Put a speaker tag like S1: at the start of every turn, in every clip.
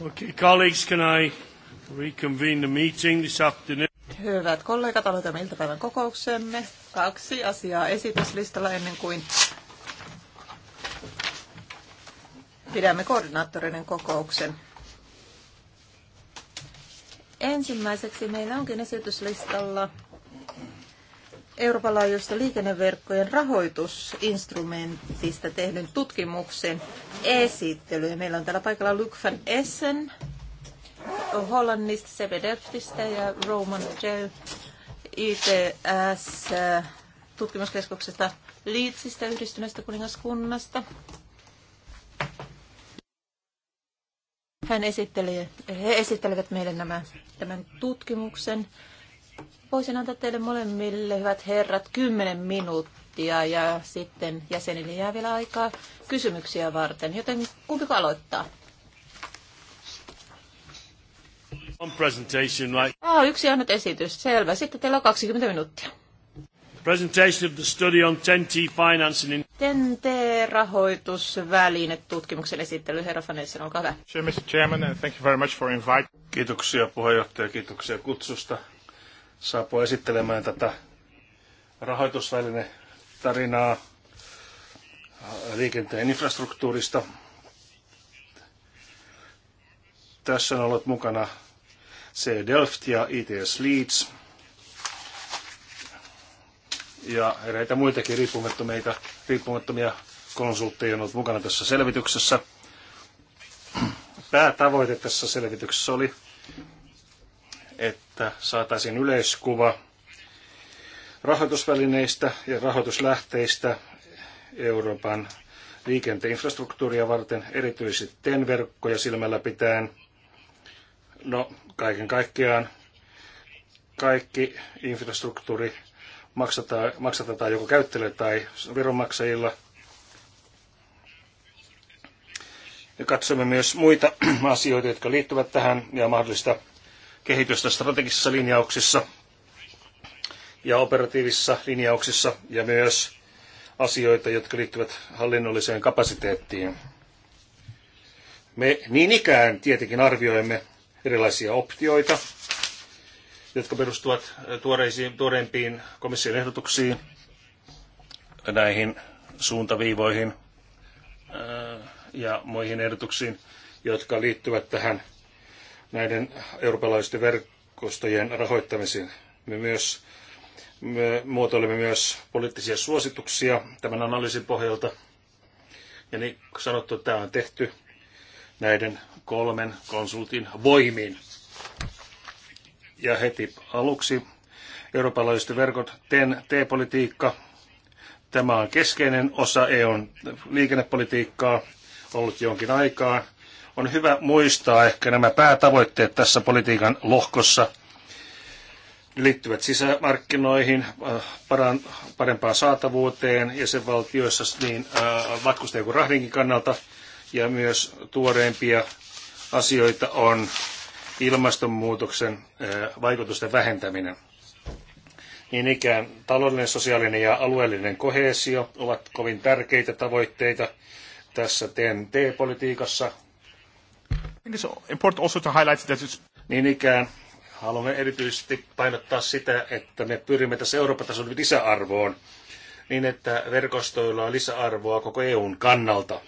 S1: Okay, colleagues, can I reconvene the meeting this afternoon?
S2: Hyvät kollegat, aloitamme iltapäivän kokouksemme. Kaksi asiaa esityslistalla ennen kuin pidämme koordinaattorinen kokouksen. Ensimmäiseksi meillä onkin esityslistalla Euroopan laajuista liikenneverkkojen rahoitusinstrumentista tehdyn tutkimuksen esittely. Meillä on täällä paikalla Luke van Essen Hollannista, CBDFistä ja Roman Gel ITS tutkimuskeskuksesta Liitsistä yhdistyneestä kuningaskunnasta. Hän esitteli, he esittelevät meille nämä, tämän tutkimuksen. Voisin antaa teille molemmille, hyvät herrat, 10 minuuttia minuuttia ja sitten jäsenille jää vielä aikaa kysymyksiä varten, joten kumpi aloittaa?
S1: presentation, right?
S2: Ah, yksi ainut esitys, selvä. Sitten teillä on 20 minuuttia.
S1: Presentation of the study on TEN-T financing in...
S2: ten t tutkimuksen esittely. Herra Fanelsen, olkaa hyvä. Mr.
S3: Chairman, and thank you very much for invite. Kiitoksia puheenjohtaja, kiitoksia kutsusta saapua esittelemään tätä rahoitusväline tarinaa liikenteen infrastruktuurista. Tässä on ollut mukana C. Delft ja ITS Leeds ja eräitä muitakin riippumattomia, riippumattomia konsultteja on ollut mukana tässä selvityksessä. Päätavoite tässä selvityksessä oli, että saataisiin yleiskuva rahoitusvälineistä ja rahoituslähteistä Euroopan liikenteen infrastruktuuria varten, erityisesti TEN-verkkoja silmällä pitäen. No, kaiken kaikkiaan kaikki infrastruktuuri maksataan, maksatetaan joko käyttäjille tai veronmaksajilla. Ja katsomme myös muita asioita, jotka liittyvät tähän ja mahdollista kehitystä strategisissa linjauksissa – ja operatiivisissa linjauksissa ja myös asioita, jotka liittyvät hallinnolliseen kapasiteettiin. Me niin ikään tietenkin arvioimme erilaisia optioita, jotka perustuvat tuoreisiin, tuoreimpiin komission ehdotuksiin, näihin suuntaviivoihin äh, ja muihin ehdotuksiin, jotka liittyvät tähän näiden eurooppalaisten verkostojen rahoittamiseen. Me myös me muotoilemme myös poliittisia suosituksia tämän analyysin pohjalta. Ja niin kuin sanottu, tämä on tehty näiden kolmen konsultin voimiin. Ja heti aluksi Euroopan laajuiset verkot, TEN-T-politiikka. Tämä on keskeinen osa EUn liikennepolitiikkaa ollut jonkin aikaa. On hyvä muistaa ehkä nämä päätavoitteet tässä politiikan lohkossa – liittyvät sisämarkkinoihin, äh, paran, parempaan saatavuuteen valtioissa niin äh, matkustajien kuin rahdinkin kannalta. Ja myös tuoreimpia asioita on ilmastonmuutoksen äh, vaikutusten vähentäminen. Niin ikään taloudellinen, sosiaalinen ja alueellinen kohesio ovat kovin tärkeitä tavoitteita tässä TNT-politiikassa. Niin ikään Haluamme erityisesti painottaa sitä, että me pyrimme tässä Euroopan tason lisäarvoon niin, että verkostoilla on lisäarvoa koko EUn kannalta.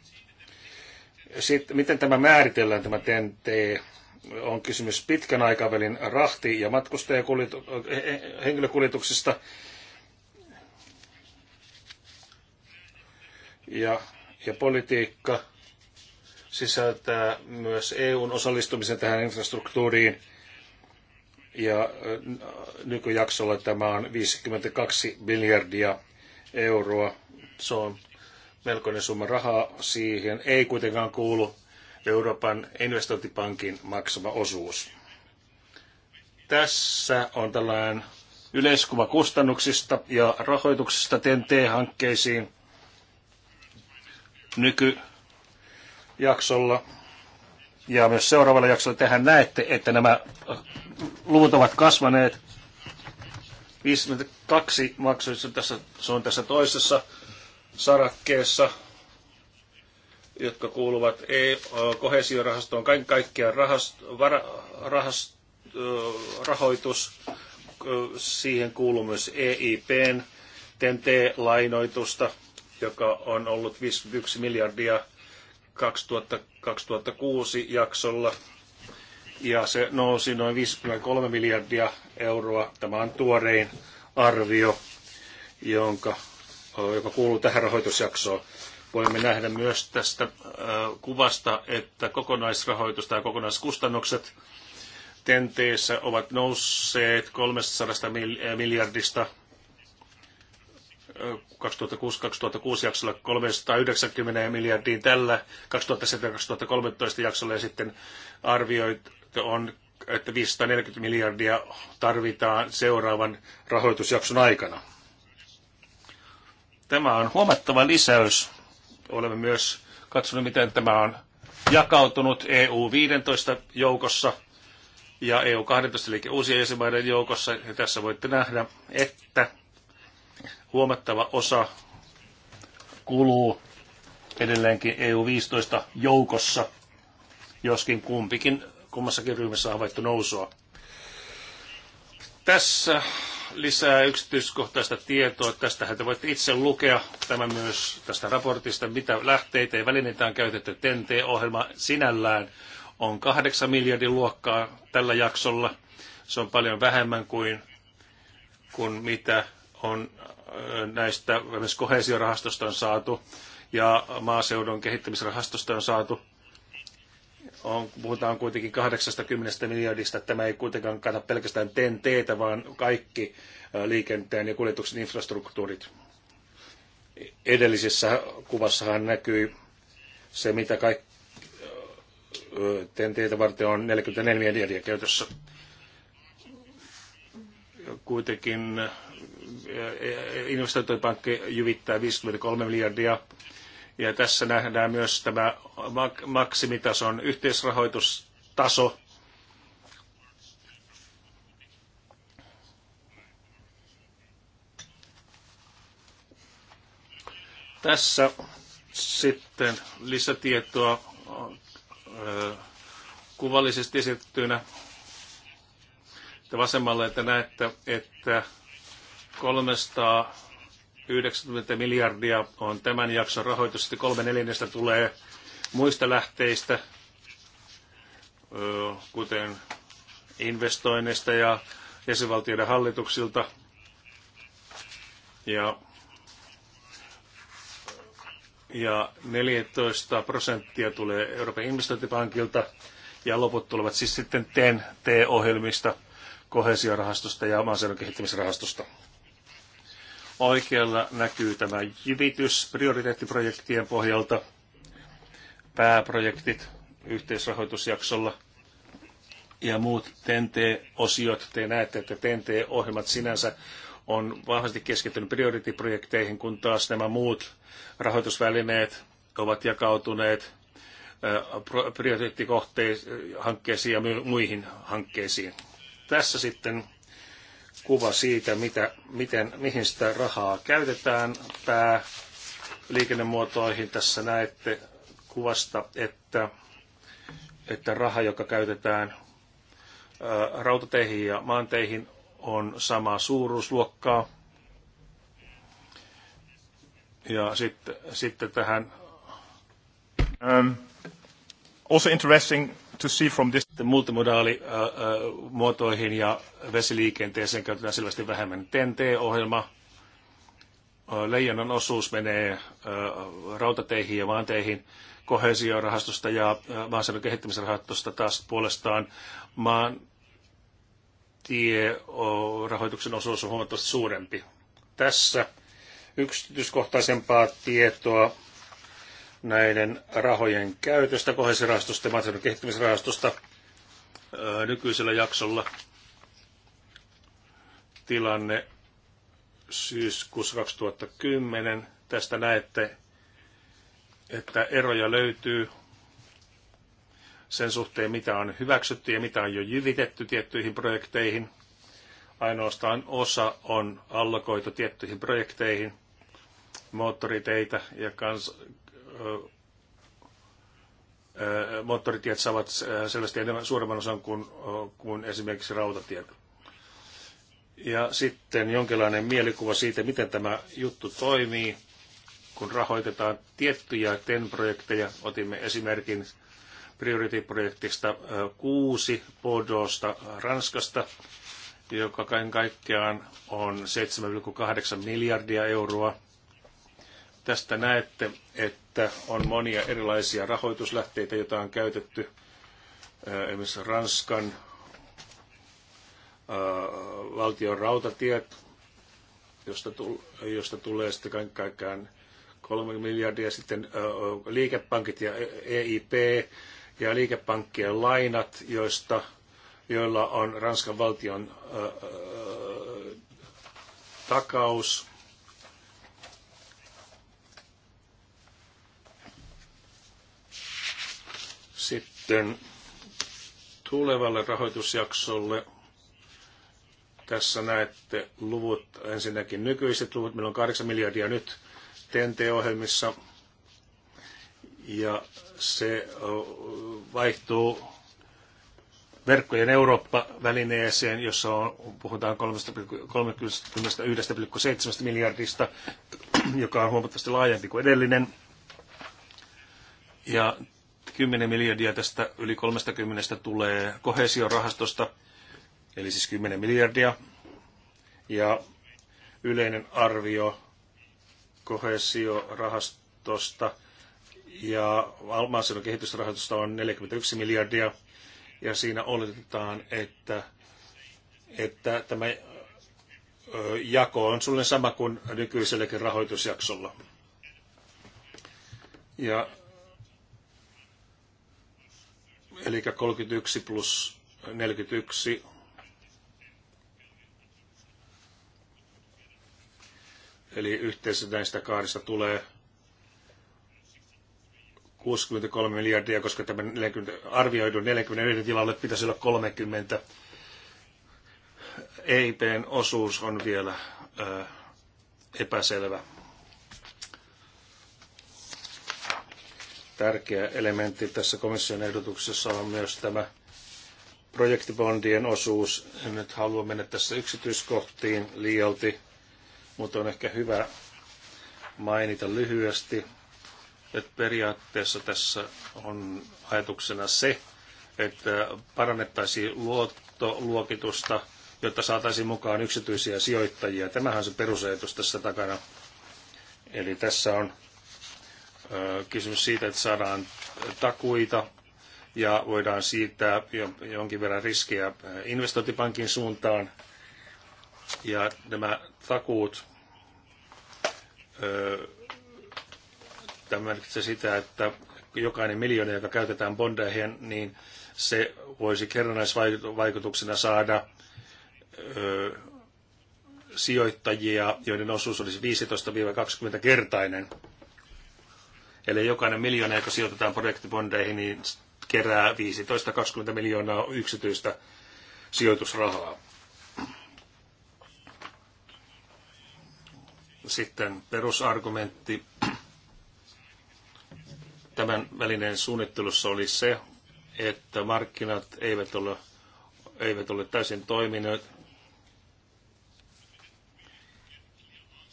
S3: Sitten, miten tämä määritellään, tämä TNT? On kysymys pitkän aikavälin rahti- ja matkustajahenkilökuljetuksista. Ja, ja politiikka sisältää myös EUn osallistumisen tähän infrastruktuuriin – ja nykyjaksolla tämä on 52 miljardia euroa. Se on melkoinen summa rahaa siihen. Ei kuitenkaan kuulu Euroopan investointipankin maksama osuus. Tässä on tällainen yleiskuva kustannuksista ja rahoituksesta tnt hankkeisiin nykyjaksolla ja myös seuraavalla jaksolla tehän näette, että nämä äh, luvut ovat kasvaneet. 52 maksuissa tässä, se on tässä toisessa sarakkeessa, jotka kuuluvat e- äh, kohesiorahastoon, kaiken kaikkiaan rahast, vara, rahast, äh, rahoitus, siihen kuuluu myös EIPn tnt lainoitusta joka on ollut 51 miljardia – 2000-2006 jaksolla ja se nousi noin 53 miljardia euroa. Tämä on tuorein arvio, jonka, joka kuuluu tähän rahoitusjaksoon. Voimme nähdä myös tästä äh, kuvasta, että kokonaisrahoitus tai kokonaiskustannukset tenteessä ovat nousseet 300 miljardista 2006-2006 jaksolla 390 miljardiin tällä 2007-2013 jaksolla ja sitten arvioit on, että 540 miljardia tarvitaan seuraavan rahoitusjakson aikana. Tämä on huomattava lisäys. Olemme myös katsoneet, miten tämä on jakautunut EU-15 joukossa ja EU-12, eli uusien jäsenmaiden joukossa. Ja tässä voitte nähdä, että huomattava osa kuluu edelleenkin EU-15 joukossa, joskin kumpikin kummassakin ryhmässä on havaittu nousua. Tässä lisää yksityiskohtaista tietoa. Tästähän te voitte itse lukea tämä myös tästä raportista, mitä lähteitä ja välineitä on käytetty. TNT-ohjelma sinällään on kahdeksan miljardin luokkaa tällä jaksolla. Se on paljon vähemmän kuin, kuin mitä on äh, näistä myös kohesiorahastosta on saatu ja maaseudun kehittämisrahastosta on saatu. On, puhutaan kuitenkin 80 miljardista. Tämä ei kuitenkaan kata pelkästään tnt: vaan kaikki äh, liikenteen ja kuljetuksen infrastruktuurit. Edellisessä kuvassahan näkyy se, mitä kaikki äh, tnt: varten on 44 miljardia käytössä. Kuitenkin investointipankki jyvittää 53 miljardia. Ja tässä nähdään myös tämä maksimitason yhteisrahoitustaso. Tässä sitten lisätietoa äh, kuvallisesti esitettynä vasemmalle, että näette, että 390 miljardia on tämän jakson rahoitus, sitten kolme neljännestä tulee muista lähteistä, kuten investoinneista ja jäsenvaltioiden hallituksilta. Ja, ja 14 prosenttia tulee Euroopan investointipankilta ja loput tulevat siis sitten TEN, T-ohjelmista, kohesiorahastosta ja maaseudun kehittämisrahastosta. Oikealla näkyy tämä jyvitys prioriteettiprojektien pohjalta, pääprojektit yhteisrahoitusjaksolla ja muut TNT-osiot. Te näette, että TNT-ohjelmat sinänsä on vahvasti keskittynyt prioriteettiprojekteihin, kun taas nämä muut rahoitusvälineet ovat jakautuneet prioriteettikohteisiin ja muihin hankkeisiin. Tässä sitten kuva siitä, mitä, miten, mihin sitä rahaa käytetään liikennemuotoihin Tässä näette kuvasta, että, että raha, joka käytetään rautateihin ja maanteihin, on samaa suuruusluokkaa. Ja sitten, sitten tähän. Um, also interesting to see from this. Multimodaalimuotoihin ja vesiliikenteeseen käytetään selvästi vähemmän. TNT-ohjelma, leijonan osuus menee rautateihin ja maanteihin, kohesiorahastosta ja maaseudun kehittämisrahastosta taas puolestaan maan tierahoituksen osuus on huomattavasti suurempi. Tässä yksityiskohtaisempaa tietoa näiden rahojen käytöstä, kohesirahastosta ja maaseudun kehittämisrahastosta öö, nykyisellä jaksolla. Tilanne syyskuussa 2010. Tästä näette, että eroja löytyy sen suhteen, mitä on hyväksytty ja mitä on jo jyvitetty tiettyihin projekteihin. Ainoastaan osa on allokoitu tiettyihin projekteihin, moottoriteitä ja kans, moottoritiet saavat selvästi enemmän suuremman osan kuin, kuin esimerkiksi rautatiet. Ja sitten jonkinlainen mielikuva siitä, miten tämä juttu toimii, kun rahoitetaan tiettyjä TEN-projekteja. Otimme esimerkin Priority-projektista kuusi Bordeauxsta Ranskasta, joka kaiken kaikkiaan on 7,8 miljardia euroa. Tästä näette, että on monia erilaisia rahoituslähteitä, joita on käytetty. Äh, esimerkiksi Ranskan äh, valtion rautatiet, josta, tull, josta tulee sitten kaiken kaikkiaan kolme miljardia, sitten äh, liikepankit ja EIP ja liikepankkien lainat, joista, joilla on Ranskan valtion takaus. Sitten tulevalle rahoitusjaksolle tässä näette luvut, ensinnäkin nykyiset luvut, meillä on 8 miljardia nyt TNT-ohjelmissa, ja se vaihtuu verkkojen Eurooppa-välineeseen, jossa on, puhutaan 31,7 miljardista, joka on huomattavasti laajempi kuin edellinen. Ja 10 miljardia tästä yli 30 tulee kohesiorahastosta, eli siis 10 miljardia. Ja yleinen arvio kohesiorahastosta ja maaseudun kehitysrahastosta on 41 miljardia. Ja siinä oletetaan, että, että tämä jako on sulle sama kuin nykyiselläkin rahoitusjaksolla. Ja Eli 31 plus 41 Eli yhteensä näistä kahdesta tulee 63 miljardia, koska tämä 40, arvioidun 41 tilalle pitäisi olla 30. EIPn osuus on vielä epäselvä. Tärkeä elementti tässä komission ehdotuksessa on myös tämä projektibondien osuus. En nyt halua mennä tässä yksityiskohtiin liialti, mutta on ehkä hyvä mainita lyhyesti, että periaatteessa tässä on ajatuksena se, että parannettaisiin luottoluokitusta, jotta saataisiin mukaan yksityisiä sijoittajia. Tämähän on se perusajatus tässä takana. Eli tässä on kysymys siitä, että saadaan takuita ja voidaan siirtää jonkin verran riskejä investointipankin suuntaan. Ja nämä takuut tämä merkitsee sitä, että jokainen miljoona, joka käytetään bondeihin, niin se voisi kerrannaisvaikutuksena saada sijoittajia, joiden osuus olisi 15-20 kertainen. Eli jokainen miljoona, joka sijoitetaan projektibondeihin, niin kerää 15-20 miljoonaa yksityistä sijoitusrahaa. Sitten perusargumentti tämän välineen suunnittelussa oli se, että markkinat eivät ole, eivät ole täysin toimineet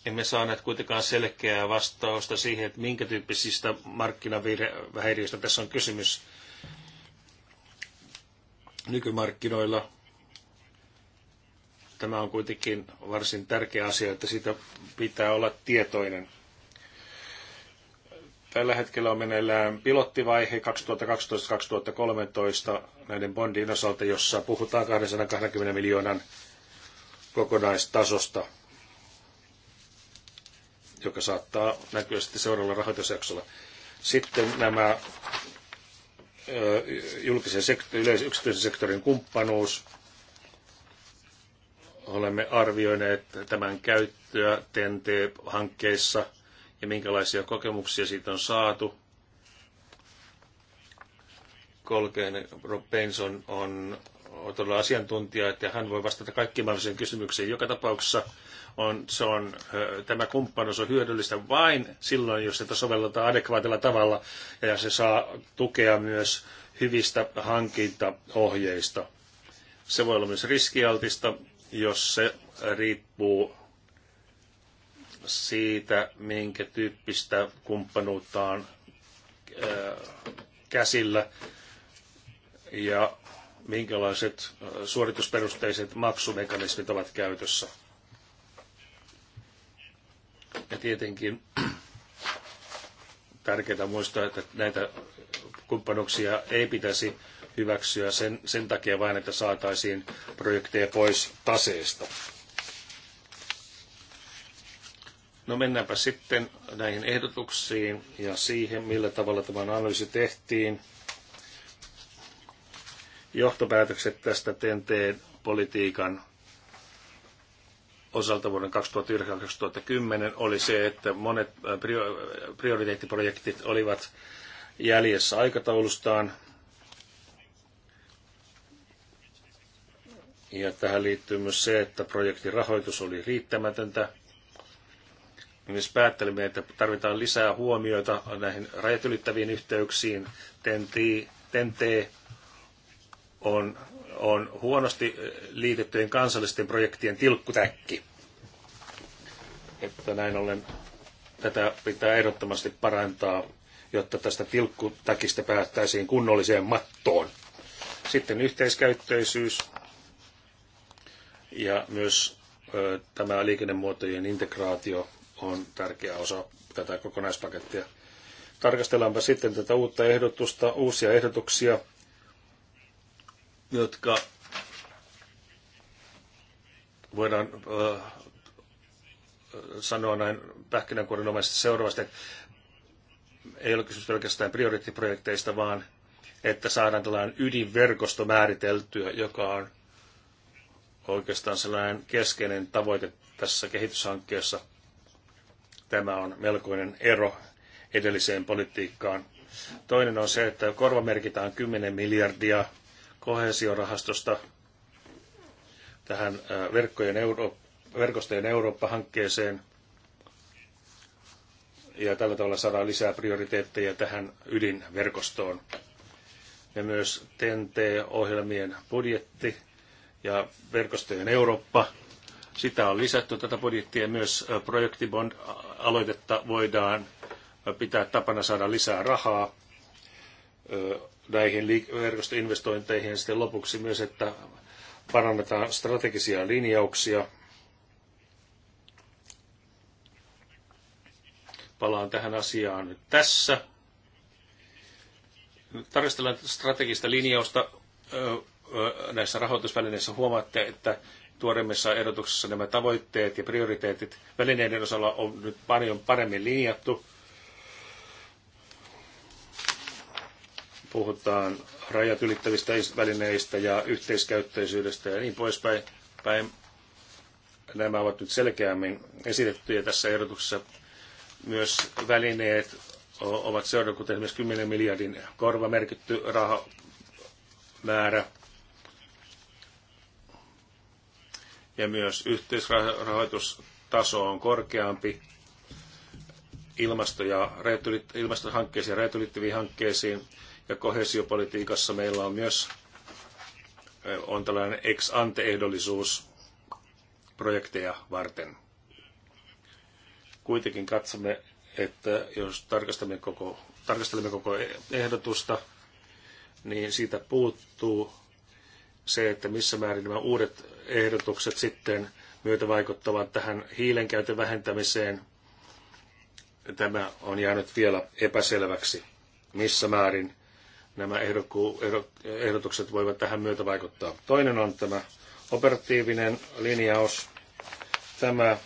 S3: emme saaneet kuitenkaan selkeää vastausta siihen, että minkä tyyppisistä markkinahäiriöistä tässä on kysymys nykymarkkinoilla. Tämä on kuitenkin varsin tärkeä asia, että siitä pitää olla tietoinen. Tällä hetkellä on meneillään pilottivaihe 2012-2013 näiden bondien osalta, jossa puhutaan 220 miljoonan kokonaistasosta – joka saattaa näkyä sitten seuraavalla rahoitusjaksolla. Sitten nämä julkisen sektorin, yleis- yksityisen sektorin kumppanuus. Olemme arvioineet tämän käyttöä TNT-hankkeissa ja minkälaisia kokemuksia siitä on saatu. Kolkeen Rob Benson on on todella asiantuntija, että hän voi vastata kaikkiin mahdollisiin kysymyksiin. Joka tapauksessa on, se on, tämä kumppanuus on hyödyllistä vain silloin, jos sitä sovelletaan adekvaatilla tavalla ja se saa tukea myös hyvistä hankintaohjeista. Se voi olla myös riskialtista, jos se riippuu siitä, minkä tyyppistä kumppanuutta on käsillä. Ja minkälaiset äh, suoritusperusteiset maksumekanismit ovat käytössä. Ja tietenkin tärkeää muistaa, että näitä kumppanuksia ei pitäisi hyväksyä sen, sen takia vain, että saataisiin projekteja pois taseesta. No mennäänpä sitten näihin ehdotuksiin ja siihen, millä tavalla tämä analyysi tehtiin johtopäätökset tästä TNT-politiikan osalta vuoden 2009-2010 oli se, että monet äh, äh, prioriteettiprojektit olivat jäljessä aikataulustaan. Ja tähän liittyy myös se, että projektin rahoitus oli riittämätöntä. Myös päättelimme, että tarvitaan lisää huomioita näihin rajat ylittäviin yhteyksiin, TNT, on, on huonosti eh, liitettyjen kansallisten projektien tilkkutäkki. Että näin ollen tätä pitää ehdottomasti parantaa, jotta tästä tilkkutäkistä päättäisiin kunnolliseen mattoon. Sitten yhteiskäyttöisyys ja myös ö, tämä liikennemuotojen integraatio on tärkeä osa tätä kokonaispakettia. Tarkastellaanpa sitten tätä uutta ehdotusta, uusia ehdotuksia – jotka voidaan äh, sanoa näin pähkinänkuorinomaisesti seuraavasti, että ei ole kysymys pelkästään prioriteettiprojekteista, vaan että saadaan tällainen ydinverkosto määriteltyä, joka on oikeastaan sellainen keskeinen tavoite tässä kehityshankkeessa. Tämä on melkoinen ero edelliseen politiikkaan. Toinen on se, että korvamerkitään 10 miljardia kohesiorahastosta tähän verkkojen Euro- verkostojen Eurooppa-hankkeeseen. Ja tällä tavalla saadaan lisää prioriteetteja tähän ydinverkostoon. Ja myös TNT-ohjelmien budjetti ja verkostojen Eurooppa. Sitä on lisätty tätä budjettia. Myös projektibond-aloitetta voidaan pitää tapana saada lisää rahaa näihin verkostoinvestointeihin ja sitten lopuksi myös, että parannetaan strategisia linjauksia. Palaan tähän asiaan nyt tässä. Tarkastellaan strategista linjausta näissä rahoitusvälineissä. Huomaatte, että tuoreimmissa ehdotuksissa nämä tavoitteet ja prioriteetit välineiden osalla on nyt paljon paremmin linjattu puhutaan rajat ylittävistä välineistä ja yhteiskäyttöisyydestä ja niin poispäin. Päin. Nämä ovat nyt selkeämmin esitettyjä tässä ehdotuksessa. Myös välineet ovat seuraavat, kuten esimerkiksi 10 miljardin merkitty rahamäärä. Ja myös yhteisrahoitustaso on korkeampi ilmasto- ja ilmastohankkeisiin ja rajat hankkeisiin ja kohesiopolitiikassa meillä on myös eh, on tällainen ex ante-ehdollisuus projekteja varten. Kuitenkin katsomme, että jos tarkastelemme koko, tarkastelemme koko ehdotusta, niin siitä puuttuu se, että missä määrin nämä uudet ehdotukset sitten myötä vaikuttavat tähän hiilen käytön vähentämiseen. Tämä on jäänyt vielä epäselväksi, missä määrin nämä ehdokku, ehdotukset voivat tähän myötä vaikuttaa. Toinen on tämä operatiivinen linjaus. Tämä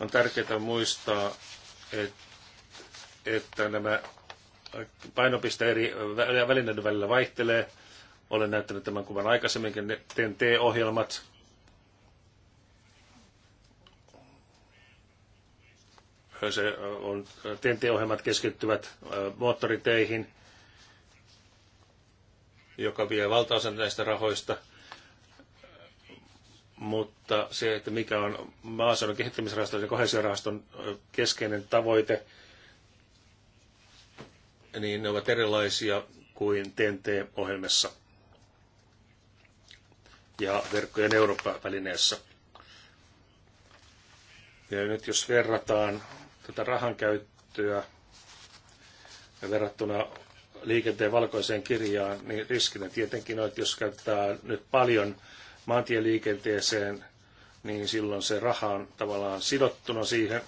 S3: on tärkeää muistaa, että, että nämä painopiste eri välineiden välillä vaihtelee. Olen näyttänyt tämän kuvan aikaisemminkin. TNT-ohjelmat se on, TNT-ohjelmat keskittyvät moottoriteihin, joka vie valtaosan näistä rahoista. Mutta se, että mikä on maaseudun kehittämisrahaston ja kohesiorahaston keskeinen tavoite, niin ne ovat erilaisia kuin TNT-ohjelmassa ja verkkojen Eurooppa-välineessä. Ja nyt jos verrataan tätä rahan käyttöä verrattuna liikenteen valkoiseen kirjaan, niin riskinä tietenkin on, että jos käyttää nyt paljon maantieliikenteeseen, niin silloin se raha on tavallaan sidottuna siihen,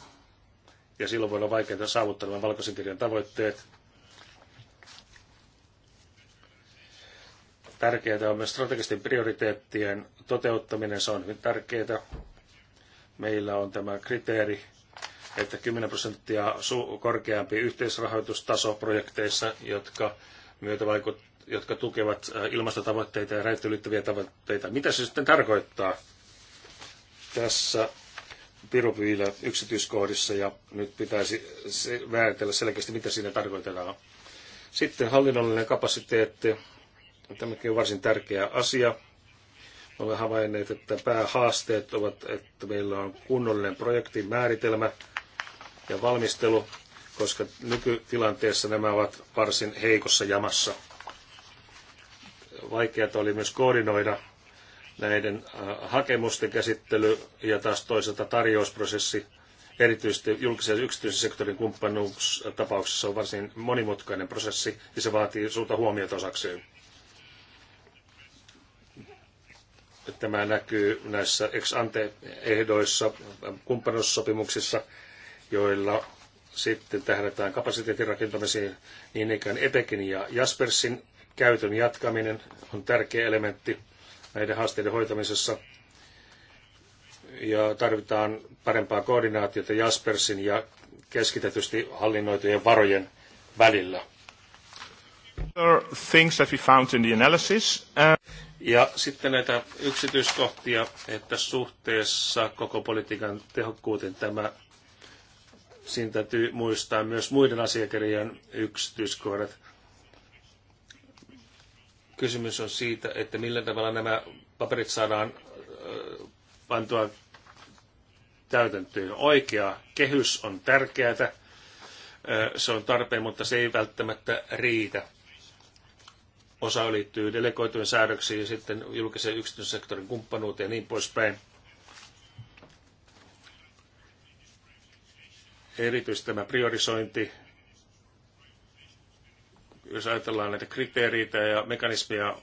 S3: ja silloin voi olla vaikeaa saavuttaa nämä valkoisen kirjan tavoitteet. Tärkeää on myös strategisten prioriteettien toteuttaminen, se on hyvin tärkeää. Meillä on tämä kriteeri että 10 prosenttia korkeampi yhteisrahoitustaso projekteissa, jotka myötä vaikuttavat jotka tukevat ilmastotavoitteita ja rajat ylittäviä tavoitteita. Mitä se sitten tarkoittaa tässä pirupiillä yksityiskohdissa ja nyt pitäisi se määritellä selkeästi, mitä siinä tarkoitetaan. Sitten hallinnollinen kapasiteetti. Tämäkin on varsin tärkeä asia. Olemme havainneet, että päähaasteet ovat, että meillä on kunnollinen projektin määritelmä – ja valmistelu, koska nykytilanteessa nämä ovat varsin heikossa jamassa. Vaikeata oli myös koordinoida näiden äh, hakemusten käsittely ja taas toisaalta tarjousprosessi. Erityisesti julkisen ja yksityisen sektorin kumppanuustapauksessa on varsin monimutkainen prosessi ja se vaatii suurta huomiota osakseen. Tämä näkyy näissä ex ante ehdoissa, kumppanuussopimuksissa joilla sitten tähdätään kapasiteetin rakentamiseen, niin ikään EPEKin ja Jaspersin käytön jatkaminen on tärkeä elementti näiden haasteiden hoitamisessa. Ja tarvitaan parempaa koordinaatiota Jaspersin ja keskitetysti hallinnoitujen varojen välillä. Things that we found in the analysis. Uh, ja sitten näitä yksityiskohtia, että suhteessa koko politiikan tehokkuuteen tämä siinä täytyy muistaa myös muiden asiakirjojen yksityiskohdat. Kysymys on siitä, että millä tavalla nämä paperit saadaan pantua täytäntöön. Oikea kehys on tärkeää, se on tarpeen, mutta se ei välttämättä riitä. Osa liittyy delegoitujen säädöksiin ja sitten julkisen yksityisen sektorin kumppanuuteen ja niin poispäin erityisesti tämä priorisointi, jos ajatellaan näitä kriteereitä ja mekanismia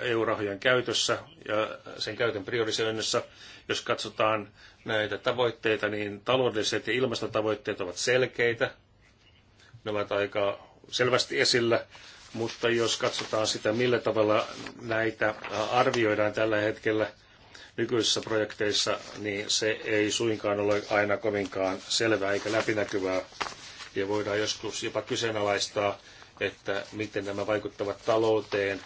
S3: EU-rahojen käytössä ja sen käytön priorisoinnissa, jos katsotaan näitä tavoitteita, niin taloudelliset ja ilmastotavoitteet ovat selkeitä. Ne ovat aika selvästi esillä, mutta jos katsotaan sitä, millä tavalla näitä arvioidaan tällä hetkellä, nykyisissä projekteissa, niin se ei suinkaan ole aina kovinkaan selvää eikä läpinäkyvää. Ja voidaan joskus jopa kyseenalaistaa, että miten nämä vaikuttavat talouteen,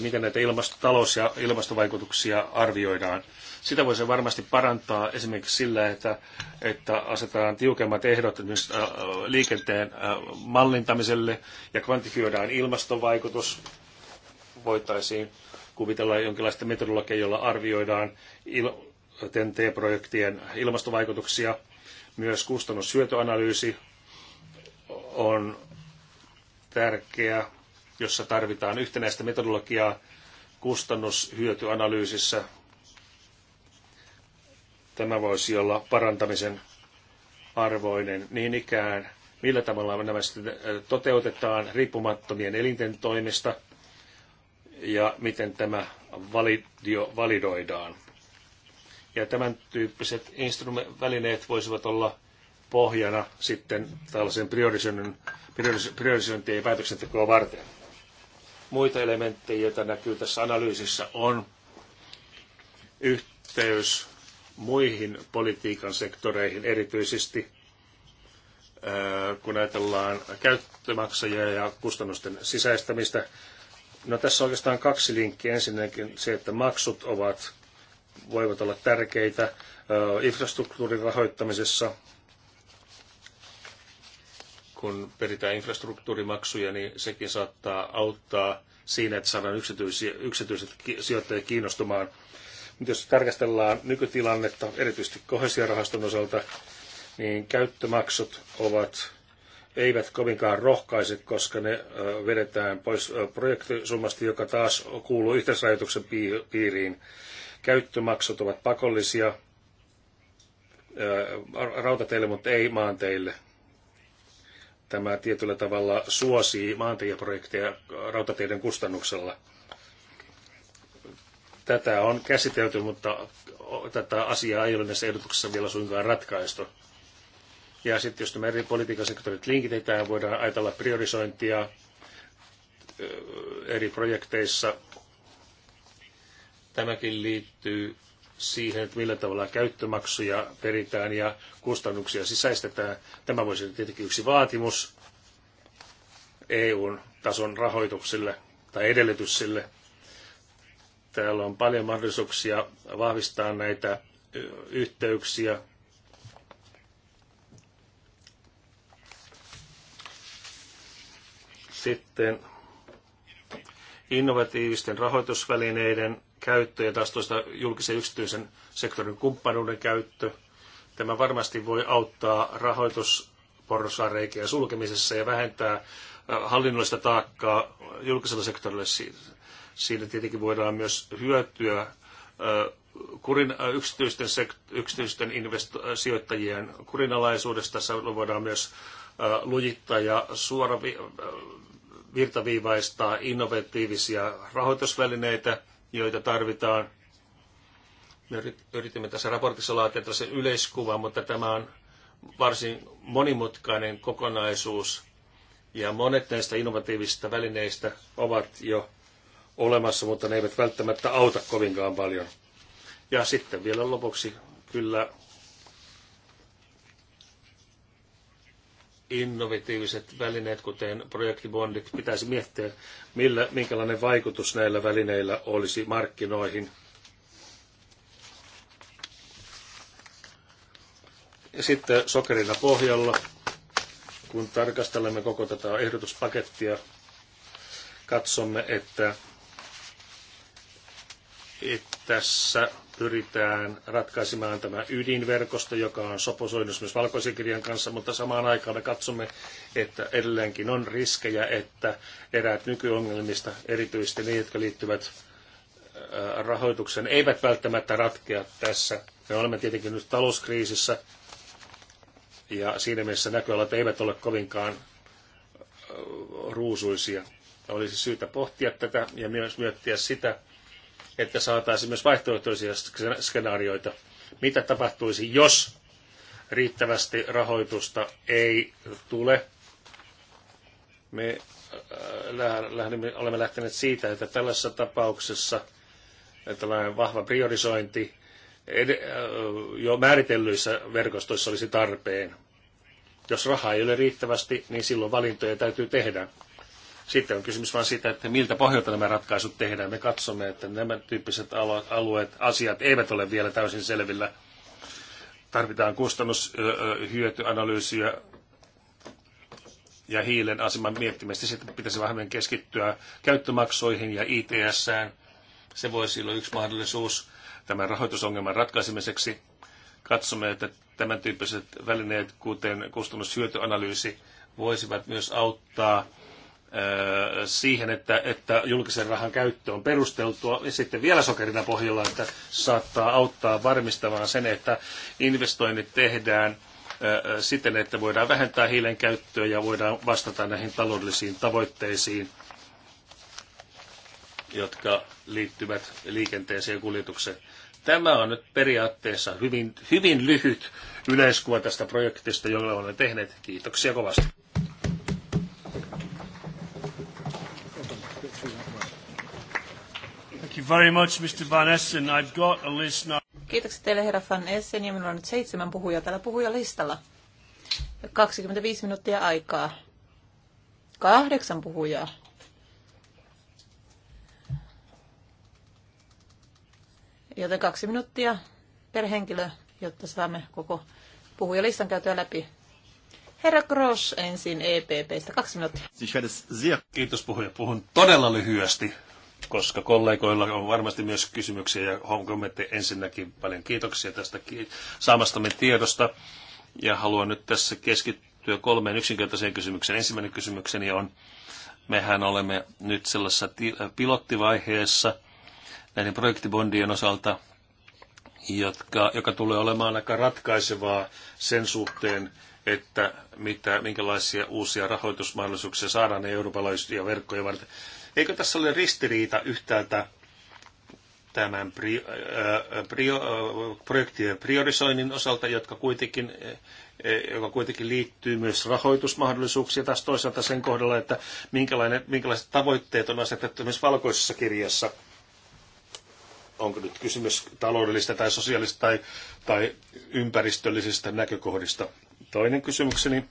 S3: miten näitä ilmasto, talous- ja ilmastovaikutuksia arvioidaan. Sitä voisi varmasti parantaa esimerkiksi sillä, että, että asetetaan tiukemmat ehdot myös äh, liikenteen äh, mallintamiselle ja kvantifioidaan ilmastovaikutus. Voitaisiin kuvitellaan jonkinlaista metodologiaa, jolla arvioidaan il- TEN-T-projektien ilmastovaikutuksia. Myös kustannushyötyanalyysi on tärkeä, jossa tarvitaan yhtenäistä metodologiaa kustannushyötyanalyysissä. Tämä voisi olla parantamisen arvoinen niin ikään, millä tavalla nämä sitten toteutetaan riippumattomien elinten toimista – ja miten tämä validio, validoidaan. Ja tämän tyyppiset välineet voisivat olla pohjana sitten tällaisen priorisoinnin, priorisointien ja päätöksentekoa varten. Muita elementtejä, joita näkyy tässä analyysissä, on yhteys muihin politiikan sektoreihin, erityisesti kun ajatellaan käyttömaksajia ja kustannusten sisäistämistä, No tässä on oikeastaan kaksi linkkiä. Ensinnäkin se, että maksut ovat, voivat olla tärkeitä infrastruktuurin rahoittamisessa. Kun peritään infrastruktuurimaksuja, niin sekin saattaa auttaa siinä, että saadaan yksityisiä, yksityiset sijoittajat kiinnostumaan. Mutta jos tarkastellaan nykytilannetta, erityisesti kohesiorahaston osalta, niin käyttömaksut ovat eivät kovinkaan rohkaise, koska ne vedetään pois projektisummasta, joka taas kuuluu yhteisrajoituksen piiriin. Käyttömaksut ovat pakollisia rautateille, mutta ei maanteille. Tämä tietyllä tavalla suosii maantieprojekteja rautateiden kustannuksella. Tätä on käsitelty, mutta tätä asiaa ei ole näissä ehdotuksissa vielä suinkaan ratkaistu ja sitten jos nämä eri politiikan sektorit linkitetään, voidaan ajatella priorisointia eri projekteissa. Tämäkin liittyy siihen, että millä tavalla käyttömaksuja peritään ja kustannuksia sisäistetään. Tämä voisi olla tietenkin yksi vaatimus eu tason rahoituksille tai edellytys sille. Täällä on paljon mahdollisuuksia vahvistaa näitä yhteyksiä Sitten innovatiivisten rahoitusvälineiden käyttö ja taas toista julkisen yksityisen sektorin kumppanuuden käyttö. Tämä varmasti voi auttaa rahoitusporsareikiä sulkemisessa ja vähentää äh, hallinnollista taakkaa julkisella sektorilla. Siinä tietenkin voidaan myös hyötyä äh, kurin, äh, yksityisten, yksityisten investo, sijoittajien kurinalaisuudesta. Tässä voidaan myös lujittaa ja suora virtaviivaistaa innovatiivisia rahoitusvälineitä, joita tarvitaan. Me yritimme tässä raportissa laatia tällaisen yleiskuvan, mutta tämä on varsin monimutkainen kokonaisuus. Ja monet näistä innovatiivisista välineistä ovat jo olemassa, mutta ne eivät välttämättä auta kovinkaan paljon. Ja sitten vielä lopuksi kyllä innovatiiviset välineet, kuten projektibondit, pitäisi miettiä, millä, minkälainen vaikutus näillä välineillä olisi markkinoihin. Ja sitten sokerina pohjalla, kun tarkastelemme koko tätä ehdotuspakettia, katsomme, että, että tässä pyritään ratkaisemaan tämä ydinverkosto, joka on soposoinnus myös valkoisen kirjan kanssa, mutta samaan aikaan me katsomme, että edelleenkin on riskejä, että eräät nykyongelmista, erityisesti ne, jotka liittyvät rahoituksen, eivät välttämättä ratkea tässä. Me olemme tietenkin nyt talouskriisissä, ja siinä mielessä näköalat eivät ole kovinkaan ruusuisia. Olisi syytä pohtia tätä ja myös miettiä sitä, että saataisiin myös vaihtoehtoisia skenaarioita. Mitä tapahtuisi, jos riittävästi rahoitusta ei tule? Me äh, lähdemme, olemme lähteneet siitä, että tällaisessa tapauksessa äh, tällainen vahva priorisointi äh, jo määritellyissä verkostoissa olisi tarpeen. Jos rahaa ei ole riittävästi, niin silloin valintoja täytyy tehdä sitten on kysymys vain siitä, että miltä pohjalta nämä ratkaisut tehdään. Me katsomme, että nämä tyyppiset alueet, asiat eivät ole vielä täysin selvillä. Tarvitaan kustannushyötyanalyysiä ja hiilen aseman miettimistä. Sitten pitäisi vähän keskittyä käyttömaksoihin ja its Se voisi olla yksi mahdollisuus tämän rahoitusongelman ratkaisemiseksi. Katsomme, että tämän tyyppiset välineet, kuten kustannushyötyanalyysi, voisivat myös auttaa siihen, että, että julkisen rahan käyttö on perusteltua. Ja sitten vielä sokerina pohjalla, että saattaa auttaa varmistamaan sen, että investoinnit tehdään siten, että voidaan vähentää hiilen käyttöä ja voidaan vastata näihin taloudellisiin tavoitteisiin, jotka liittyvät liikenteeseen ja kuljetukseen. Tämä on nyt periaatteessa hyvin, hyvin lyhyt yleiskuva tästä projektista, jolla olemme tehneet. Kiitoksia kovasti.
S1: very much, Mr. Van Essen. I've got a list now.
S2: Kiitoksia teille, herra Van Essen. Ja minulla on nyt seitsemän puhujaa täällä puhujalistalla. 25 minuuttia aikaa. Kahdeksan puhujaa. Joten kaksi minuuttia per henkilö, jotta saamme koko puhujalistan käytyä läpi. Herra Gross ensin EPPstä. Kaksi minuuttia.
S3: Siis Kiitos puhuja. Puhun todella lyhyesti koska kollegoilla on varmasti myös kysymyksiä ja kommentti Ensinnäkin paljon kiitoksia tästä saamastamme tiedosta. Ja haluan nyt tässä keskittyä kolmeen yksinkertaiseen kysymykseen. Ensimmäinen kysymykseni on, mehän olemme nyt sellaisessa pilottivaiheessa näiden projektibondien osalta, jotka, joka tulee olemaan aika ratkaisevaa sen suhteen, että mitä, minkälaisia uusia rahoitusmahdollisuuksia saadaan eurooppalaisia verkkoja varten. Eikö tässä ole ristiriita yhtäältä tämän pri, äh, äh pri, äh, projektien priorisoinnin osalta, jotka kuitenkin, äh, äh joka kuitenkin liittyy myös rahoitusmahdollisuuksiin, taas toisaalta sen kohdalla, että minkälainen, minkälaiset tavoitteet on asetettu myös valkoisessa kirjassa. Onko nyt kysymys taloudellista tai sosiaalista tai, tai ympäristöllisistä näkökohdista? Toinen kysymykseni.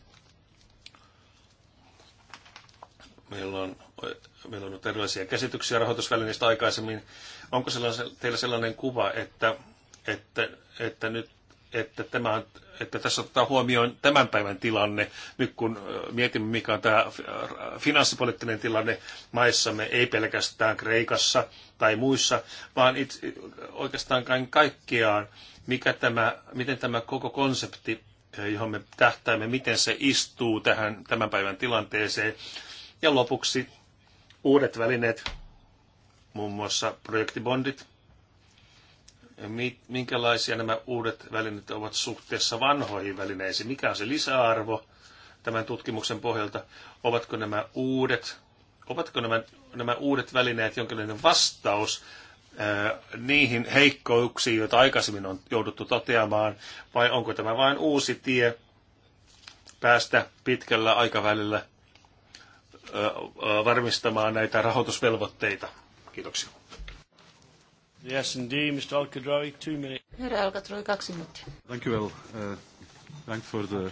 S3: Meillä on meillä on ollut erilaisia käsityksiä rahoitusvälineistä aikaisemmin. Onko teillä sellainen kuva, että, että, että nyt että, tämä, että tässä otetaan huomioon tämän päivän tilanne, nyt kun mietimme, mikä on tämä finanssipoliittinen tilanne maissamme, ei pelkästään Kreikassa tai muissa, vaan itse, oikeastaan kaikkiaan, mikä tämä, miten tämä koko konsepti, johon me tähtäämme, miten se istuu tähän tämän päivän tilanteeseen. Ja lopuksi Uudet välineet, muun muassa projektibondit, minkälaisia nämä uudet välineet ovat suhteessa vanhoihin välineisiin, mikä on se lisäarvo tämän tutkimuksen pohjalta, ovatko nämä uudet, ovatko nämä, nämä uudet välineet jonkinlainen vastaus niihin heikkouksiin, joita aikaisemmin on jouduttu toteamaan, vai onko tämä vain uusi tie päästä pitkällä aikavälillä varmistamaan näitä rahoitusvelvoitteita. Kiitoksia.
S1: Yes, indeed, Mr. Alcadrawi, two minutes.
S4: Herra Alcadrawi, kaksi minuuttia.
S1: Thank you well. Uh, thank for the...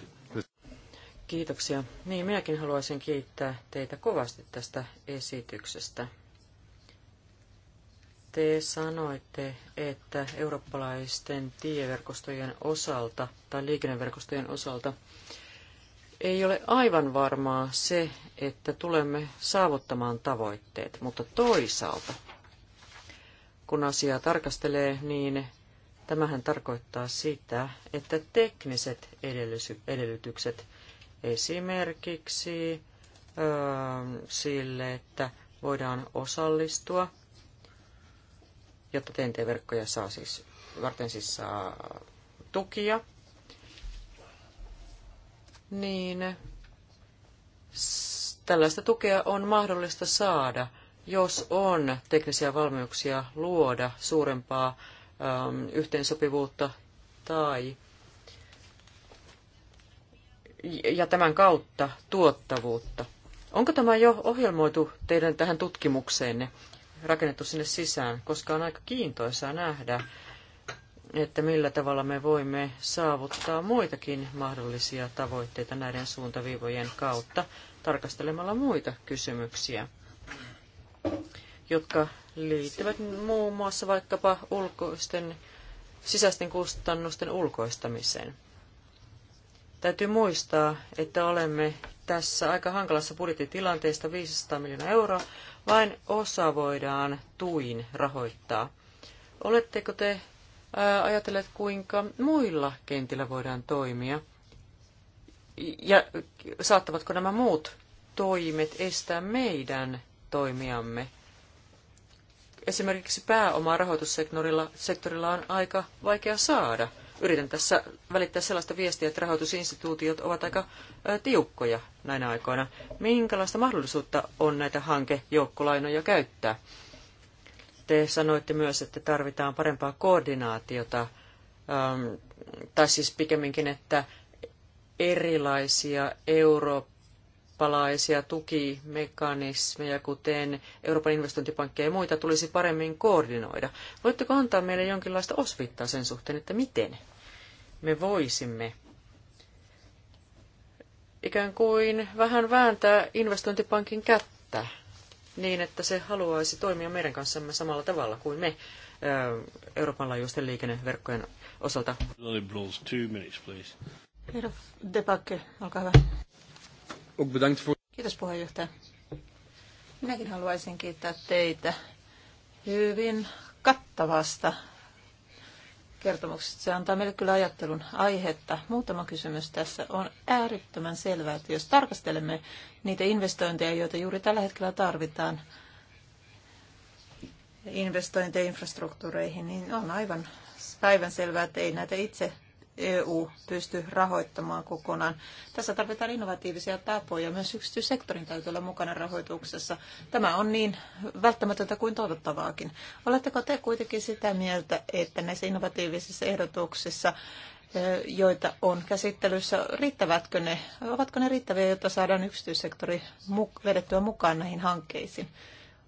S4: Kiitoksia. Niin, minäkin haluaisin kiittää teitä kovasti tästä esityksestä. Te sanoitte, että eurooppalaisten tieverkostojen osalta tai liikenneverkostojen osalta ei ole aivan varmaa se, että tulemme saavuttamaan tavoitteet, mutta toisaalta, kun asiaa tarkastelee, niin tämähän tarkoittaa sitä, että tekniset edellytykset esimerkiksi öö, sille, että voidaan osallistua, jotta TNT-verkkoja saa siis, varten siis saa tukia – niin tällaista tukea on mahdollista saada, jos on teknisiä valmiuksia luoda suurempaa äm, yhteensopivuutta tai ja tämän kautta tuottavuutta. Onko tämä jo ohjelmoitu teidän tähän tutkimukseenne, rakennettu sinne sisään, koska on aika kiintoisaa nähdä, että millä tavalla me voimme saavuttaa muitakin mahdollisia tavoitteita näiden suuntaviivojen kautta tarkastelemalla muita kysymyksiä, jotka liittyvät muun muassa vaikkapa ulkoisten, sisäisten kustannusten ulkoistamiseen. Täytyy muistaa, että olemme tässä aika hankalassa budjettitilanteessa 500 miljoonaa euroa, vain osa voidaan tuin rahoittaa. Oletteko te ajatelleet, kuinka muilla kentillä voidaan toimia? Ja saattavatko nämä muut toimet estää meidän toimiamme? Esimerkiksi pääomaa rahoitussektorilla sektorilla on aika vaikea saada. Yritän tässä välittää sellaista viestiä, että rahoitusinstituutiot ovat aika tiukkoja näinä aikoina. Minkälaista mahdollisuutta on näitä hankejoukkolainoja käyttää? Te sanoitte myös, että tarvitaan parempaa koordinaatiota, ähm, tai siis pikemminkin, että erilaisia eurooppalaisia tukimekanismeja, kuten Euroopan investointipankki ja muita, tulisi paremmin koordinoida. Voitteko antaa meille jonkinlaista osvittaa sen suhteen, että miten me voisimme ikään kuin vähän vääntää investointipankin kättä niin, että se haluaisi toimia meidän kanssamme samalla tavalla kuin me Euroopan laajuisten liikenneverkkojen osalta.
S2: Herra Debakke, olkaa
S4: hyvä. Kiitos
S2: puheenjohtaja. Minäkin haluaisin kiittää teitä hyvin kattavasta kertomuksesta. Se antaa meille kyllä ajattelun aihetta. Muutama kysymys tässä. On äärettömän selvää, että jos tarkastelemme niitä investointeja, joita juuri tällä hetkellä tarvitaan, investointeja infrastruktuureihin, niin on aivan päivän selvää, että ei näitä itse EU pysty rahoittamaan kokonaan. Tässä tarvitaan innovatiivisia tapoja. Myös yksityissektorin täytyy olla mukana rahoituksessa. Tämä on niin välttämätöntä kuin toivottavaakin. Oletteko te kuitenkin sitä mieltä, että näissä innovatiivisissa ehdotuksissa e, joita on käsittelyssä, riittävätkö ne, ovatko ne riittäviä, jotta saadaan yksityissektori vedettyä mukaan näihin hankkeisiin?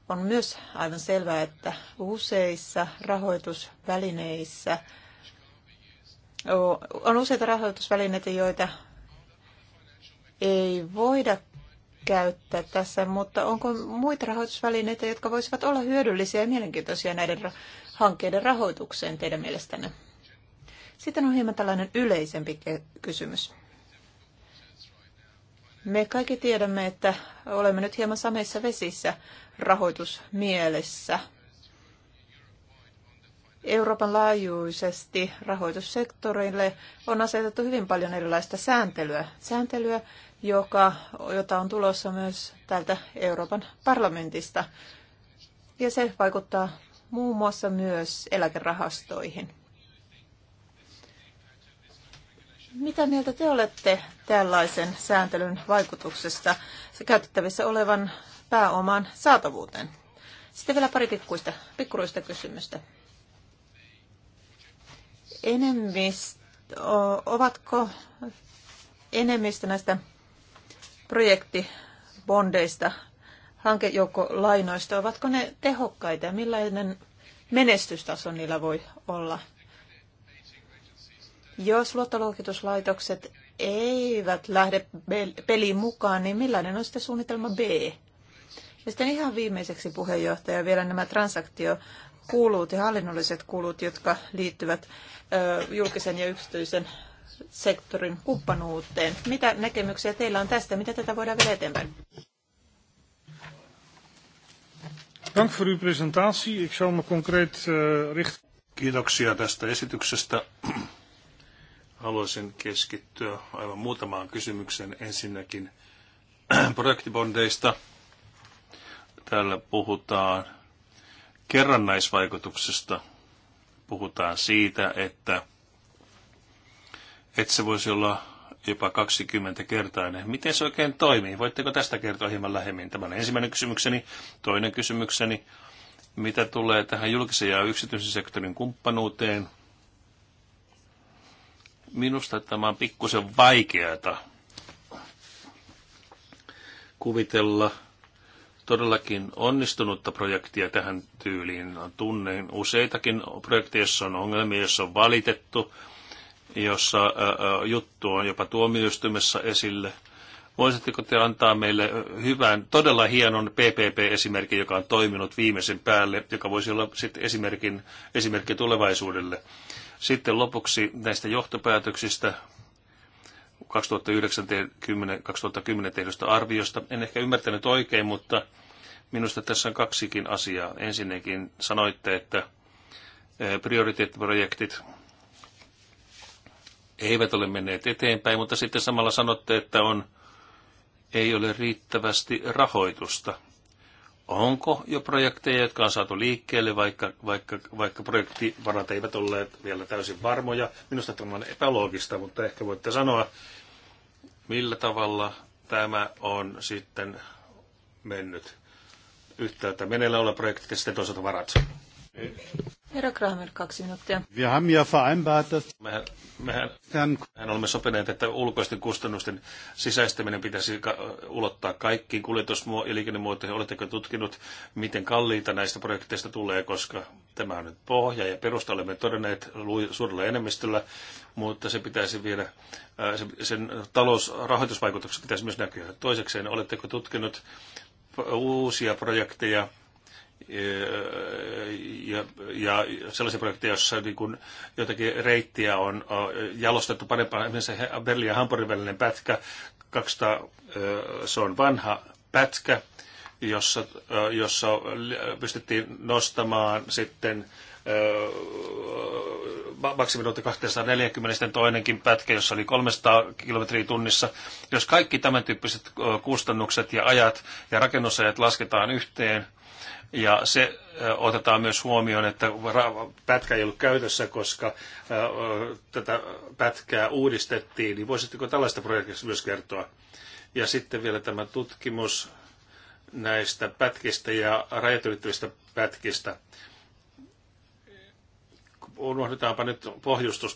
S2: On myös aivan selvää, että useissa rahoitusvälineissä – on useita rahoitusvälineitä, joita ei voida käyttää tässä, mutta onko muita rahoitusvälineitä, jotka voisivat olla hyödyllisiä ja mielenkiintoisia näiden hankkeiden rahoitukseen teidän mielestänne? Sitten on hieman tällainen yleisempi kysymys. Me kaikki tiedämme, että olemme nyt hieman sameissa vesissä rahoitusmielessä – Euroopan laajuisesti rahoitussektorille on asetettu hyvin paljon erilaista sääntelyä, sääntelyä joka, jota on tulossa myös täältä Euroopan parlamentista. Ja se vaikuttaa muun muassa myös eläkerahastoihin. Mitä mieltä te olette tällaisen sääntelyn vaikutuksesta käytettävissä olevan pääoman saatavuuteen? Sitten vielä pari pikkuista, pikkuruista kysymystä enemmistö, ovatko enemmistö näistä projektibondeista, hankejoukkolainoista, ovatko ne tehokkaita ja millainen menestystaso niillä voi olla? Jos luottoluokituslaitokset eivät lähde peliin mukaan, niin millainen on sitten suunnitelma B? Ja sitten ihan viimeiseksi puheenjohtaja vielä nämä transaktio kulut ja hallinnolliset kulut, jotka liittyvät julkisen ja yksityisen sektorin kumppanuuteen. Mitä näkemyksiä teillä on tästä? Mitä tätä voidaan vielä eteenpäin?
S3: Dank voor uw presentatie. Ik zal me concreet eh, richten. Kiitoksia tästä esityksestä. Haluaisin keskittyä aivan muutamaan kysymykseen. Ensinnäkin projektibondeista. Täällä puhutaan kerrannaisvaikutuksesta puhutaan siitä, että, että se voisi olla jopa 20-kertainen. Miten se oikein toimii? Voitteko tästä kertoa hieman lähemmin? Tämä on ensimmäinen kysymykseni. Toinen kysymykseni, mitä tulee tähän julkisen ja yksityisen sektorin kumppanuuteen? Minusta tämä on pikkusen vaikeata kuvitella – todellakin onnistunutta projektia tähän tyyliin. Tunnen useitakin projekteja, joissa on ongelmia, joissa on valitettu, jossa juttu on jopa tuomioistuimessa esille. Voisitteko te antaa meille hyvän, todella hienon PPP-esimerkin, joka on toiminut viimeisen päälle, joka voisi olla sitten esimerkin, esimerkki tulevaisuudelle? Sitten lopuksi näistä johtopäätöksistä 2009-2010 tehdystä arviosta. En ehkä ymmärtänyt oikein, mutta minusta tässä on kaksikin asiaa. Ensinnäkin sanoitte, että eh, prioriteettiprojektit eivät ole menneet eteenpäin, mutta sitten samalla sanotte, että on, ei ole riittävästi rahoitusta. Onko jo projekteja, jotka on saatu liikkeelle, vaikka, vaikka, vaikka projektivarat eivät olleet vielä täysin varmoja? Minusta tämä on epäloogista, mutta ehkä voitte sanoa, Millä tavalla tämä on sitten mennyt yhtäältä meneillään olla projektit ja sitten toisaalta varat?
S2: Herra Kramer, kaksi minuuttia.
S1: Wir haben ja vereinbart, dass...
S3: Mehän, mehän, mehän olemme sopineet, että ulkoisten kustannusten sisäistäminen pitäisi ka- ulottaa kaikkiin kuljetus- ja liikennemuotoihin. Oletteko tutkinut, miten kalliita näistä projekteista tulee, koska tämä on nyt pohja ja perusta olemme todenneet suurella enemmistöllä, mutta se pitäisi viedä, sen talousrahoitusvaikutukset pitäisi myös näkyä. Toisekseen, oletteko tutkinut uusia projekteja, ja, ja sellaisia projekteja, joissa niin kuin jotakin reittiä on jalostettu parempaan, esimerkiksi Berliin ja Hampurin välinen pätkä, 200, se on vanha pätkä, jossa, jossa pystyttiin nostamaan sitten maksiminuutti 240, toinenkin pätkä, jossa oli 300 kilometriä tunnissa. Jos kaikki tämän tyyppiset kustannukset ja ajat ja rakennusajat lasketaan yhteen, ja se otetaan myös huomioon, että pätkä ei ollut käytössä, koska tätä pätkää uudistettiin, niin voisitteko tällaista projektista myös kertoa? Ja sitten vielä tämä tutkimus näistä pätkistä ja rajatylittävistä pätkistä unohdetaanpa nyt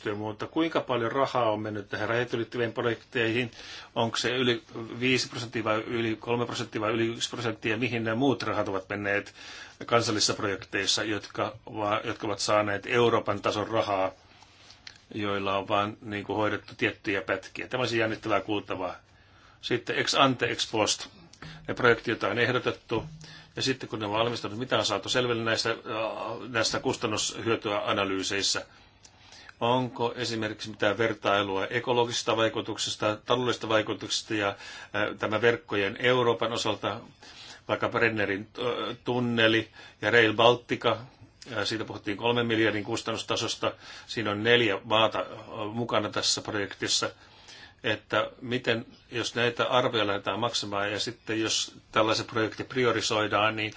S3: ja mutta kuinka paljon rahaa on mennyt tähän rajat projekteihin? Onko se yli 5 prosenttia vai yli 3 prosenttia vai yli 1 prosenttia? Mihin nämä muut rahat ovat menneet kansallisissa projekteissa, jotka, jotka ovat saaneet Euroopan tason rahaa, joilla on vain niin kuin, hoidettu tiettyjä pätkiä? Tämä on jännittävää kuultavaa. Sitten ex ante, ex post. Ne projektit, joita on ehdotettu, ja sitten kun ne on valmistunut, mitä on saatu selville näistä, äh, näistä kustannushyötyanalyyseissä, onko esimerkiksi mitään vertailua ekologisista vaikutuksista, taloudellisista vaikutuksista ja äh, tämä verkkojen Euroopan osalta, vaikka Brennerin äh, tunneli ja Rail Baltica, siitä puhuttiin kolmen miljardin kustannustasosta, siinä on neljä maata mukana tässä projektissa – että miten, jos näitä arvioja lähdetään maksamaan ja sitten jos tällaisen projekti priorisoidaan, niin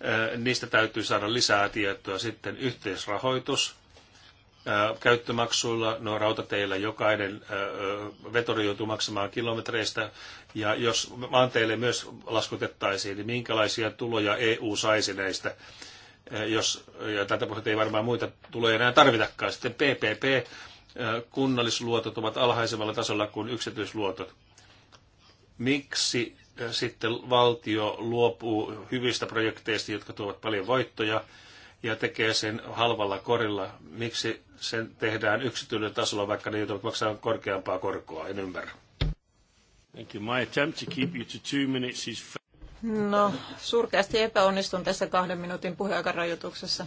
S3: eh, niistä täytyy saada lisää tietoa. Sitten yhteisrahoitus eh, käyttömaksuilla, no rautateillä jokainen eh, vetori joutuu maksamaan kilometreistä, ja jos maanteille myös laskutettaisiin, niin minkälaisia tuloja EU saisi näistä, jos, ja tätä pohjalta ei varmaan muita tuloja enää tarvitakaan. Sitten PPP, kunnallisluotot ovat alhaisemmalla tasolla kuin yksityisluotot. Miksi sitten valtio luopuu hyvistä projekteista, jotka tuovat paljon voittoja, ja tekee sen halvalla korilla. Miksi sen tehdään yksityisellä tasolla, vaikka ne joutuvat maksamaan korkeampaa korkoa?
S1: En ymmärrä. Thank you. My attempt to keep you to two minutes is...
S2: No, surkeasti epäonnistun tässä kahden minuutin puheaikarajoituksessa.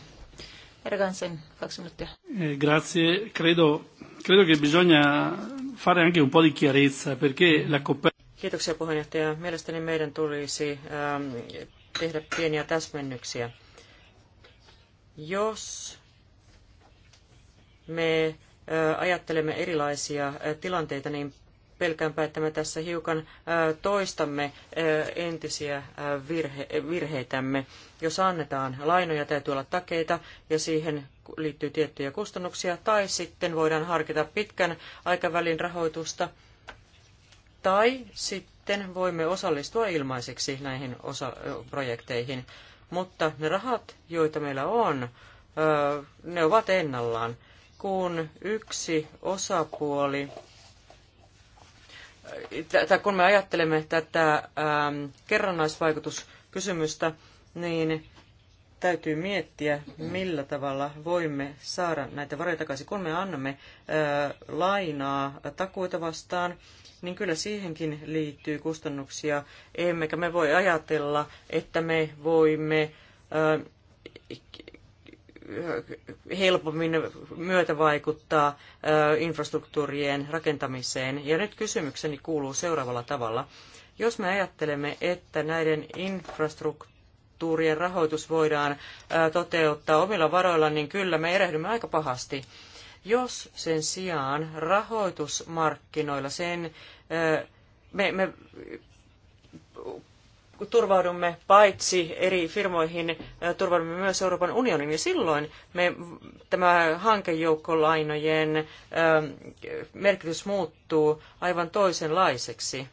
S2: Ergansen,
S4: kaksi minuuttia.
S1: Eh, grazie, credo credo che bisogna fare anche un po' di chiarezza perché la coperta.
S4: Kiitoksia puheenjohtaja. Mielestäni meidän tulisi ähm, tehdä pieniä täsmennyksiä. Jos me äh, ajattelemme erilaisia äh, tilanteita, niin pelkäänpä, että me tässä hiukan äh, toistamme äh, entisiä äh, virhe, äh, virheitämme. Jos annetaan lainoja, täytyy olla takeita ja siihen liittyy tiettyjä kustannuksia, tai sitten voidaan harkita pitkän aikavälin rahoitusta, tai sitten voimme osallistua ilmaiseksi näihin osa- projekteihin. Mutta ne rahat, joita meillä on, ne ovat ennallaan. Kun yksi osapuoli kun me ajattelemme tätä kerrannaisvaikutuskysymystä, niin täytyy miettiä, millä tavalla voimme saada näitä varoja takaisin. Kun me annamme ää, lainaa takuita vastaan, niin kyllä siihenkin liittyy kustannuksia. Emmekä me voi ajatella, että me voimme ää, helpommin myötävaikuttaa ää, infrastruktuurien rakentamiseen. Ja nyt kysymykseni kuuluu seuraavalla tavalla. Jos me ajattelemme, että näiden infrastruktuurien kulttuurien rahoitus voidaan toteuttaa omilla varoilla, niin kyllä me erehdymme aika pahasti. Jos sen sijaan rahoitusmarkkinoilla sen, me, me turvaudumme paitsi eri firmoihin, turvaudumme myös Euroopan unioniin, ja silloin me, tämä hankejoukkolainojen merkitys muuttuu aivan toisenlaiseksi.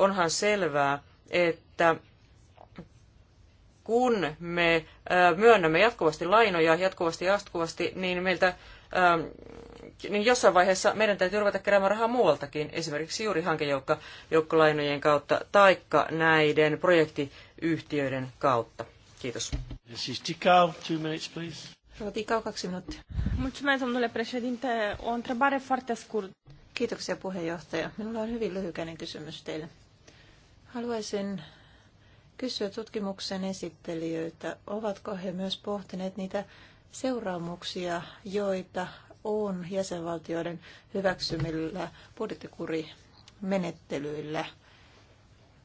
S4: onhan selvää, että kun me myönnämme jatkuvasti lainoja, jatkuvasti jatkuvasti, niin meiltä niin jossain vaiheessa meidän täytyy ruveta keräämään rahaa muualtakin, esimerkiksi juuri hankejoukkolainojen kautta, taikka näiden projektiyhtiöiden kautta. Kiitos. Tikau, two minutes, please.
S2: kaksi minuuttia. Mulțumesc, domnule președinte. O întrebare foarte scurt. Kiitoksia puheenjohtaja. Minulla on hyvin lyhykäinen kysymys teille. Haluaisin kysyä tutkimuksen esittelijöitä, ovatko he myös pohtineet niitä seuraamuksia, joita on jäsenvaltioiden hyväksymillä budjettikurimenettelyillä.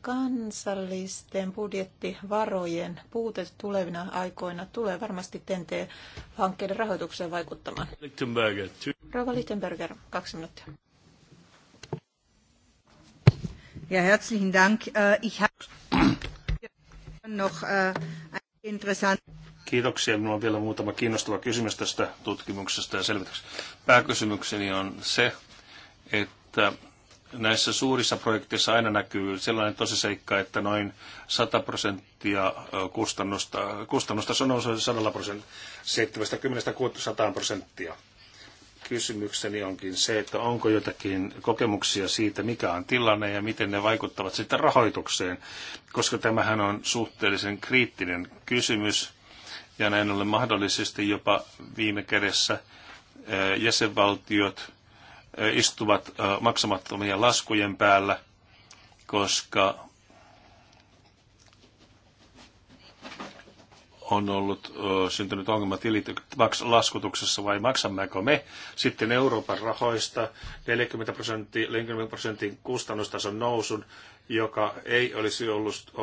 S2: Kansallisten budjettivarojen puute tulevina aikoina tulee varmasti TNT-hankkeiden rahoitukseen vaikuttamaan. Rova Lichtenberger, kaksi minuuttia. Ja, herzlichen Dank. Äh, ich habe noch äh, interessant.
S3: Kiitoksia. Minulla on vielä muutama kiinnostava kysymys tästä tutkimuksesta ja selvityksestä. Pääkysymykseni on se, että näissä suurissa projekteissa aina näkyy sellainen tosiseikka, että noin 100 prosenttia kustannusta, kustannusta on 100 prosenttia, 70-100 prosenttia kysymykseni onkin se, että onko jotakin kokemuksia siitä, mikä on tilanne ja miten ne vaikuttavat sitten rahoitukseen, koska tämähän on suhteellisen kriittinen kysymys ja näin ollen mahdollisesti jopa viime kädessä eh, jäsenvaltiot eh, istuvat eh, maksamattomien laskujen päällä, koska on ollut syntynyt ongelma laskutuksessa vai maksammeko me sitten Euroopan rahoista 40 prosenttia, 40 prosentin kustannustason nousun, joka ei olisi ollut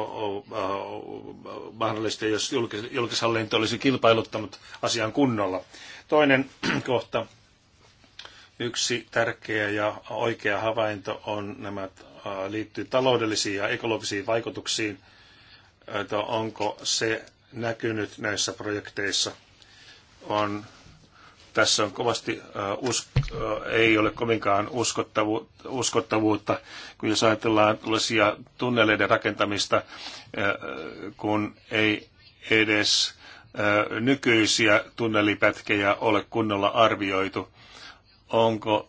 S3: mahdollista, jos julkishallinto olisi kilpailuttanut asian kunnolla. Toinen kohta, yksi tärkeä ja oikea havainto on nämä liittyy taloudellisiin ja ekologisiin vaikutuksiin, että onko se näkynyt näissä projekteissa, on tässä on kovasti, uh, äh, us, uh, äh, ei ole kovinkaan uskottavu, uskottavuutta, kun jos ajatellaan tällaisia tunneleiden rakentamista, uh, kun ei edes uh, nykyisiä tunnelipätkejä ole kunnolla arvioitu. Onko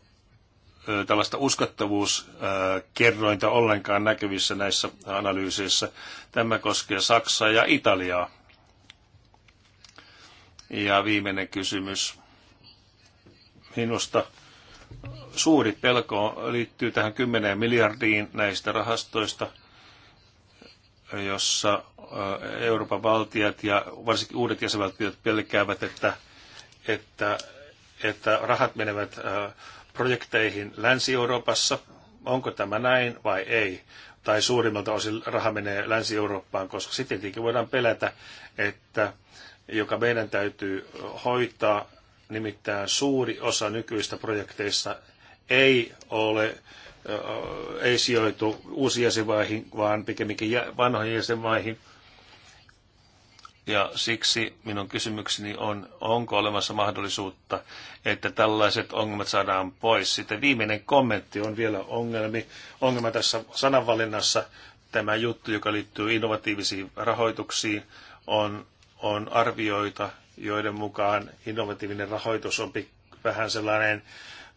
S3: tällaista uskottavuuskerrointa ollenkaan näkyvissä näissä analyyseissä? Tämä koskee Saksaa ja Italiaa ja viimeinen kysymys minusta suuri pelko liittyy tähän 10 miljardiin näistä rahastoista, jossa Euroopan valtiot ja varsinkin uudet jäsenvaltiot pelkäävät, että, että, että rahat menevät projekteihin Länsi-Euroopassa. Onko tämä näin vai ei? Tai suurimmalta osin raha menee Länsi-Eurooppaan, koska sitten tietenkin voidaan pelätä, että joka meidän täytyy hoitaa. Nimittäin suuri osa nykyistä projekteista ei ole ei sijoitu uusiin jäsenmaihin, vaan pikemminkin vanhoihin jäsenmaihin. Ja siksi minun kysymykseni on, onko olemassa mahdollisuutta, että tällaiset ongelmat saadaan pois. Sitten viimeinen kommentti on vielä ongelmi, ongelma tässä sananvalinnassa. Tämä juttu, joka liittyy innovatiivisiin rahoituksiin, on on arvioita, joiden mukaan innovatiivinen rahoitus on vähän sellainen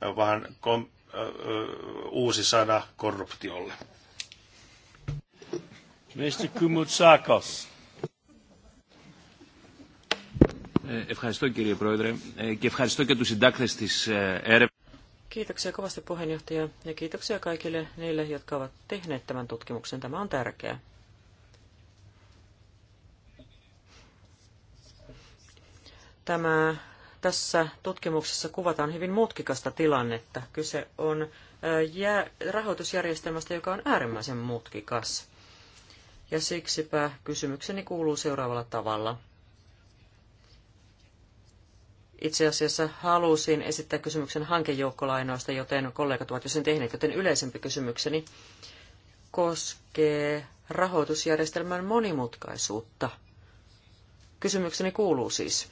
S3: äh, vaan kom, äh, äh, uusi sana korruptiolle.
S1: Mr. Kumutsakos.
S3: Ευχαριστώ κύριε Πρόεδρε και ευχαριστώ
S4: Kiitoksia kovasti puheenjohtaja ja kiitoksia kaikille niille, jotka ovat tehneet tämän tutkimuksen. Tämä on tärkeää. Tämä, tässä tutkimuksessa kuvataan hyvin mutkikasta tilannetta. Kyse on rahoitusjärjestelmästä, joka on äärimmäisen mutkikas. Ja siksipä kysymykseni kuuluu seuraavalla tavalla. Itse asiassa halusin esittää kysymyksen hankejoukkolainoista, joten kollegat ovat jo sen tehneet, joten yleisempi kysymykseni koskee rahoitusjärjestelmän monimutkaisuutta. Kysymykseni kuuluu siis,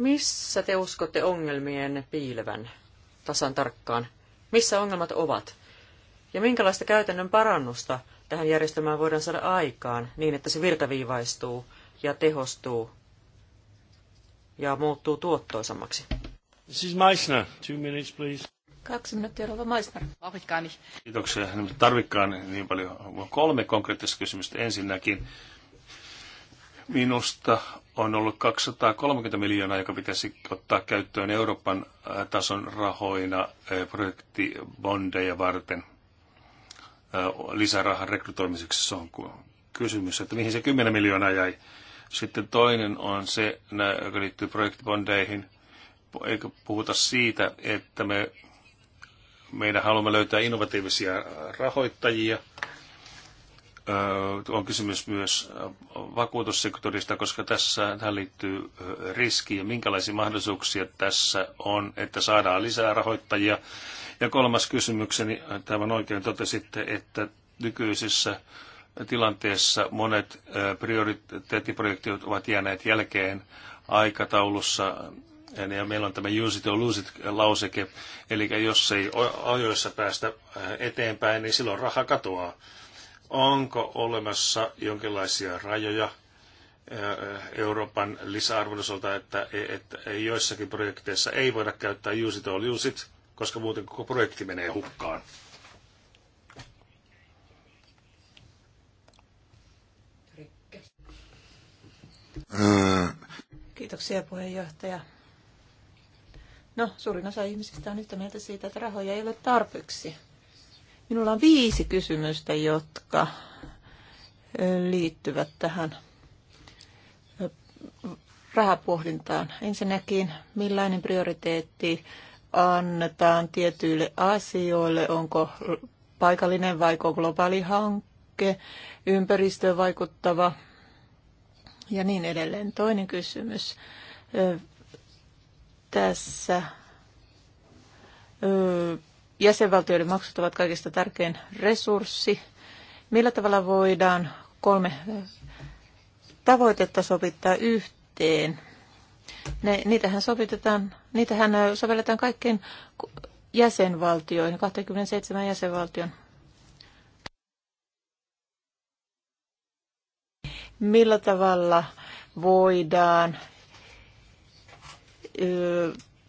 S4: Missä te uskotte ongelmien piilevän tasan tarkkaan? Missä ongelmat ovat? Ja minkälaista käytännön parannusta tähän järjestelmään voidaan saada aikaan niin, että se virtaviivaistuu ja tehostuu ja muuttuu tuottoisammaksi?
S1: is Meissner, two minutes please.
S2: Kaksi minuuttia, Rova Meissner.
S3: Kiitoksia. Tarvikkaan niin paljon. Kolme konkreettista kysymystä. Ensinnäkin, minusta on ollut 230 miljoonaa, joka pitäisi ottaa käyttöön Euroopan äh, tason rahoina äh, projektibondeja varten äh, lisärahan rekrytoimiseksi. Se on kysymys, että mihin se 10 miljoonaa jäi. Sitten toinen on se, joka liittyy projektibondeihin. Eikö puhuta siitä, että me meidän haluamme löytää innovatiivisia rahoittajia – on kysymys myös vakuutussektorista, koska tässä tähän liittyy riski ja minkälaisia mahdollisuuksia tässä on, että saadaan lisää rahoittajia. Ja kolmas kysymykseni, tämän oikein totesitte, että nykyisessä tilanteessa monet prioriteettiprojektit ovat jääneet jälkeen aikataulussa ja meillä on tämä use it or lose it lauseke, eli jos ei ajoissa päästä eteenpäin, niin silloin raha katoaa onko olemassa jonkinlaisia rajoja Euroopan lisäarvon osalta, että, että joissakin projekteissa ei voida käyttää use it all use it, koska muuten koko projekti menee hukkaan.
S4: Äh.
S2: Kiitoksia puheenjohtaja. No, suurin osa ihmisistä on yhtä mieltä siitä, että rahoja ei ole tarpeeksi Minulla on viisi kysymystä, jotka liittyvät tähän rahapohdintaan. Ensinnäkin, millainen prioriteetti annetaan tietyille asioille? Onko paikallinen vai globaali hanke, ympäristöön vaikuttava ja niin edelleen. Toinen kysymys. Tässä jäsenvaltioiden maksut ovat kaikista tärkein resurssi. Millä tavalla voidaan kolme tavoitetta sovittaa yhteen? Ne, niitähän, sovitetaan, niitähän sovelletaan kaikkien jäsenvaltioihin, 27 jäsenvaltion. Millä tavalla voidaan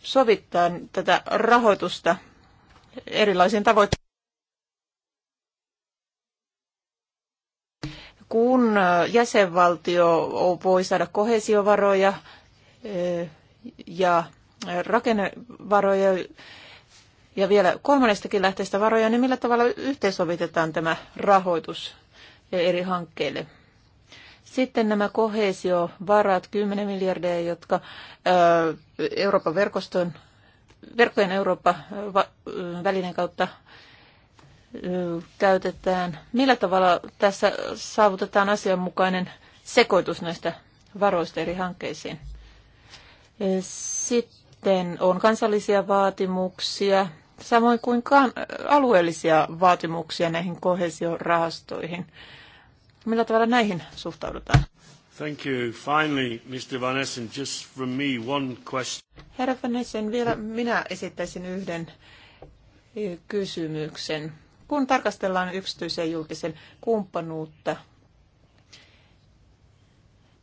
S2: sovittaa tätä rahoitusta erilaisiin tavoitteisiin. Kun jäsenvaltio voi saada kohesiovaroja ja rakennevaroja ja vielä kolmannestakin lähteestä varoja, niin millä tavalla yhteensovitetaan tämä rahoitus eri hankkeille? Sitten nämä kohesiovarat, 10 miljardia, jotka Euroopan verkoston verkkojen Eurooppa-välinen kautta käytetään. Millä tavalla tässä saavutetaan asianmukainen sekoitus näistä varoista eri hankkeisiin? Sitten on kansallisia vaatimuksia, samoin kuin alueellisia vaatimuksia näihin kohesiorahastoihin. Millä tavalla näihin suhtaudutaan?
S1: Thank you. Finally, Mr. Van Essen, just from me, one question.
S2: Herra Van Essen, vielä minä esittäisin yhden eh, kysymyksen. Kun tarkastellaan yksityisen ja julkisen kumppanuutta,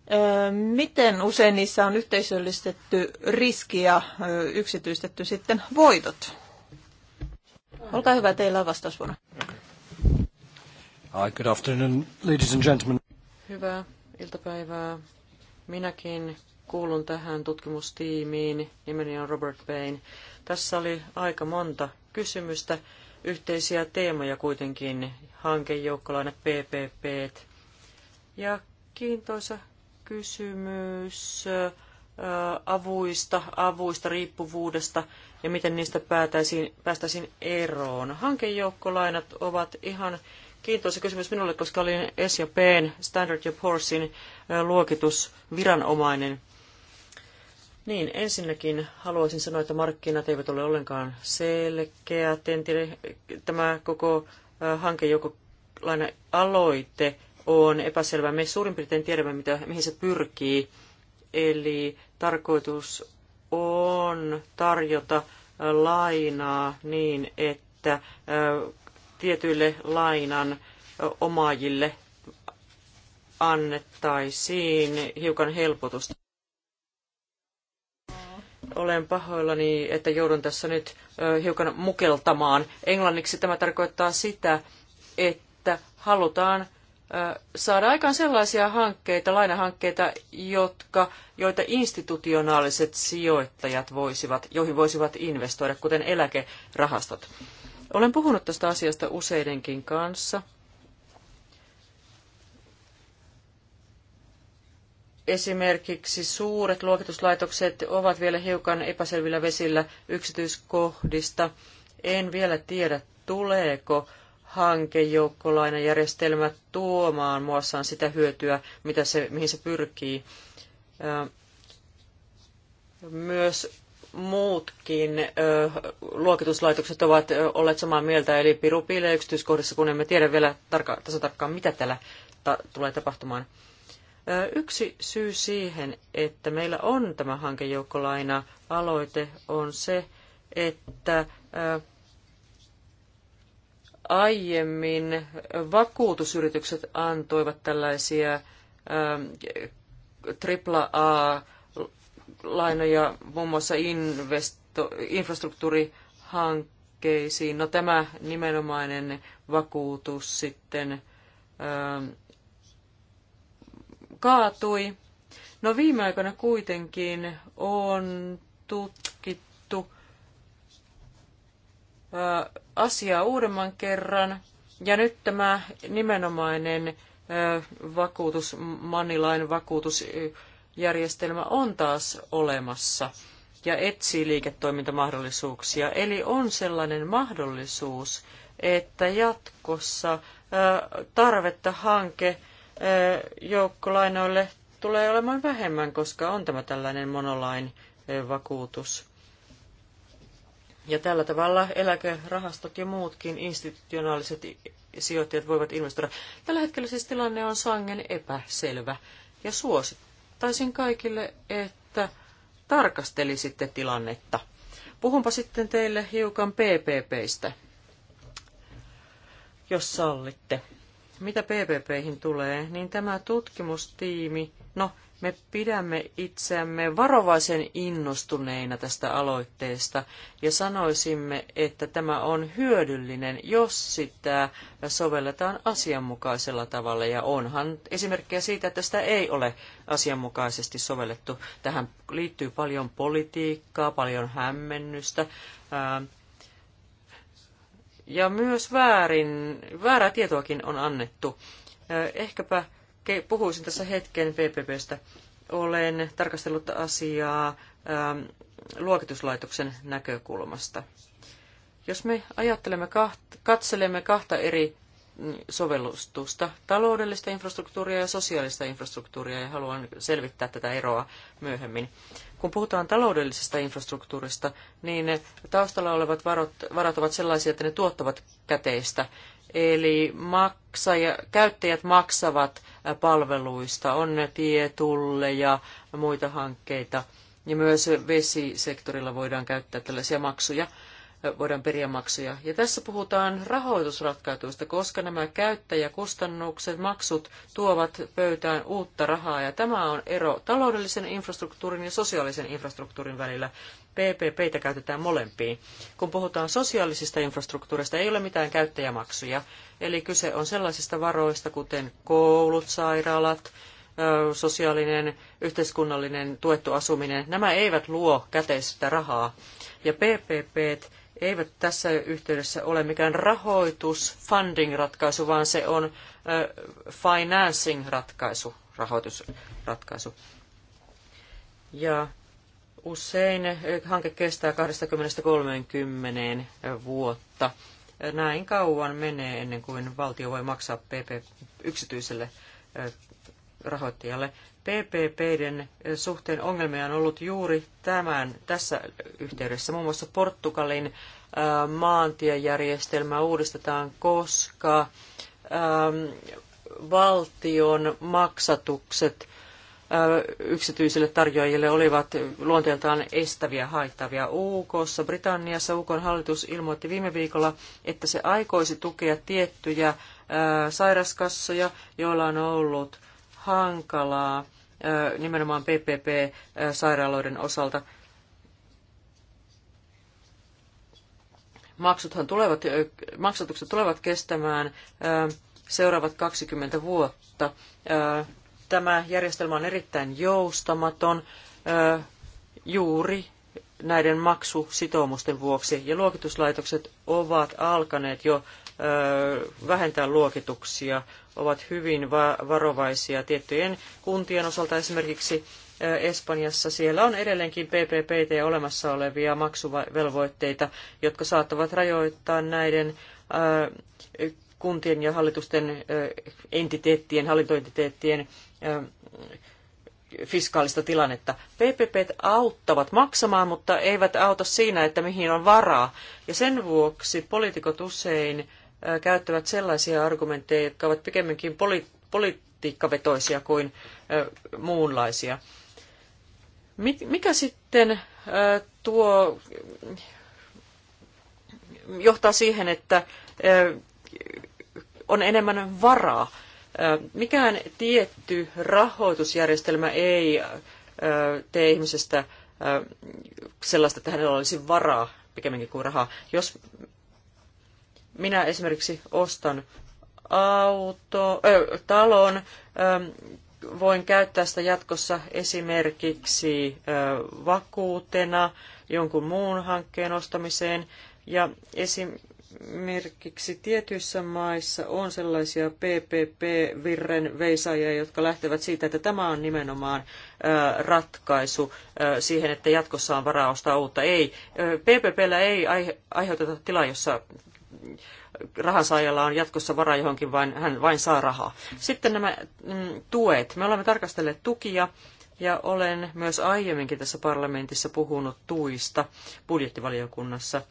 S2: eh, miten usein niissä on yhteisöllistetty riski ja eh, yksityistetty sitten voitot? Olkaa hyvä, teillä on vastausvuoro. Okay.
S1: Hi, good afternoon,
S4: ladies and gentlemen. Hyvää iltapäivää. Minäkin kuulun tähän tutkimustiimiin. Nimeni on Robert Payne. Tässä oli aika monta kysymystä. Yhteisiä teemoja kuitenkin. Hankejoukkolaina PPP. Ja kiintoisa kysymys äh, avuista, avuista, riippuvuudesta ja miten niistä päästäisiin eroon. Hankejoukkolainat ovat ihan kiintoisa kysymys minulle, koska olin S&Pn Standard Poor'sin luokitusviranomainen. Niin, ensinnäkin haluaisin sanoa, että markkinat eivät ole ollenkaan selkeät. En tiedä, tämä koko hanke, joko aloite on epäselvä. Me suurin piirtein tiedämme, mitä, mihin se pyrkii. Eli tarkoitus on tarjota lainaa niin, että tietyille lainan omaajille annettaisiin hiukan helpotusta. Olen pahoillani, että joudun tässä nyt hiukan mukeltamaan. Englanniksi tämä tarkoittaa sitä, että halutaan saada aikaan sellaisia hankkeita, lainahankkeita, jotka, joita institutionaaliset sijoittajat voisivat, joihin voisivat investoida, kuten eläkerahastot. Olen puhunut tästä asiasta useidenkin kanssa. Esimerkiksi suuret luokituslaitokset ovat vielä hiukan epäselvillä vesillä yksityiskohdista. En vielä tiedä, tuleeko hankejoukkolainajärjestelmä tuomaan muassaan sitä hyötyä, mitä se, mihin se pyrkii. Myös muutkin ö, luokituslaitokset ovat ö, olleet samaa mieltä, eli piru piilee yksityiskohdissa, kun emme tiedä vielä tarka- tasatarkkaan, mitä täällä ta- tulee tapahtumaan. Ö, yksi syy siihen, että meillä on tämä hankejoukkolaina aloite, on se, että ö, aiemmin vakuutusyritykset antoivat tällaisia ö, AAA lainoja muun muassa investo- infrastruktuurihankkeisiin. No tämä nimenomainen vakuutus sitten ähm, kaatui. No viime aikoina kuitenkin on tutkittu äh, asiaa uudemman kerran. Ja nyt tämä nimenomainen äh, vakuutus, Manilain vakuutus järjestelmä on taas olemassa ja etsii liiketoimintamahdollisuuksia. Eli on sellainen mahdollisuus, että jatkossa tarvetta hanke joukkolainoille tulee olemaan vähemmän, koska on tämä tällainen monolain vakuutus. Ja tällä tavalla eläkerahastot ja muutkin institutionaaliset sijoittajat voivat investoida. Tällä hetkellä siis tilanne on sangen epäselvä ja suosittu ehdottaisin kaikille, että tarkastelisitte tilannetta. Puhunpa sitten teille hiukan PPPistä, jos sallitte. Mitä PPPihin tulee, niin tämä tutkimustiimi, no me pidämme itseämme varovaisen innostuneina tästä aloitteesta ja sanoisimme, että tämä on hyödyllinen, jos sitä sovelletaan asianmukaisella tavalla. Ja onhan esimerkkejä siitä, että sitä ei ole asianmukaisesti sovellettu. Tähän liittyy paljon politiikkaa, paljon hämmennystä. ja myös väärin, väärää tietoakin on annettu. Ehkäpä puhuisin tässä hetken PPPstä. Olen tarkastellut asiaa ähm, luokituslaitoksen näkökulmasta. Jos me ajattelemme, kahta, katselemme kahta eri mm, sovellustusta, taloudellista infrastruktuuria ja sosiaalista infrastruktuuria, ja haluan selvittää tätä eroa myöhemmin. Kun puhutaan taloudellisesta infrastruktuurista, niin taustalla olevat varat ovat sellaisia, että ne tuottavat käteistä, Eli maksaja, käyttäjät maksavat palveluista, on ne tietulleja ja muita hankkeita. Ja myös vesisektorilla voidaan käyttää tällaisia maksuja, voidaan periä maksuja. Ja tässä puhutaan rahoitusratkaisuista, koska nämä käyttäjäkustannukset, maksut tuovat pöytään uutta rahaa. Ja tämä on ero taloudellisen infrastruktuurin ja sosiaalisen infrastruktuurin välillä. PPPitä käytetään molempiin. Kun puhutaan sosiaalisista infrastruktuureista, ei ole mitään käyttäjämaksuja. Eli kyse on sellaisista varoista, kuten koulut, sairaalat, sosiaalinen, yhteiskunnallinen tuettu asuminen. Nämä eivät luo käteistä rahaa. Ja PPPt eivät tässä yhteydessä ole mikään rahoitus, funding-ratkaisu, vaan se on financing-ratkaisu, rahoitusratkaisu. Ja Usein eh, hanke kestää 20-30 eh, vuotta. Eh, näin kauan menee ennen kuin valtio voi maksaa PP yksityiselle rahoittajalle. PPPiden suhteen ongelmia on ollut juuri tämän, tässä yhteydessä. Muun muassa Portugalin maantiejärjestelmä uudistetaan, koska ehm, valtion maksatukset yksityisille tarjoajille olivat luonteeltaan estäviä, haittavia. UKssa, Britanniassa UKn hallitus ilmoitti viime viikolla, että se aikoisi tukea tiettyjä sairaskassoja, joilla on ollut hankalaa nimenomaan PPP-sairaaloiden osalta. Maksuthan tulevat, maksatukset tulevat kestämään seuraavat 20 vuotta. Tämä järjestelmä on erittäin joustamaton juuri näiden maksusitoumusten vuoksi, ja luokituslaitokset ovat alkaneet jo vähentää luokituksia, ovat hyvin varovaisia tiettyjen kuntien osalta esimerkiksi Espanjassa. Siellä on edelleenkin PPPT olemassa olevia maksuvelvoitteita, jotka saattavat rajoittaa näiden kuntien ja hallitusten entiteettien, hallintoentiteettien fiskaalista tilannetta. PPP auttavat maksamaan, mutta eivät auta siinä, että mihin on varaa. Ja sen vuoksi poliitikot usein käyttävät sellaisia argumentteja, jotka ovat pikemminkin poli- politiikkavetoisia kuin muunlaisia. Mikä sitten tuo johtaa siihen, että on enemmän varaa. Mikään tietty rahoitusjärjestelmä ei tee ihmisestä sellaista, että hänellä olisi varaa pikemminkin kuin rahaa. Jos minä esimerkiksi ostan auto, ö, talon, ö, voin käyttää sitä jatkossa esimerkiksi ö, vakuutena jonkun muun hankkeen ostamiseen. Ja esim, esimerkiksi tietyissä maissa on sellaisia PPP-virren veisaajia, jotka lähtevät siitä, että tämä on nimenomaan ratkaisu siihen, että jatkossa on varaa ostaa uutta. Ei, PPPllä ei aiheuteta tilaa, jossa rahansaajalla on jatkossa varaa johonkin, vain hän vain saa rahaa. Sitten nämä mm, tuet. Me olemme tarkastelleet tukia. Ja olen myös aiemminkin tässä parlamentissa puhunut tuista budjettivaliokunnassa.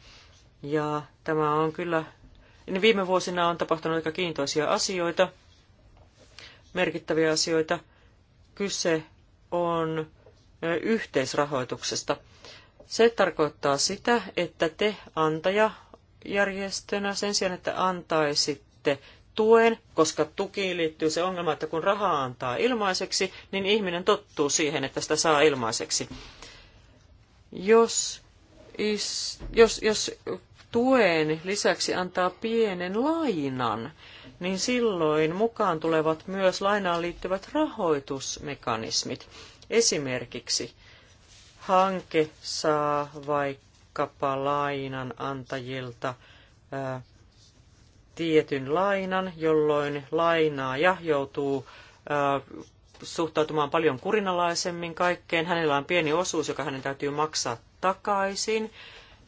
S4: Ja tämä on kyllä, niin viime vuosina on tapahtunut aika kiintoisia asioita, merkittäviä asioita. Kyse on yhteisrahoituksesta. Se tarkoittaa sitä, että te antajajärjestönä sen sijaan, että antaisitte tuen, koska tukiin liittyy se ongelma, että kun rahaa antaa ilmaiseksi, niin ihminen tottuu siihen, että sitä saa ilmaiseksi. Jos, is, jos, jos tuen lisäksi antaa pienen lainan, niin silloin mukaan tulevat myös lainaan liittyvät rahoitusmekanismit. Esimerkiksi hanke saa vaikkapa lainan antajilta ää, tietyn lainan, jolloin lainaaja joutuu ää, suhtautumaan paljon kurinalaisemmin kaikkeen. Hänellä on pieni osuus, joka hänen täytyy maksaa takaisin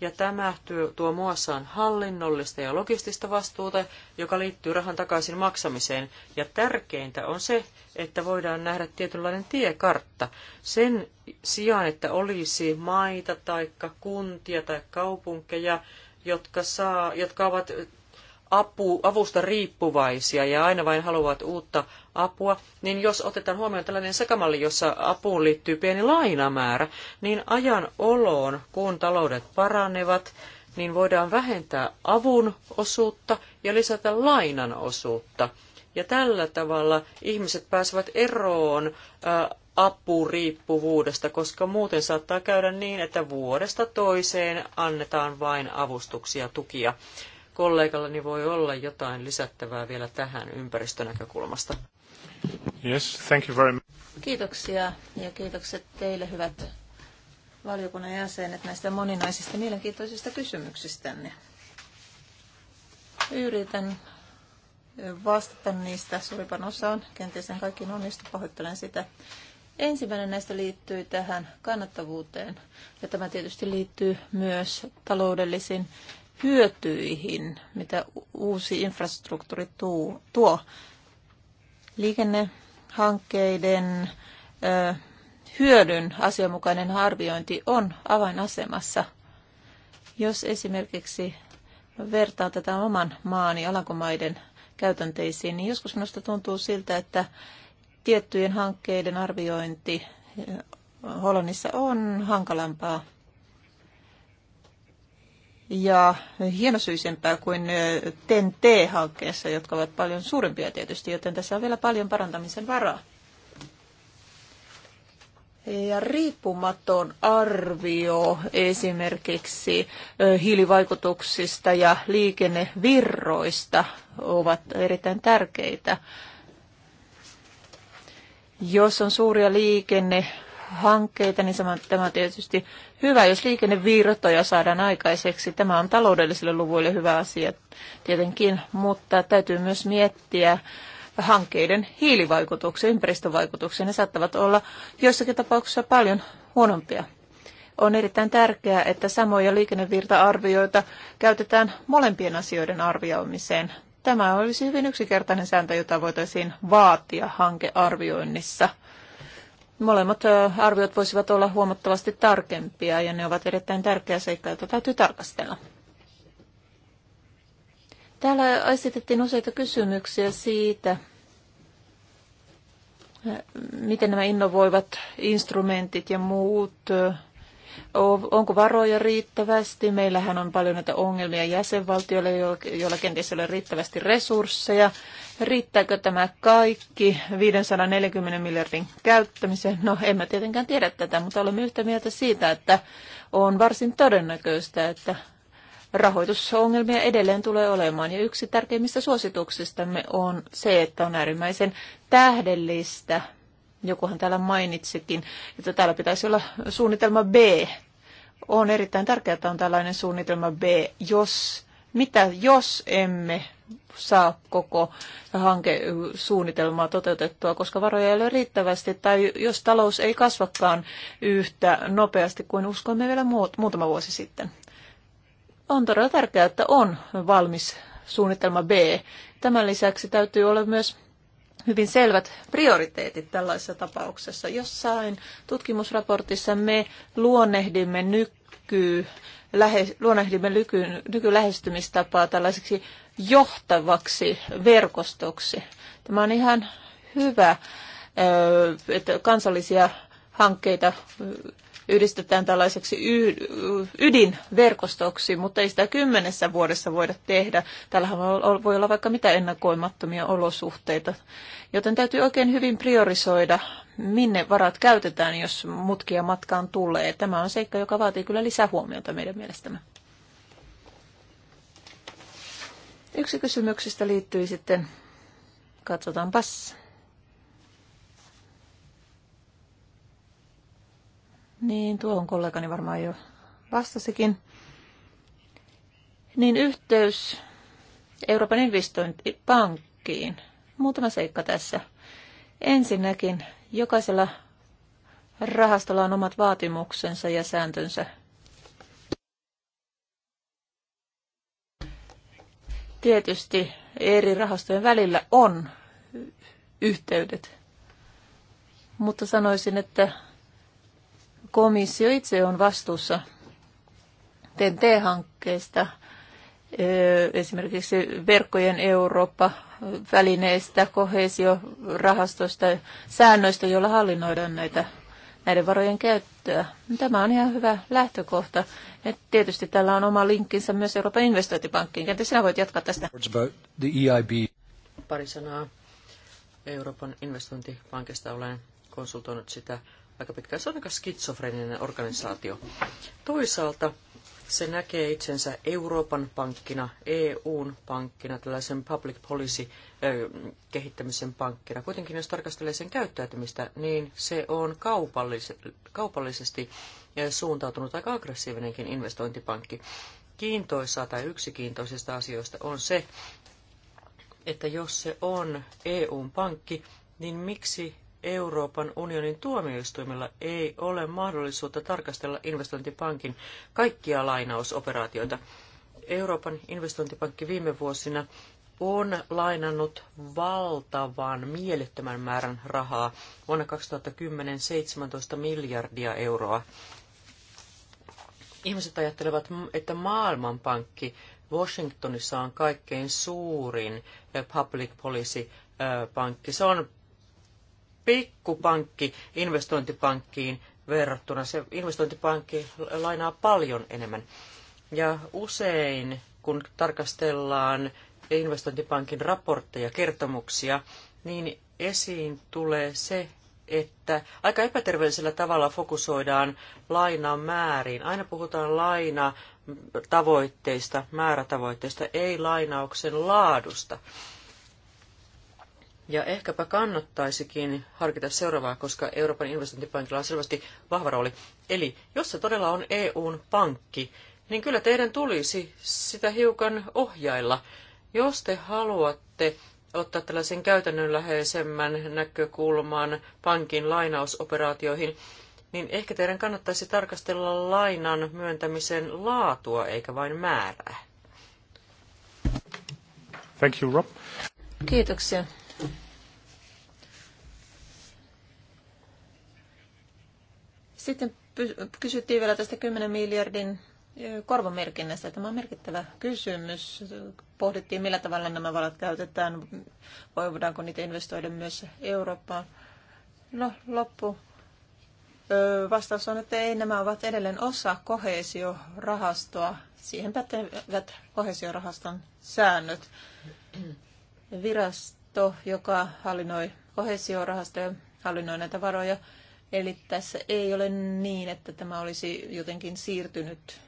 S4: ja tämä tuo muassaan hallinnollista ja logistista vastuuta, joka liittyy rahan takaisin maksamiseen. Ja tärkeintä on se, että voidaan nähdä tietynlainen tiekartta. Sen sijaan, että olisi maita tai kuntia tai kaupunkeja, jotka, saa, jotka ovat apu, avusta riippuvaisia ja aina vain haluavat uutta apua, niin jos otetaan huomioon tällainen sekamalli, jossa apuun liittyy pieni lainamäärä, niin ajan oloon, kun taloudet paranevat, niin voidaan vähentää avun osuutta ja lisätä lainan osuutta. Ja tällä tavalla ihmiset pääsevät eroon apuriippuvuudesta, koska muuten saattaa käydä niin, että vuodesta toiseen annetaan vain avustuksia, tukia kollegallani voi olla jotain lisättävää vielä tähän ympäristönäkökulmasta.
S3: Yes, thank you very much.
S2: Kiitoksia ja kiitokset teille hyvät valiokunnan jäsenet näistä moninaisista mielenkiintoisista kysymyksistänne. Yritän vastata niistä suurimpaan osaan, kenties en kaikkiin onnistu, pahoittelen sitä. Ensimmäinen näistä liittyy tähän kannattavuuteen, ja tämä tietysti liittyy myös taloudellisiin hyötyihin, mitä uusi infrastruktuuri tuo. tuo. Liikennehankkeiden ö, hyödyn asianmukainen arviointi on avainasemassa. Jos esimerkiksi vertaa tätä oman maani alankomaiden käytänteisiin, niin joskus minusta tuntuu siltä, että tiettyjen hankkeiden arviointi Hollannissa on hankalampaa ja hienosyisempää kuin TEN-T-hankkeessa, jotka ovat paljon suurempia tietysti, joten tässä on vielä paljon parantamisen varaa. Ja riippumaton arvio esimerkiksi hiilivaikutuksista ja liikennevirroista ovat erittäin tärkeitä. Jos on suuria liikenne hankkeita, niin sama, tämä on tietysti hyvä, jos liikennevirtoja saadaan aikaiseksi. Tämä on taloudellisille luvuille hyvä asia tietenkin, mutta täytyy myös miettiä hankkeiden hiilivaikutuksia, ympäristövaikutuksia. Ne saattavat olla joissakin tapauksissa paljon huonompia. On erittäin tärkeää, että samoja liikennevirta-arvioita käytetään molempien asioiden arvioimiseen. Tämä olisi hyvin yksinkertainen sääntö, jota voitaisiin vaatia hankearvioinnissa – Molemmat arviot voisivat olla huomattavasti tarkempia ja ne ovat erittäin tärkeä seikka, jota täytyy tarkastella. Täällä esitettiin useita kysymyksiä siitä, miten nämä innovoivat instrumentit ja muut Onko varoja riittävästi? Meillähän on paljon näitä ongelmia jäsenvaltioille, joilla kenties ei ole riittävästi resursseja. Riittääkö tämä kaikki 540 miljardin käyttämiseen? No, emme tietenkään tiedä tätä, mutta olemme yhtä mieltä siitä, että on varsin todennäköistä, että rahoitusongelmia edelleen tulee olemaan. Ja yksi tärkeimmistä suosituksistamme on se, että on äärimmäisen tähdellistä Jokuhan täällä mainitsikin, että täällä pitäisi olla suunnitelma B. On erittäin tärkeää, että on tällainen suunnitelma B, jos mitä jos emme saa koko hankesuunnitelmaa toteutettua, koska varoja ei ole riittävästi, tai jos talous ei kasvakaan yhtä nopeasti kuin uskoimme vielä muut, muutama vuosi sitten. On todella tärkeää, että on valmis suunnitelma B. Tämän lisäksi täytyy olla myös hyvin selvät prioriteetit tällaisessa tapauksessa. Jossain tutkimusraportissa me luonnehdimme nykyy lähe, luonnehdimme nyky, nykylähestymistapaa tällaiseksi johtavaksi verkostoksi. Tämä on ihan hyvä, että kansallisia hankkeita yhdistetään tällaiseksi ydinverkostoksi, mutta ei sitä kymmenessä vuodessa voida tehdä. Tällähän voi olla vaikka mitä ennakoimattomia olosuhteita, joten täytyy oikein hyvin priorisoida, minne varat käytetään, jos mutkia matkaan tulee. Tämä on seikka, joka vaatii kyllä lisähuomiota meidän mielestämme. Yksi kysymyksistä liittyy sitten, katsotaanpas Niin, tuohon kollegani varmaan jo vastasikin. Niin yhteys Euroopan investointipankkiin. Muutama seikka tässä. Ensinnäkin jokaisella rahastolla on omat vaatimuksensa ja sääntönsä. Tietysti eri rahastojen välillä on yhteydet, mutta sanoisin, että komissio itse on vastuussa tnt hankkeesta esimerkiksi verkkojen Eurooppa-välineistä, kohesiorahastosta, säännöistä, joilla hallinnoidaan näitä, näiden varojen käyttöä. Tämä on ihan hyvä lähtökohta. Ja tietysti tällä on oma linkkinsä myös Euroopan investointipankkiin.
S4: Kenties sinä voit jatkaa tästä. E Pari sanaa Euroopan investointipankista olen konsultoinut sitä aika pitkään. Se on aika skitsofreninen organisaatio. Toisaalta se näkee itsensä Euroopan pankkina, EUn pankkina, tällaisen public policy kehittämisen pankkina. Kuitenkin jos tarkastelee sen käyttäytymistä, niin se on kaupallisesti suuntautunut aika aggressiivinenkin investointipankki. Kiintoisaa tai yksi kiintoisista asioista on se, että jos se on EUn pankki, niin miksi Euroopan unionin tuomioistuimella ei ole mahdollisuutta tarkastella investointipankin kaikkia lainausoperaatioita. Euroopan investointipankki viime vuosina on lainannut valtavan mielettömän määrän rahaa, vuonna 2010 17 miljardia euroa. Ihmiset ajattelevat, että Maailmanpankki Washingtonissa on kaikkein suurin public policy pankki. Se on pikkupankki investointipankkiin verrattuna. Se investointipankki lainaa paljon enemmän. Ja usein, kun tarkastellaan investointipankin raportteja, kertomuksia, niin esiin tulee se, että aika epäterveellisellä tavalla fokusoidaan lainan määriin. Aina puhutaan laina tavoitteista, määrätavoitteista, ei lainauksen laadusta. Ja ehkäpä kannattaisikin harkita seuraavaa, koska Euroopan investointipankilla on selvästi vahva rooli. Eli jos se todella on EUn pankki, niin kyllä teidän tulisi sitä hiukan ohjailla. Jos te haluatte ottaa tällaisen käytännönläheisemmän näkökulman pankin lainausoperaatioihin, niin ehkä teidän kannattaisi tarkastella lainan myöntämisen laatua eikä vain määrää.
S3: Thank you, Rob.
S2: Kiitoksia. Sitten kysyttiin vielä tästä 10 miljardin korvamerkinnästä. Tämä on merkittävä kysymys. Pohdittiin, millä tavalla nämä varat käytetään. Voidaanko niitä investoida myös Eurooppaan? No, loppu. Vastaus on, että ei, nämä ovat edelleen osa kohesiorahastoa. Siihen pätevät kohesiorahaston säännöt. Virasto, joka hallinnoi kohesiorahastoja, hallinnoi näitä varoja, Eli tässä ei ole niin, että tämä olisi jotenkin siirtynyt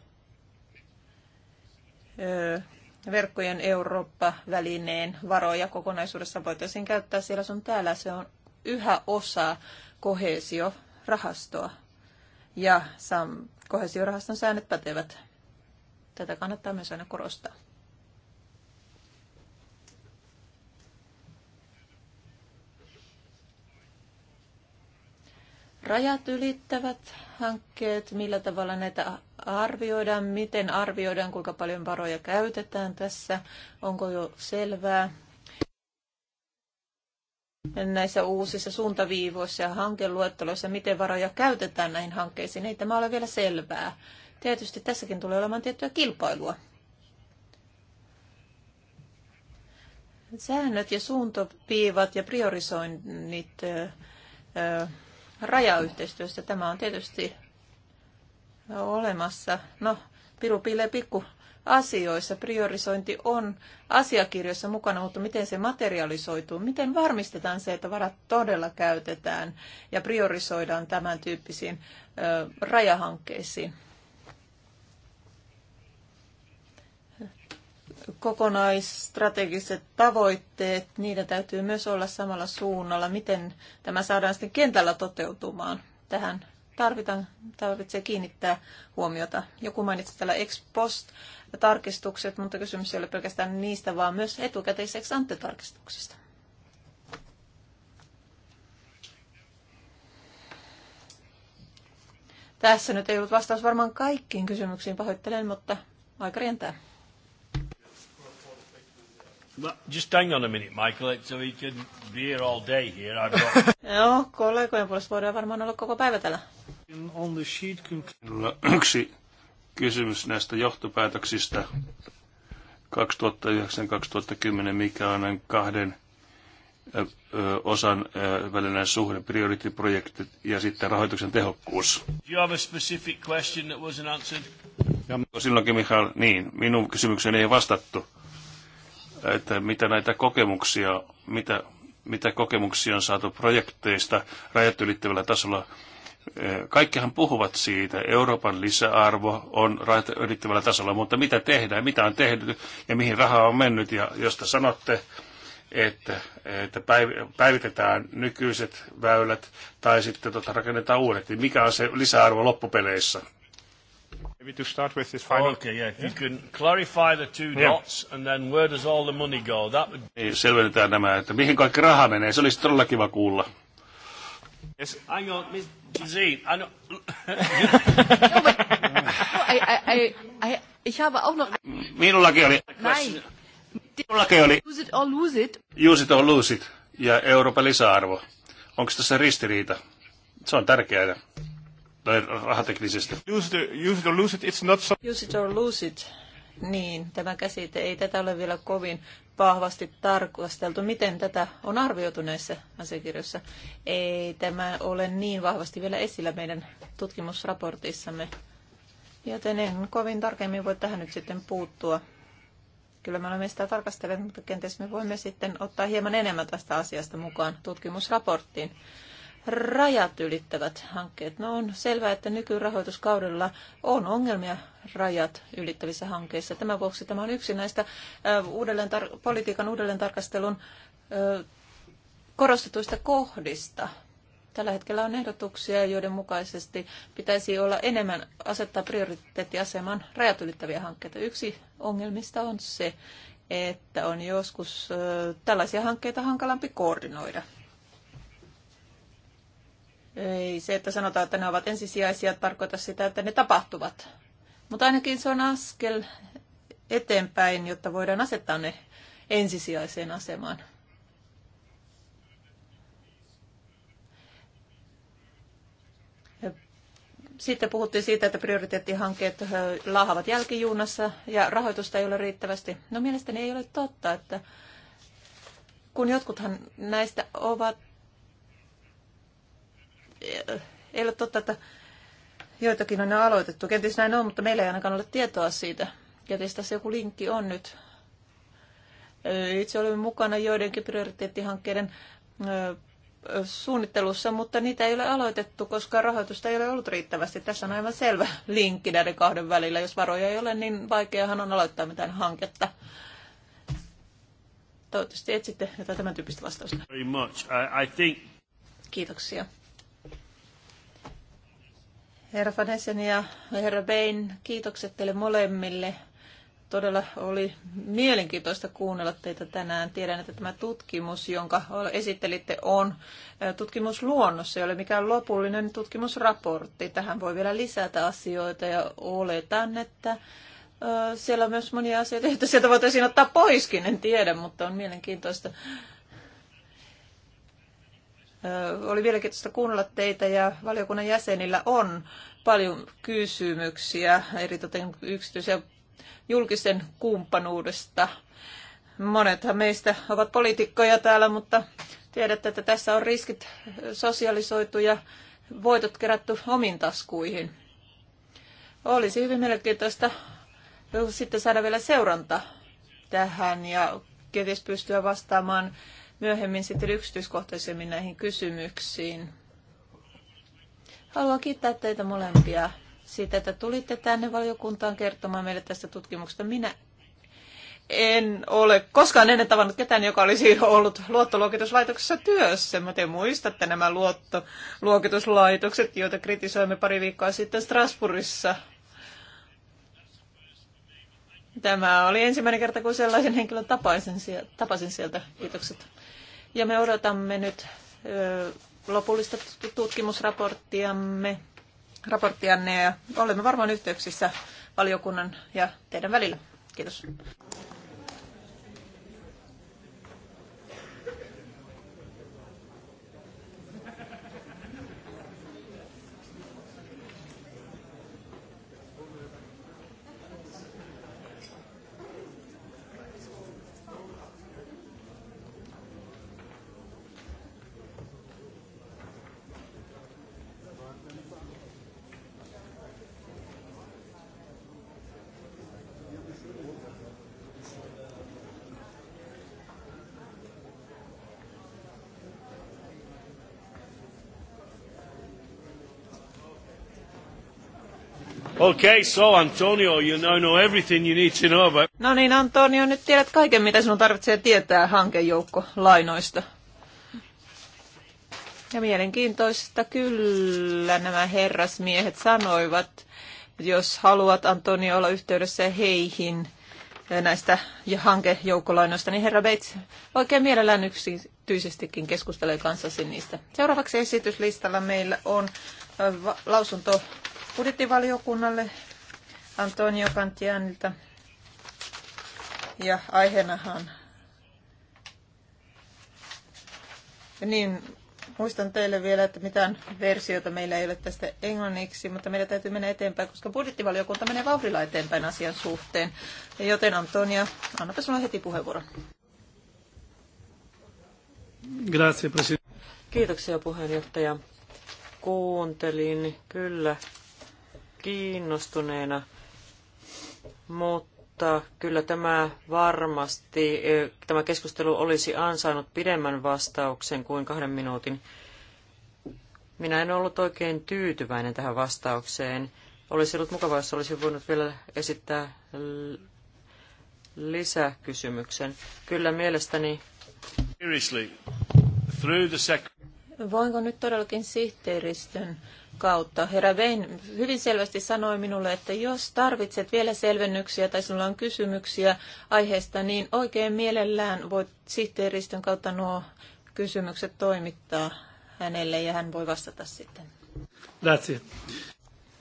S2: verkkojen Eurooppa-välineen varoja kokonaisuudessa voitaisiin käyttää siellä sun täällä. Se on yhä osa kohesiorahastoa. Ja kohesiorahaston säännöt pätevät. Tätä kannattaa myös aina korostaa. rajat ylittävät hankkeet, millä tavalla näitä arvioidaan, miten arvioidaan, kuinka paljon varoja käytetään tässä, onko jo selvää näissä uusissa suuntaviivoissa ja hankeluetteloissa, miten varoja käytetään näihin hankkeisiin. Ei tämä ole vielä selvää. Tietysti tässäkin tulee olemaan tiettyä kilpailua. Säännöt ja suuntaviivat ja priorisoinnit rajayhteistyössä. Tämä on tietysti olemassa. No, piru piilee pikku asioissa. Priorisointi on asiakirjoissa mukana, mutta miten se materialisoituu? Miten varmistetaan se, että varat todella käytetään ja priorisoidaan tämän tyyppisiin ö, rajahankkeisiin? kokonaisstrategiset tavoitteet, niiden täytyy myös olla samalla suunnalla. Miten tämä saadaan sitten kentällä toteutumaan? Tähän tarvitaan, tarvitsee kiinnittää huomiota. Joku mainitsi täällä ex post tarkistukset, mutta kysymys ei ole pelkästään niistä, vaan myös etukäteiseksi antetarkistuksista. Tässä nyt ei ollut vastaus varmaan kaikkiin kysymyksiin, pahoittelen, mutta aika rientää
S1: just hang on a minute, Michael, so we can be here all day here. I've got...
S2: Joo, kollegojen puolesta voidaan varmaan olla koko päivä täällä. On the sheet
S3: Minulla yksi kysymys näistä johtopäätöksistä 2009-2010, mikä on kahden osan välinen suhde, prioriteettiprojektit ja sitten rahoituksen tehokkuus. Do
S1: you have a specific question that wasn't answered?
S3: Ja silloinkin, Mikael, niin, minun kysymykseni ei vastattu että mitä näitä kokemuksia, mitä, mitä kokemuksia on saatu projekteista rajat ylittävällä tasolla. Eh, kaikkihan puhuvat siitä, Euroopan lisäarvo on rajat ylittävällä tasolla, mutta mitä tehdään, mitä on tehnyt ja mihin rahaa on mennyt. Ja jos te sanotte, että, että päivitetään nykyiset väylät tai sitten tota, rakennetaan uudet, niin mikä on se lisäarvo loppupeleissä?
S1: Maybe to start with this final... Okay, yeah. If you can clarify the two yeah. dots and then where does all the money go? That would...
S3: be... Niin, selvennetään nämä, että mihin kaikki raha menee. Se olisi todella kiva kuulla.
S1: Yes. Hang on, Miss Gesine. I know... no,
S2: I, I, I, ich habe auch noch... Mm,
S3: minullakin oli...
S2: Nein.
S4: Minullakin oli... Use it or lose it.
S3: Use it or lose it. Ja Euroopan lisäarvo. Onko tässä ristiriita? Se on tärkeää rahateknisesti.
S2: Use, use it or lose it, it's not so... Use it or lose it. Niin, tämä käsite ei tätä ole vielä kovin vahvasti tarkasteltu. Miten tätä on arvioitu näissä asiakirjoissa? Ei tämä ole niin vahvasti vielä esillä meidän tutkimusraportissamme. Joten en kovin tarkemmin voi tähän nyt sitten puuttua. Kyllä me olemme sitä tarkastelleet, mutta kenties me voimme sitten ottaa hieman enemmän tästä asiasta mukaan tutkimusraporttiin rajat ylittävät hankkeet. No on selvää, että nykyrahoituskaudella on ongelmia rajat ylittävissä hankkeissa. Tämän vuoksi tämä on yksi näistä uudelleen tar- politiikan uudelleentarkastelun korostetuista kohdista. Tällä hetkellä on ehdotuksia, joiden mukaisesti pitäisi olla enemmän asettaa prioriteettiaseman rajat ylittäviä hankkeita. Yksi ongelmista on se, että on joskus tällaisia hankkeita hankalampi koordinoida. Ei se, että sanotaan, että ne ovat ensisijaisia, tarkoita sitä, että ne tapahtuvat. Mutta ainakin se on askel eteenpäin, jotta voidaan asettaa ne ensisijaiseen asemaan. Sitten puhuttiin siitä, että prioriteettihankkeet laahavat jälkijuunassa ja rahoitusta ei ole riittävästi. No mielestäni ei ole totta, että kun jotkuthan näistä ovat ei ole totta, että joitakin on aloitettu. Kenties näin on, mutta meillä ei ainakaan ole tietoa siitä. Kenties tässä joku linkki on nyt. Itse olin mukana joidenkin prioriteettihankkeiden suunnittelussa, mutta niitä ei ole aloitettu, koska rahoitusta ei ole ollut riittävästi. Tässä on aivan selvä linkki näiden kahden välillä. Jos varoja ei ole, niin vaikeahan on aloittaa mitään hanketta. Toivottavasti etsitte jotain tämän tyyppistä vastausta. Kiitoksia. Herra Fanesen ja herra Bein, kiitokset teille molemmille. Todella oli mielenkiintoista kuunnella teitä tänään. Tiedän, että tämä tutkimus, jonka esittelitte, on tutkimusluonnos. Se ei ole mikään lopullinen tutkimusraportti. Tähän voi vielä lisätä asioita ja oletan, että siellä on myös monia asioita, joita sieltä voitaisiin ottaa poiskin, en tiedä, mutta on mielenkiintoista oli mielenkiintoista kuunnella teitä ja valiokunnan jäsenillä on paljon kysymyksiä, eritoten yksityisen julkisen kumppanuudesta. Monethan meistä ovat poliitikkoja täällä, mutta tiedätte, että tässä on riskit sosialisoitu ja voitot kerätty omiin taskuihin. Olisi hyvin mielenkiintoista sitten saada vielä seuranta tähän ja kenties pystyä vastaamaan myöhemmin sitten yksityiskohtaisemmin näihin kysymyksiin. Haluan kiittää teitä molempia siitä, että tulitte tänne valiokuntaan kertomaan meille tästä tutkimuksesta. Minä en ole koskaan ennen tavannut ketään, joka olisi ollut luottoluokituslaitoksessa työssä. Mä te muistatte nämä luottoluokituslaitokset, joita kritisoimme pari viikkoa sitten Strasbourgissa. Tämä oli ensimmäinen kerta, kun sellaisen henkilön tapasin, sieltä. Kiitokset. Ja me odotamme nyt lopullista tutkimusraporttiamme raporttianne ja olemme varmaan yhteyksissä valiokunnan ja teidän välillä. Kiitos.
S1: Okay, so Antonio, you now know everything you need to know about...
S2: No niin, Antonio, nyt tiedät kaiken, mitä sinun tarvitsee tietää hankejoukko lainoista. Ja mielenkiintoista kyllä nämä herrasmiehet sanoivat, jos haluat Antonio olla yhteydessä heihin näistä hankejoukkolainoista, niin herra Bates oikein mielellään yksityisestikin keskustelee kanssasi niistä. Seuraavaksi esityslistalla meillä on äh, lausunto budjettivaliokunnalle Antonio Kantianilta. Ja aiheenahan, niin muistan teille vielä, että mitään versiota meillä ei ole tästä englanniksi, mutta meidän täytyy mennä eteenpäin, koska budjettivaliokunta menee vauhdilla eteenpäin asian suhteen. Joten Antonia, annapa sinulle
S4: heti puheenvuoron. Grazie, Kiitoksia puheenjohtaja. Kuuntelin kyllä kiinnostuneena, mutta kyllä tämä varmasti, eh, tämä keskustelu olisi ansainnut pidemmän vastauksen kuin kahden minuutin. Minä en ollut oikein tyytyväinen tähän vastaukseen. Olisi ollut mukavaa, jos olisin voinut vielä esittää lisäkysymyksen. Kyllä mielestäni...
S2: Voinko nyt todellakin sihteeristön kautta. Herra Vein hyvin selvästi sanoi minulle, että jos tarvitset vielä selvennyksiä tai sinulla on kysymyksiä aiheesta, niin oikein mielellään voit sihteeristön kautta nuo kysymykset toimittaa
S4: hänelle ja hän voi vastata sitten.
S3: That's it.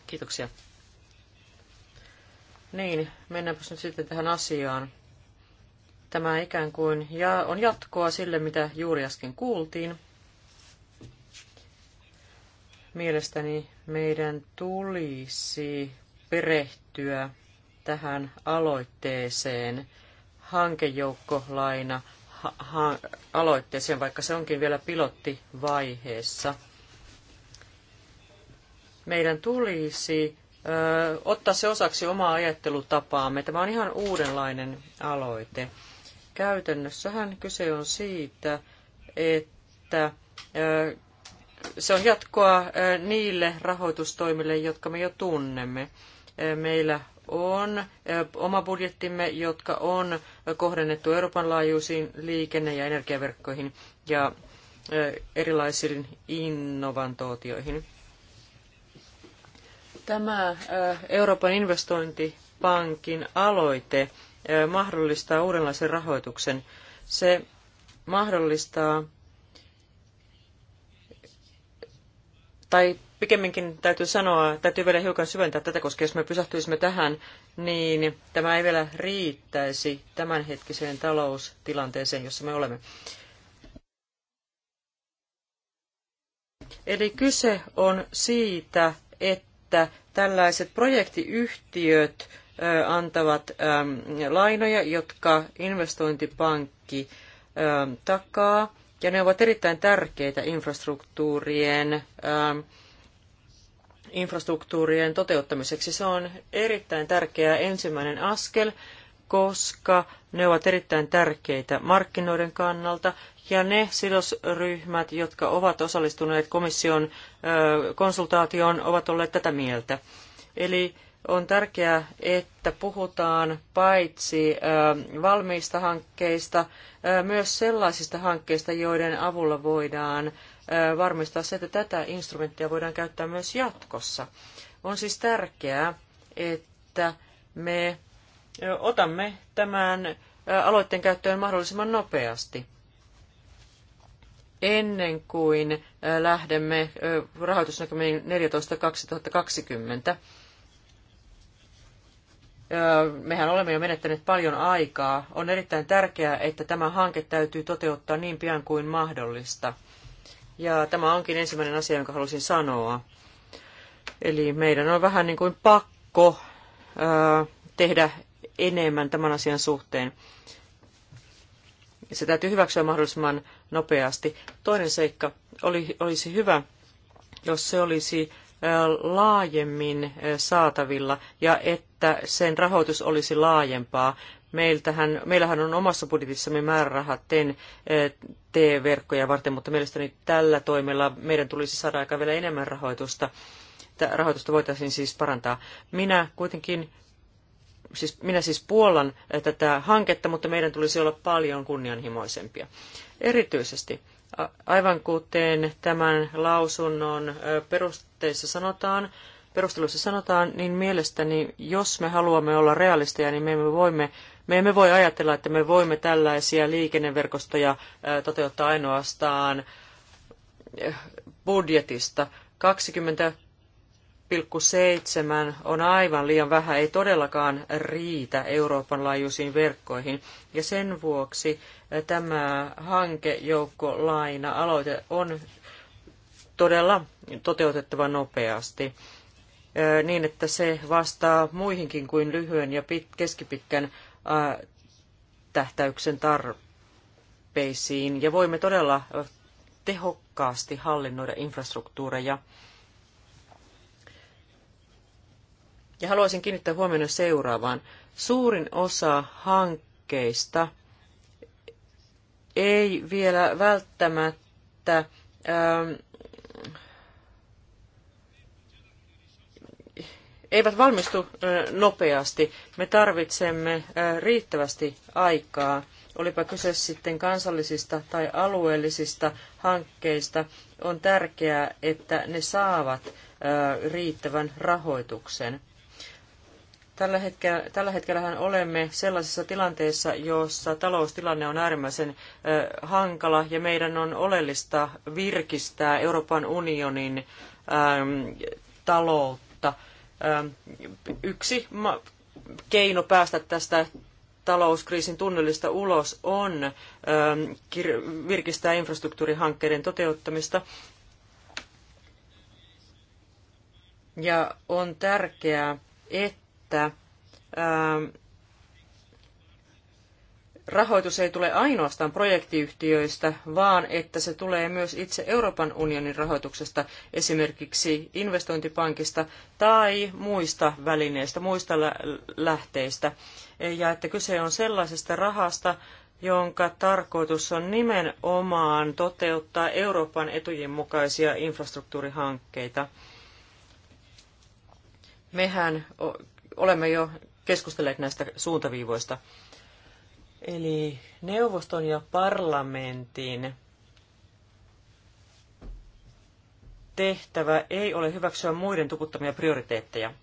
S3: Kiitoksia.
S4: Niin, mennäänpäs nyt sitten tähän asiaan. Tämä ikään kuin ja on jatkoa sille, mitä juuri äsken kuultiin. Mielestäni meidän tulisi perehtyä tähän aloitteeseen, hankejoukkolaina ha- aloitteeseen, vaikka se onkin vielä pilottivaiheessa. Meidän tulisi ö, ottaa se osaksi omaa ajattelutapaamme. Tämä on ihan uudenlainen aloite. Käytännössähän kyse on siitä, että ö, se on jatkoa niille rahoitustoimille, jotka me jo tunnemme. Meillä on oma budjettimme, jotka on kohdennettu Euroopan laajuisiin liikenne- ja energiaverkkoihin ja erilaisiin innovaatioihin. Tämä Euroopan investointipankin aloite mahdollistaa uudenlaisen rahoituksen. Se mahdollistaa tai pikemminkin täytyy sanoa, täytyy vielä hiukan syventää tätä, koska jos me pysähtyisimme tähän, niin tämä ei vielä riittäisi tämänhetkiseen taloustilanteeseen, jossa me olemme. Eli kyse on siitä, että tällaiset projektiyhtiöt antavat lainoja, jotka investointipankki takaa. Ja ne ovat erittäin tärkeitä infrastruktuurien, ähm, infrastruktuurien toteuttamiseksi. Se on erittäin tärkeä ensimmäinen askel, koska ne ovat erittäin tärkeitä markkinoiden kannalta. Ja ne sidosryhmät, jotka ovat osallistuneet komission äh, konsultaatioon, ovat olleet tätä mieltä. Eli on tärkeää, että puhutaan paitsi valmiista hankkeista, myös sellaisista hankkeista, joiden avulla voidaan varmistaa se, että tätä instrumenttia voidaan käyttää myös jatkossa. On siis tärkeää, että me otamme tämän aloitteen käyttöön mahdollisimman nopeasti ennen kuin lähdemme rahoitusnäkymiin 14.2020 mehän olemme jo menettäneet paljon aikaa. On erittäin tärkeää, että tämä hanke täytyy toteuttaa niin pian kuin mahdollista. Ja tämä onkin ensimmäinen asia, jonka halusin sanoa. Eli meidän on vähän niin kuin pakko tehdä enemmän tämän asian suhteen. Se täytyy hyväksyä mahdollisimman nopeasti. Toinen seikka oli, olisi hyvä, jos se olisi laajemmin saatavilla ja että sen rahoitus olisi laajempaa. Meiltähän, meillähän on omassa budjetissamme määrärahat TEN T-verkkoja varten, mutta mielestäni tällä toimella meidän tulisi saada aika vielä enemmän rahoitusta. Rahoitusta voitaisiin siis parantaa. Minä kuitenkin siis, minä siis puollan tätä hanketta, mutta meidän tulisi olla paljon kunnianhimoisempia. Erityisesti Aivan kuten tämän lausunnon perusteissa sanotaan, perusteluissa sanotaan, niin mielestäni, jos me haluamme olla realisteja, niin me emme, voimme, me emme voi ajatella, että me voimme tällaisia liikenneverkostoja toteuttaa ainoastaan budjetista. 20 seitsemän on aivan liian vähän, ei todellakaan riitä Euroopan laajuisiin verkkoihin. Ja sen vuoksi eh, tämä hankejoukkolaina-aloite on todella toteutettava nopeasti eh, niin, että se vastaa muihinkin kuin lyhyen ja pit- keskipitkän eh, tähtäyksen tarpeisiin. Ja voimme todella tehokkaasti hallinnoida infrastruktuureja Ja haluaisin kiinnittää huomionne seuraavaan. Suurin osa hankkeista ei vielä välttämättä ähm, eivät valmistu äh, nopeasti. Me tarvitsemme äh, riittävästi aikaa, olipa kyse sitten kansallisista tai alueellisista hankkeista. On tärkeää, että ne saavat äh, riittävän rahoituksen. Tällä hetkellä, tällä hetkellähän olemme sellaisessa tilanteessa, jossa taloustilanne on äärimmäisen hankala ja meidän on oleellista virkistää Euroopan unionin taloutta. yksi keino päästä tästä talouskriisin tunnelista ulos on virkistää infrastruktuurihankkeiden toteuttamista. Ja on tärkeää, että että ähm, rahoitus ei tule ainoastaan projektiyhtiöistä, vaan että se tulee myös itse Euroopan unionin rahoituksesta, esimerkiksi investointipankista tai muista välineistä, muista lähteistä. Ja että kyse on sellaisesta rahasta, jonka tarkoitus on nimenomaan toteuttaa Euroopan etujen mukaisia infrastruktuurihankkeita. Mehän olemme jo keskustelleet näistä suuntaviivoista. Eli neuvoston ja parlamentin tehtävä ei ole hyväksyä muiden tukuttamia prioriteetteja.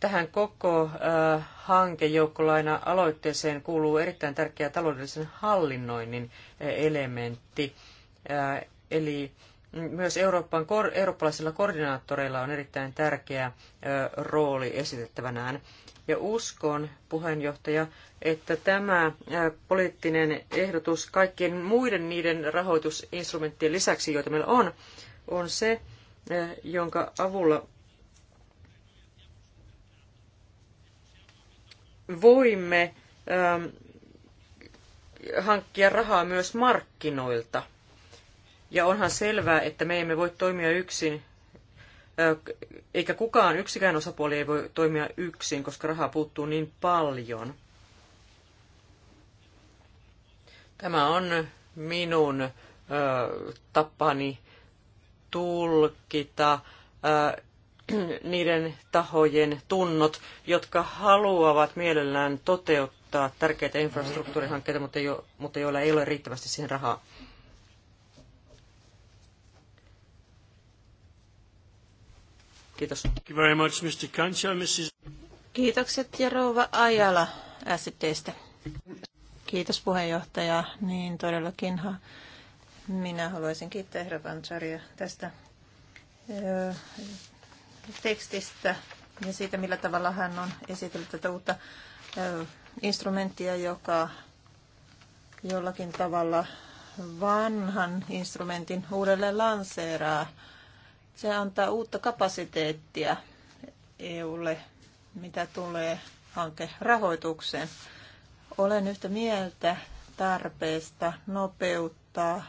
S4: Tähän koko äh, hankejoukkolaina-aloitteeseen kuuluu erittäin tärkeä taloudellisen hallinnoinnin äh, elementti, äh, eli myös Euroopan, eurooppalaisilla koordinaattoreilla on erittäin tärkeä rooli esitettävänään. Ja uskon, puheenjohtaja, että tämä poliittinen ehdotus kaikkien muiden niiden rahoitusinstrumenttien lisäksi, joita meillä on, on se, jonka avulla voimme hankkia rahaa myös markkinoilta – ja onhan selvää, että me emme voi toimia yksin, eikä kukaan, yksikään osapuoli ei voi toimia yksin, koska rahaa puuttuu niin paljon. Tämä on minun ö, tapani tulkita ö, niiden tahojen tunnot, jotka haluavat mielellään toteuttaa tärkeitä infrastruktuurihankkeita, mutta, jo, mutta joilla ei ole riittävästi siihen rahaa.
S1: Kiitos. Thank you very much, Mr. Kancha, Mrs.
S2: Kiitokset ja rouva Ajala SDstä. Kiitos puheenjohtaja. Niin todellakinhan minä haluaisin kiittää herra Pancharia tästä öö, tekstistä ja siitä, millä tavalla hän on esitellyt tätä uutta öö, instrumenttia, joka jollakin tavalla vanhan instrumentin uudelleen lanseeraa se antaa uutta kapasiteettia EUlle, mitä tulee hankerahoitukseen. Olen yhtä mieltä tarpeesta nopeuttaa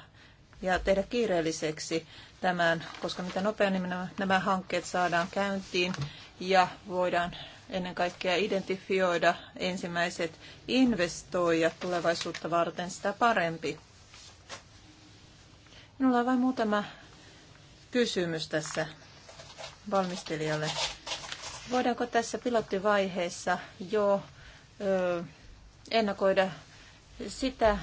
S2: ja tehdä kiireelliseksi tämän, koska mitä nopeammin nämä, nämä hankkeet saadaan käyntiin ja voidaan ennen kaikkea identifioida ensimmäiset investoijat tulevaisuutta varten, sitä parempi. Minulla on vain muutama kysymys tässä valmistelijalle. Voidaanko tässä pilottivaiheessa jo ö, ennakoida sitä,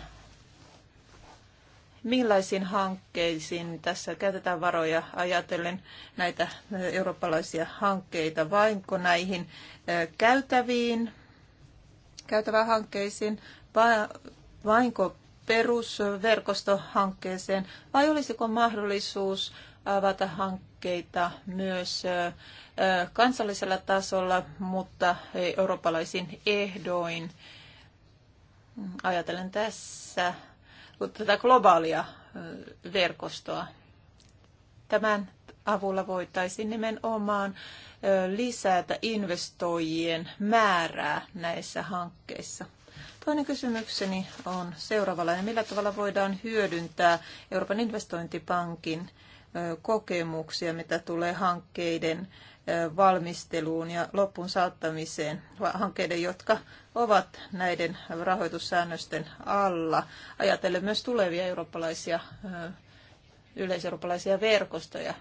S2: millaisiin hankkeisiin tässä käytetään varoja ajatellen näitä eurooppalaisia hankkeita, vainko näihin käytäviin, hankkeisiin vai, vainko perusverkostohankkeeseen, vai olisiko mahdollisuus avata hankkeita myös kansallisella tasolla, mutta eurooppalaisin ehdoin. Ajatellen tässä tätä globaalia verkostoa. Tämän avulla voitaisiin nimenomaan lisätä investoijien määrää näissä hankkeissa. Toinen kysymykseni on seuraavalla. Millä tavalla voidaan hyödyntää Euroopan investointipankin kokemuksia, mitä tulee hankkeiden valmisteluun ja loppuun saattamiseen hankkeiden, jotka ovat näiden rahoitussäännösten alla. Ajatellen myös tulevia eurooppalaisia, yleiseurooppalaisia verkostoja.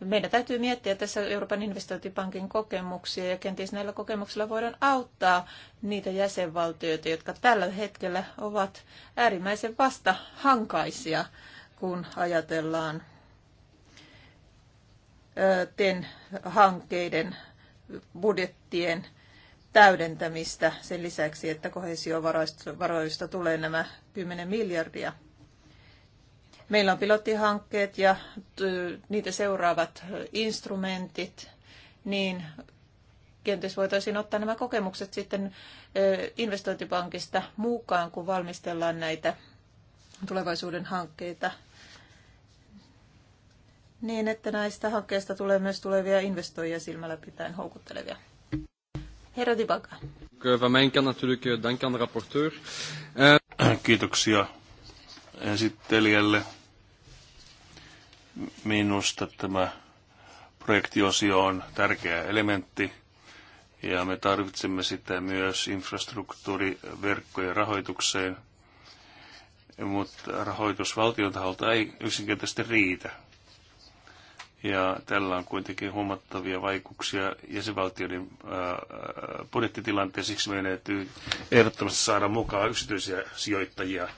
S2: Meidän täytyy miettiä tässä Euroopan investointipankin kokemuksia ja kenties näillä kokemuksilla voidaan auttaa niitä jäsenvaltioita, jotka tällä hetkellä ovat äärimmäisen vasta hankaisia, kun ajatellaan TEN hankkeiden budjettien täydentämistä sen lisäksi, että kohesiovaroista tulee nämä 10 miljardia. Meillä on pilottihankkeet ja niitä seuraavat instrumentit, niin kenties voitaisiin ottaa nämä kokemukset sitten investointipankista mukaan, kun valmistellaan näitä tulevaisuuden hankkeita niin, että näistä hankkeista tulee myös tulevia investoijia silmällä pitäen houkuttelevia. Herra Dibaka.
S1: Van mijn kant natuurlijk
S2: eh,
S3: eh, Kiitoksia esittelijälle. Minusta tämä projektiosio on tärkeä elementti ja me tarvitsemme sitä myös infrastruktuuriverkkojen rahoitukseen, mutta rahoitus valtion taholta ei yksinkertaisesti riitä ja tällä on kuitenkin huomattavia vaikutuksia jäsenvaltioiden budjettitilanteen. Siksi meidän täytyy ehdottomasti saada mukaan yksityisiä sijoittajia.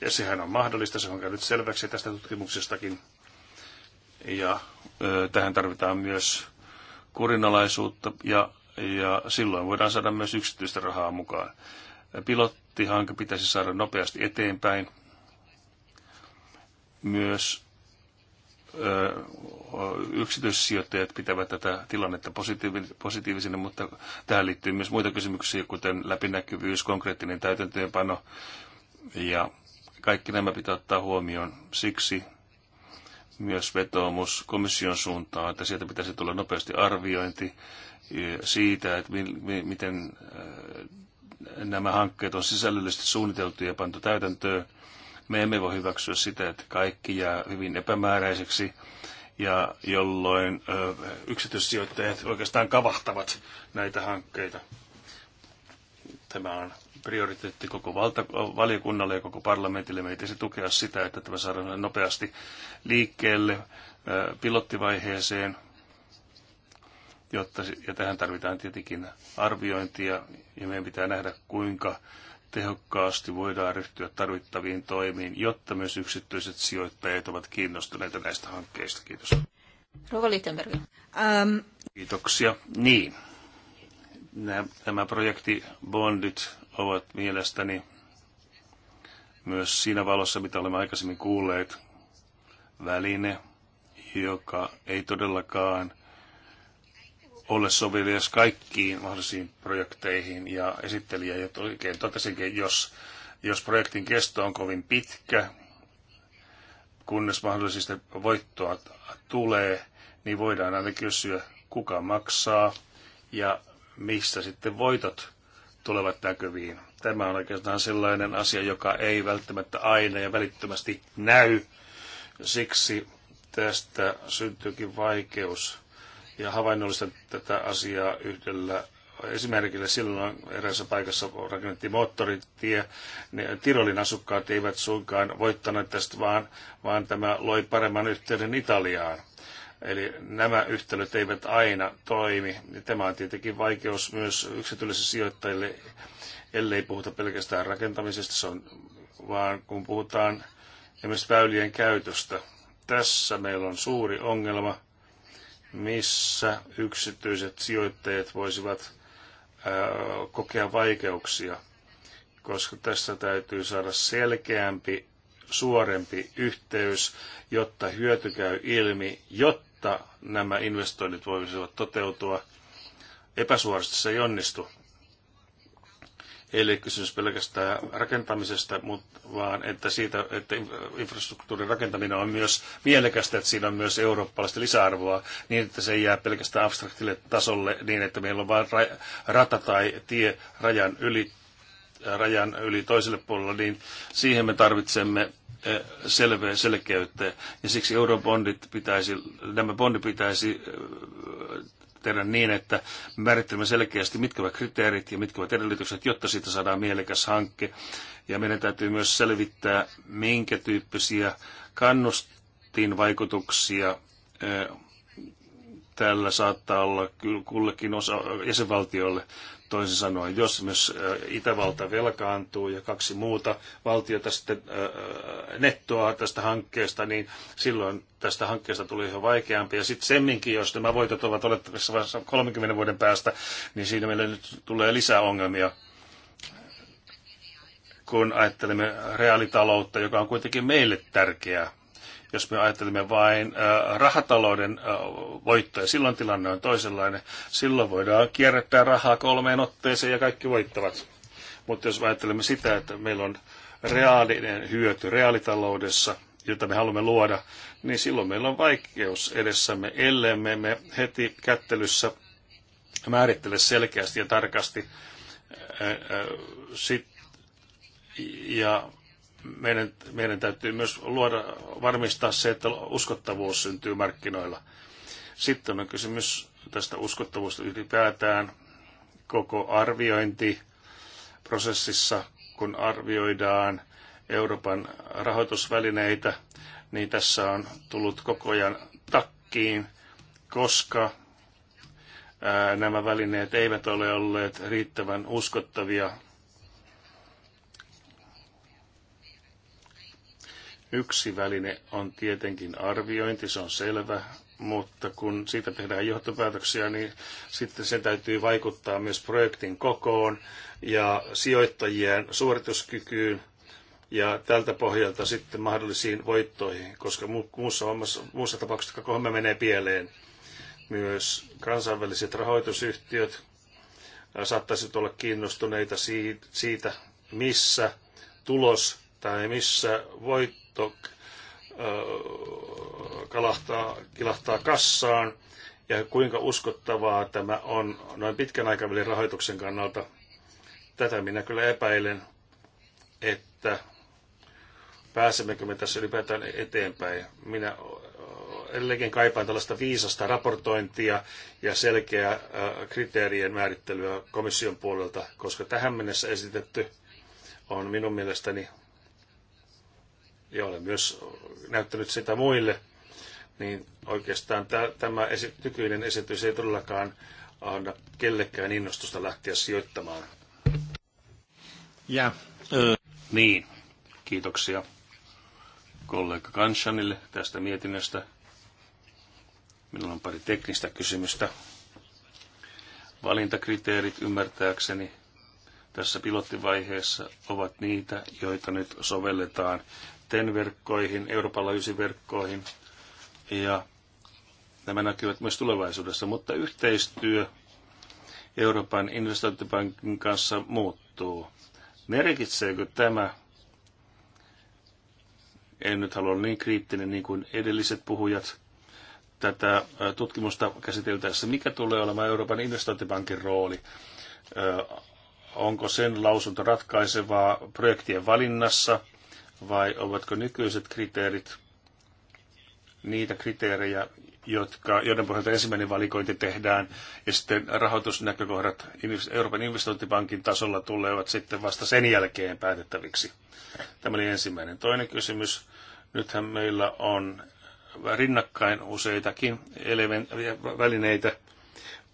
S3: Ja sehän on mahdollista, se on käynyt selväksi tästä tutkimuksestakin. Ja tähän tarvitaan myös kurinalaisuutta ja, ja silloin voidaan saada myös yksityistä rahaa mukaan. Pilottihanke pitäisi saada nopeasti eteenpäin. Myös yksityissijoittajat pitävät tätä tilannetta positiivisena, mutta tähän liittyy myös muita kysymyksiä, kuten läpinäkyvyys, konkreettinen täytäntöönpano ja kaikki nämä pitää ottaa huomioon. Siksi myös vetoomus komission suuntaan, että sieltä pitäisi tulla nopeasti arviointi e, siitä, että miten nämä hankkeet on sisällöllisesti suunniteltu ja pantu täytäntöön me emme voi hyväksyä sitä, että kaikki jää hyvin epämääräiseksi ja jolloin ö, yksityissijoittajat oikeastaan kavahtavat näitä hankkeita. Tämä on prioriteetti koko valta, valiokunnalle ja koko parlamentille. Me ei tukea sitä, että tämä saadaan nopeasti liikkeelle ö, pilottivaiheeseen, jotta, ja tähän tarvitaan tietenkin arviointia, ja meidän pitää nähdä, kuinka tehokkaasti voidaan ryhtyä tarvittaviin toimiin, jotta myös yksityiset sijoittajat ovat kiinnostuneita näistä hankkeista. Kiitos.
S2: Rova um.
S3: Kiitoksia. Niin. Nämä projektibondit ovat mielestäni myös siinä valossa, mitä olemme aikaisemmin kuulleet, väline, joka ei todellakaan – ole sovelias kaikkiin mahdollisiin projekteihin ja esittelijä jo oikein totesinkin, jos, jos projektin kesto on kovin pitkä, kunnes mahdollisista voittoa tulee, niin voidaan aina kysyä, kuka maksaa ja missä sitten voitot tulevat näkyviin. Tämä on oikeastaan sellainen asia, joka ei välttämättä aina ja välittömästi näy. Siksi tästä syntyykin vaikeus ja havainnollistan tätä asiaa yhdellä esimerkillä. Silloin eräässä paikassa rakennettiin moottoritie. Ne Tirolin asukkaat eivät suinkaan voittaneet tästä, vaan, vaan tämä loi paremman yhteyden Italiaan. Eli nämä yhtälöt eivät aina toimi. Tämä on tietenkin vaikeus myös yksityisille sijoittajille, ellei puhuta pelkästään rakentamisesta, se on, vaan kun puhutaan esimerkiksi väylien käytöstä. Tässä meillä on suuri ongelma missä yksityiset sijoittajat voisivat kokea vaikeuksia, koska tässä täytyy saada selkeämpi, suorempi yhteys, jotta hyöty käy ilmi, jotta nämä investoinnit voisivat toteutua. Epäsuorasti se ei onnistu. Ei ole kysymys pelkästään rakentamisesta, mutta vaan että siitä, että infrastruktuurin rakentaminen on myös mielekästä, että siinä on myös eurooppalaista lisäarvoa, niin että se ei jää pelkästään abstraktille tasolle, niin että meillä on vain rata tai tie rajan yli, äh, rajan yli toiselle puolelle, niin siihen me tarvitsemme äh, selveä selkeyttä. Ja siksi eurobondit pitäisi, nämä bondit pitäisi äh, tehdä niin, että määrittelemme selkeästi, mitkä ovat kriteerit ja mitkä ovat edellytykset, jotta siitä saadaan mielekäs hankke. Ja meidän täytyy myös selvittää, minkä tyyppisiä kannustinvaikutuksia eh, tällä saattaa olla kullekin osa jäsenvaltiolle. Toisin sanoen, jos myös Itävalta velkaantuu ja kaksi muuta valtiota sitten nettoa tästä hankkeesta, niin silloin tästä hankkeesta tuli ihan vaikeampi. Ja sitten semminkin, jos nämä voitot ovat olettavissa vasta 30 vuoden päästä, niin siinä meillä nyt tulee lisää ongelmia kun ajattelemme reaalitaloutta, joka on kuitenkin meille tärkeää jos me ajattelemme vain äh, rahatalouden äh, voittoja, silloin tilanne on toisenlainen. Silloin voidaan kierrättää rahaa kolmeen otteeseen ja kaikki voittavat. Mutta jos ajattelemme sitä, että meillä on
S4: reaalinen
S3: hyöty reaalitaloudessa, jota me haluamme luoda, niin silloin meillä on vaikeus edessämme, ellei me, me heti kättelyssä määrittele selkeästi ja tarkasti. Äh, sit, ja meidän, meidän täytyy myös luoda, varmistaa se, että uskottavuus syntyy markkinoilla. Sitten on kysymys tästä uskottavuudesta ylipäätään koko arviointiprosessissa, kun arvioidaan Euroopan rahoitusvälineitä, niin tässä on tullut koko ajan takkiin, koska nämä välineet eivät ole olleet riittävän uskottavia Yksi väline on tietenkin arviointi, se on selvä, mutta kun siitä tehdään johtopäätöksiä, niin sitten se täytyy vaikuttaa myös projektin kokoon ja sijoittajien suorituskykyyn ja tältä pohjalta sitten mahdollisiin voittoihin, koska muussa, omassa, muussa tapauksessa koko homma menee pieleen. Myös kansainväliset rahoitusyhtiöt saattaisivat olla kiinnostuneita siitä, missä tulos tai missä voit, netto kalahtaa, kilahtaa kassaan ja kuinka uskottavaa tämä on noin pitkän aikavälin rahoituksen kannalta. Tätä minä kyllä epäilen, että pääsemmekö me tässä ylipäätään eteenpäin. Minä edelleenkin kaipaan tällaista viisasta raportointia ja selkeää kriteerien määrittelyä komission puolelta, koska tähän mennessä esitetty on minun mielestäni ja olen myös näyttänyt sitä muille, niin oikeastaan tämä nykyinen esitys ei todellakaan anna kellekään innostusta lähteä sijoittamaan. Ja, ö- niin, kiitoksia kollega Kanshanille tästä mietinnöstä. Minulla on pari teknistä kysymystä. Valintakriteerit ymmärtääkseni tässä pilottivaiheessa ovat niitä, joita nyt sovelletaan TEN-verkkoihin, Euroopan laajuisiin verkkoihin, ja nämä näkyvät myös tulevaisuudessa, mutta yhteistyö Euroopan investointipankin kanssa muuttuu. Merkitseekö tämä, en nyt halua olla niin kriittinen niin kuin edelliset puhujat, tätä tutkimusta käsiteltäessä, mikä tulee olemaan Euroopan investointipankin rooli? Onko sen lausunto ratkaisevaa projektien valinnassa – vai ovatko nykyiset kriteerit niitä kriteerejä, jotka, joiden pohjalta ensimmäinen valikointi tehdään, ja sitten rahoitusnäkökohdat Euroopan investointipankin tasolla tulevat sitten vasta sen jälkeen päätettäviksi. Tämä oli ensimmäinen. Toinen kysymys. Nythän meillä on rinnakkain useitakin välineitä.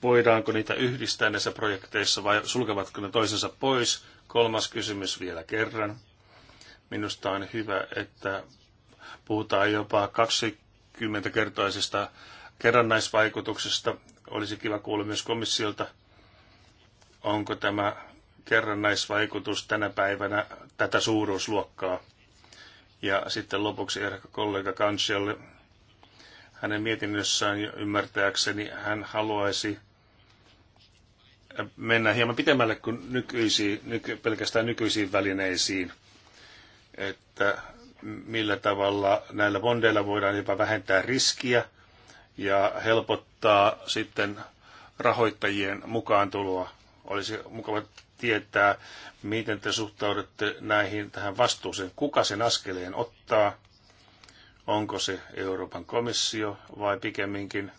S3: Voidaanko niitä yhdistää näissä projekteissa vai sulkevatko ne toisensa pois? Kolmas kysymys vielä kerran. Minusta on hyvä, että puhutaan jopa 20-kertaisesta kerrannaisvaikutuksesta. Olisi kiva kuulla myös komissiolta, onko tämä kerrannaisvaikutus tänä päivänä tätä suuruusluokkaa. Ja sitten lopuksi ehkä kollega Kansiolle. Hänen mietinnössään ymmärtääkseni hän haluaisi mennä hieman pitemmälle kuin nykyisiin, nyky, pelkästään nykyisiin välineisiin että millä tavalla näillä bondeilla voidaan jopa vähentää riskiä ja helpottaa sitten rahoittajien mukaantuloa. Olisi mukava tietää, miten te suhtaudutte näihin tähän vastuuseen. Kuka sen askeleen ottaa? Onko se Euroopan komissio vai pikemminkin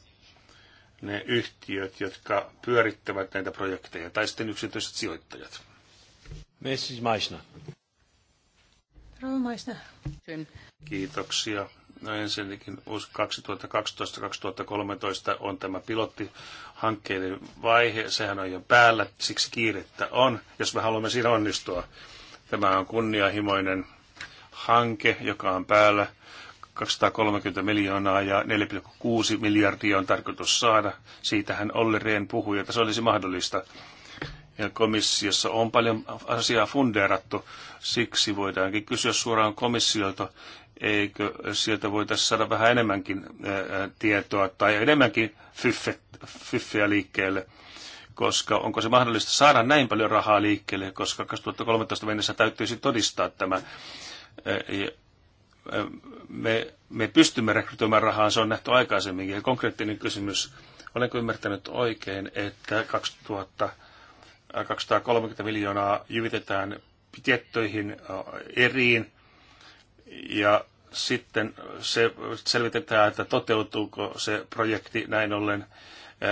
S3: ne yhtiöt, jotka pyörittävät näitä projekteja, tai sitten yksityiset sijoittajat? Messis Maisna. Kiitoksia. No ensinnäkin 2012-2013 on tämä pilottihankkeiden vaihe. Sehän on jo päällä, siksi kiirettä on, jos me haluamme siinä onnistua. Tämä on kunnianhimoinen hanke, joka on päällä. 230 miljoonaa ja 4,6 miljardia on tarkoitus saada. Siitähän Olli Rehn puhui, että se olisi mahdollista ja komissiossa on paljon asiaa fundeerattu. Siksi voidaankin kysyä suoraan komissiolta, eikö sieltä voitaisiin saada vähän enemmänkin tietoa tai enemmänkin fyffejä liikkeelle, koska onko se mahdollista saada näin paljon rahaa liikkeelle, koska 2013 mennessä täytyisi todistaa tämä. Me, me pystymme rekrytoimaan rahaa, se on nähty aikaisemminkin. Ja konkreettinen kysymys, olenko ymmärtänyt oikein, että 2000 230 miljoonaa jyvitetään tiettyihin eriin ja sitten se selvitetään, että toteutuuko se projekti näin ollen.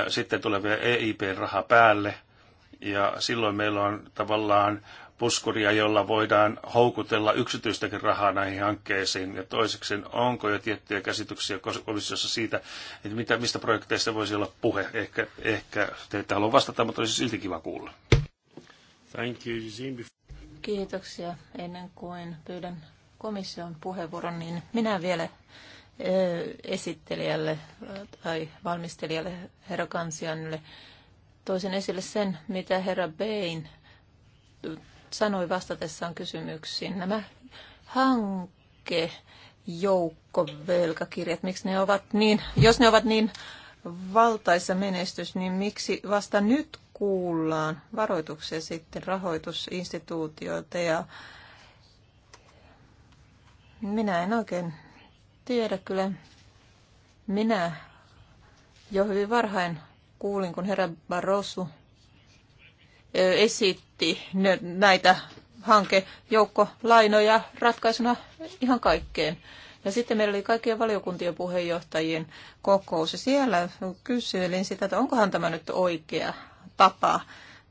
S3: Sitten tulee vielä EIP-raha päälle ja silloin meillä on tavallaan puskuria, jolla voidaan houkutella yksityistäkin rahaa näihin hankkeisiin. Ja toiseksi, onko jo tiettyjä käsityksiä komissiossa siitä, että mistä projekteista voisi olla puhe? Ehkä, ehkä te ette halua vastata, mutta olisi silti kiva kuulla. Thank you,
S2: Kiitoksia. Ennen kuin pyydän komission puheenvuoron, niin minä vielä esittelijälle tai valmistelijalle herra Kansianille toisen esille sen, mitä herra Bain sanoi vastatessaan kysymyksiin. Nämä hanke joukkovelkakirjat, miksi ne ovat niin, jos ne ovat niin valtaisa menestys, niin miksi vasta nyt kuullaan varoituksia sitten rahoitusinstituutioilta ja minä en oikein tiedä kyllä. Minä jo hyvin varhain kuulin, kun herra Barroso esitti näitä hankejoukkolainoja ratkaisuna ihan kaikkeen. Ja sitten meillä oli kaikkien valiokuntien puheenjohtajien kokous ja siellä kyselin sitä, että onkohan tämä nyt oikea tapa.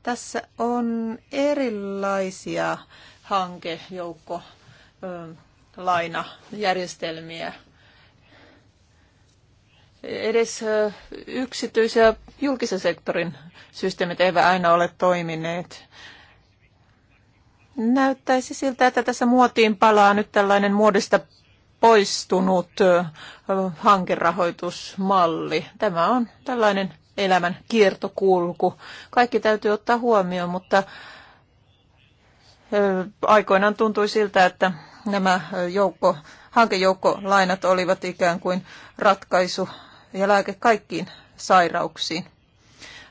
S2: Tässä on erilaisia hankejoukko lainajärjestelmiä. Edes yksityisen ja julkisen sektorin systeemit eivät aina ole toimineet. Näyttäisi siltä, että tässä muotiin palaa nyt tällainen muodista poistunut hankerahoitusmalli. Tämä on tällainen elämän kiertokulku. Kaikki täytyy ottaa huomioon, mutta aikoinaan tuntui siltä, että nämä joukko, hankejoukkolainat olivat ikään kuin ratkaisu ja lääke kaikkiin sairauksiin.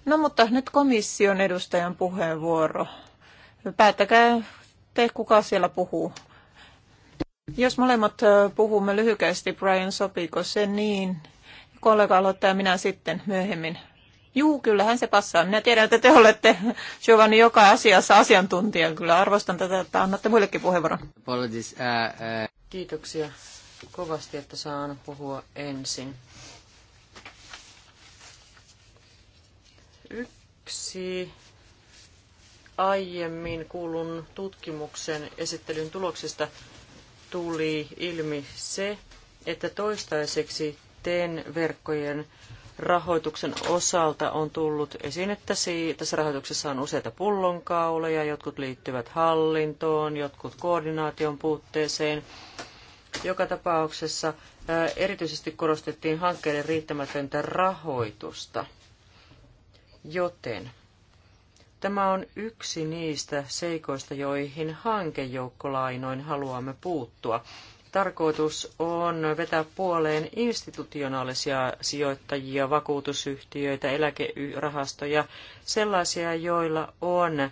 S2: No mutta nyt komission edustajan puheenvuoro. Päättäkää te, kuka siellä puhuu. Jos molemmat puhumme lyhykästi, Brian, sopiiko se niin? Kollega aloittaa minä sitten myöhemmin Juu, kyllähän se passaa. Minä tiedän, että te olette Giovanni joka asiassa asiantuntija. Kyllä arvostan tätä, että annatte muillekin puheenvuoron.
S4: Kiitoksia kovasti, että saan puhua ensin. Yksi aiemmin kuulun tutkimuksen esittelyn tuloksista tuli ilmi se, että toistaiseksi TEN-verkkojen rahoituksen osalta on tullut esiin, että tässä rahoituksessa on useita pullonkauleja, jotkut liittyvät hallintoon, jotkut koordinaation puutteeseen. Joka tapauksessa erityisesti korostettiin hankkeiden riittämätöntä rahoitusta. Joten tämä on yksi niistä seikoista, joihin hankejoukkolainoin haluamme puuttua tarkoitus on vetää puoleen institutionaalisia sijoittajia, vakuutusyhtiöitä, eläkerahastoja, sellaisia, joilla on äm,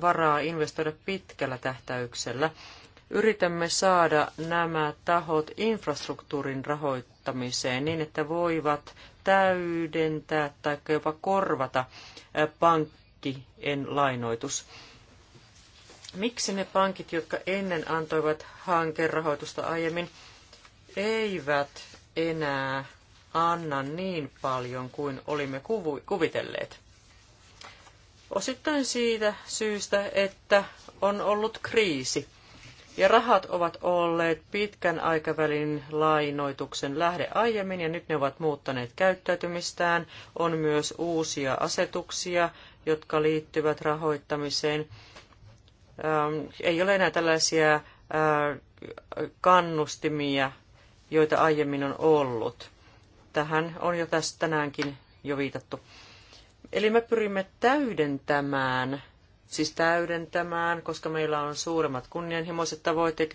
S4: varaa investoida pitkällä tähtäyksellä. Yritämme saada nämä tahot infrastruktuurin rahoittamiseen niin, että voivat täydentää tai jopa korvata äh, pankkien lainoitus. Miksi ne pankit, jotka ennen antoivat hankerahoitusta aiemmin, eivät enää anna niin paljon kuin olimme kuvitelleet? Osittain siitä syystä, että on ollut kriisi ja rahat ovat olleet pitkän aikavälin lainoituksen lähde aiemmin ja nyt ne ovat muuttaneet käyttäytymistään. On myös uusia asetuksia, jotka liittyvät rahoittamiseen Ähm, ei ole enää tällaisia äh, kannustimia, joita aiemmin on ollut. Tähän on jo tässä tänäänkin jo viitattu. Eli me pyrimme täydentämään, siis täydentämään, koska meillä on suuremmat kunnianhimoiset tavoitteet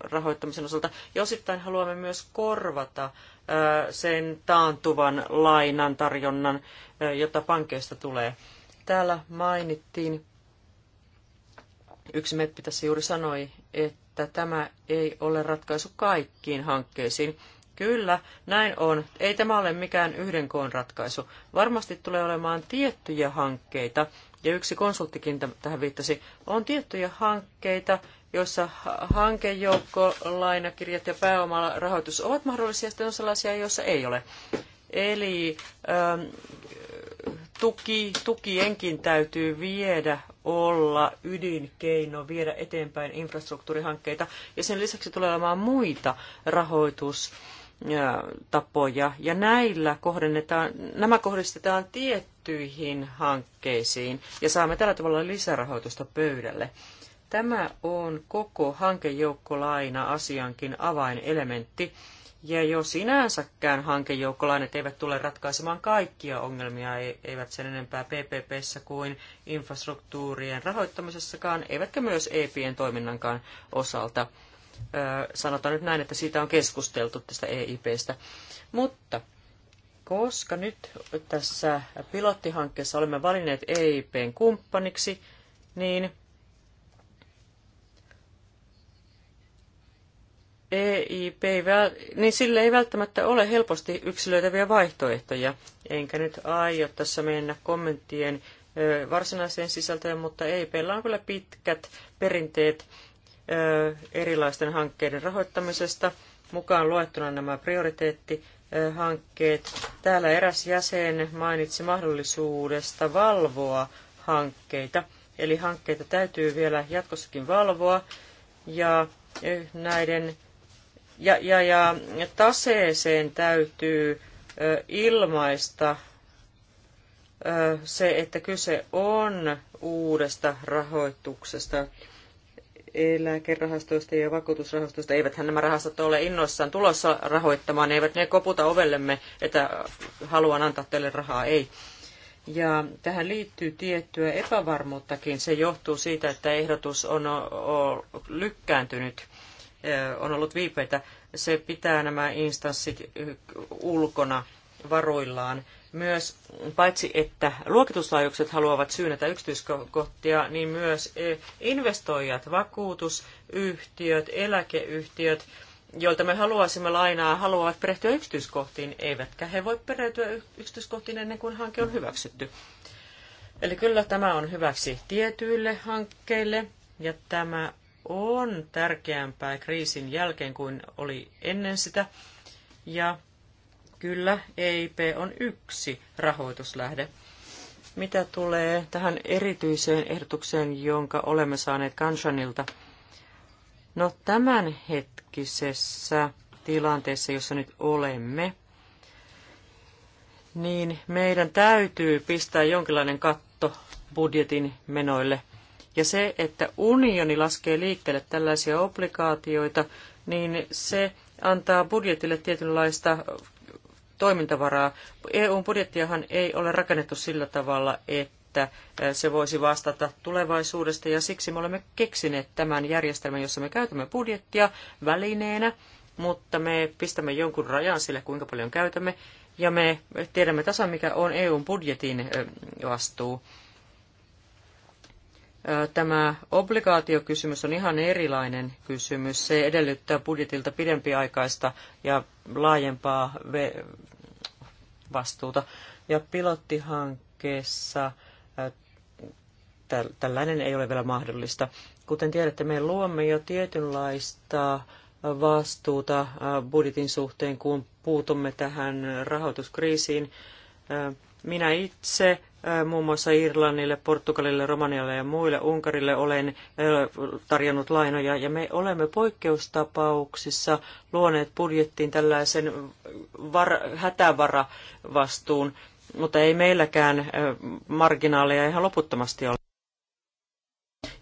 S4: rahoittamisen osalta, ja osittain haluamme myös korvata äh, sen taantuvan lainan tarjonnan, äh, jota pankeista tulee. Täällä mainittiin Yksi meppi tässä juuri sanoi, että tämä ei ole ratkaisu kaikkiin hankkeisiin. Kyllä, näin on. Ei tämä ole mikään yhden koon ratkaisu. Varmasti tulee olemaan tiettyjä hankkeita, ja yksi konsulttikin tähän viittasi, on tiettyjä hankkeita, joissa hankejoukko, lainakirjat ja pääomarahoitus ovat mahdollisia, sitten on sellaisia, joissa ei ole. Eli ähm, tuki, tukienkin täytyy viedä olla ydinkeino viedä eteenpäin infrastruktuurihankkeita. Ja sen lisäksi tulee olemaan muita rahoitustapoja. Ja näillä kohdennetaan, nämä kohdistetaan tiettyihin hankkeisiin ja saamme tällä tavalla lisärahoitusta pöydälle. Tämä on koko hankejoukkolaina asiankin avainelementti. elementti ja jo sinänsäkään hankejoukkolainet eivät tule ratkaisemaan kaikkia ongelmia, eivät sen enempää PPPssä kuin infrastruktuurien rahoittamisessakaan, eivätkä myös EIPien toiminnankaan osalta. sanotaan nyt näin, että siitä on keskusteltu tästä EIPstä. Mutta koska nyt tässä pilottihankkeessa olemme valinneet EIPn kumppaniksi, niin EIP, niin sille ei välttämättä ole helposti yksilöitäviä vaihtoehtoja. Enkä nyt aio tässä mennä kommenttien varsinaiseen sisältöön, mutta EIPllä on kyllä pitkät perinteet erilaisten hankkeiden rahoittamisesta, mukaan luettuna nämä prioriteettihankkeet. Täällä eräs jäsen mainitsi mahdollisuudesta valvoa hankkeita, eli hankkeita täytyy vielä jatkossakin valvoa, ja näiden ja, ja, ja taseeseen täytyy ilmaista se, että kyse on uudesta rahoituksesta eläkerahastoista ja vakuutusrahastoista. Eiväthän nämä rahastot ole innoissaan tulossa rahoittamaan, eivät ne koputa ovellemme, että haluan antaa teille rahaa, ei. Ja tähän liittyy tiettyä epävarmuuttakin. Se johtuu siitä, että ehdotus on lykkääntynyt Eh, on ollut viipeitä. Se pitää nämä instanssit ulkona varuillaan. Myös paitsi, että luokituslaajukset haluavat syynätä yksityiskohtia, niin myös eh, investoijat, vakuutusyhtiöt, eläkeyhtiöt, joilta me haluaisimme lainaa, haluavat perehtyä yksityiskohtiin, eivätkä he voi perehtyä yksityiskohtiin ennen kuin hanke on hyväksytty. Eli kyllä tämä on hyväksi tietyille hankkeille, ja tämä on tärkeämpää kriisin jälkeen kuin oli ennen sitä. Ja kyllä, EIP on yksi rahoituslähde. Mitä tulee tähän erityiseen ehdotukseen, jonka olemme saaneet Kanshanilta? No tämänhetkisessä tilanteessa, jossa nyt olemme, niin meidän täytyy pistää jonkinlainen katto budjetin menoille – ja se, että unioni laskee liikkeelle tällaisia obligaatioita, niin se antaa budjetille tietynlaista toimintavaraa. EUn budjettiahan ei ole rakennettu sillä tavalla, että se voisi vastata tulevaisuudesta, ja siksi me olemme keksineet tämän järjestelmän, jossa me käytämme budjettia välineenä, mutta me pistämme jonkun rajan sille, kuinka paljon käytämme, ja me tiedämme tasan, mikä on EUn budjetin vastuu. Tämä obligaatiokysymys on ihan erilainen kysymys. Se edellyttää budjetilta pidempiaikaista ja laajempaa vastuuta. Ja pilottihankkeessa tällainen ei ole vielä mahdollista. Kuten tiedätte, me luomme jo tietynlaista vastuuta budjetin suhteen, kun puutumme tähän rahoituskriisiin. Minä itse muun muassa Irlannille, Portugalille, Romanialle ja muille, Unkarille olen tarjonnut lainoja ja me olemme poikkeustapauksissa luoneet budjettiin tällaisen var- hätävaravastuun, mutta ei meilläkään marginaaleja ihan loputtomasti ole.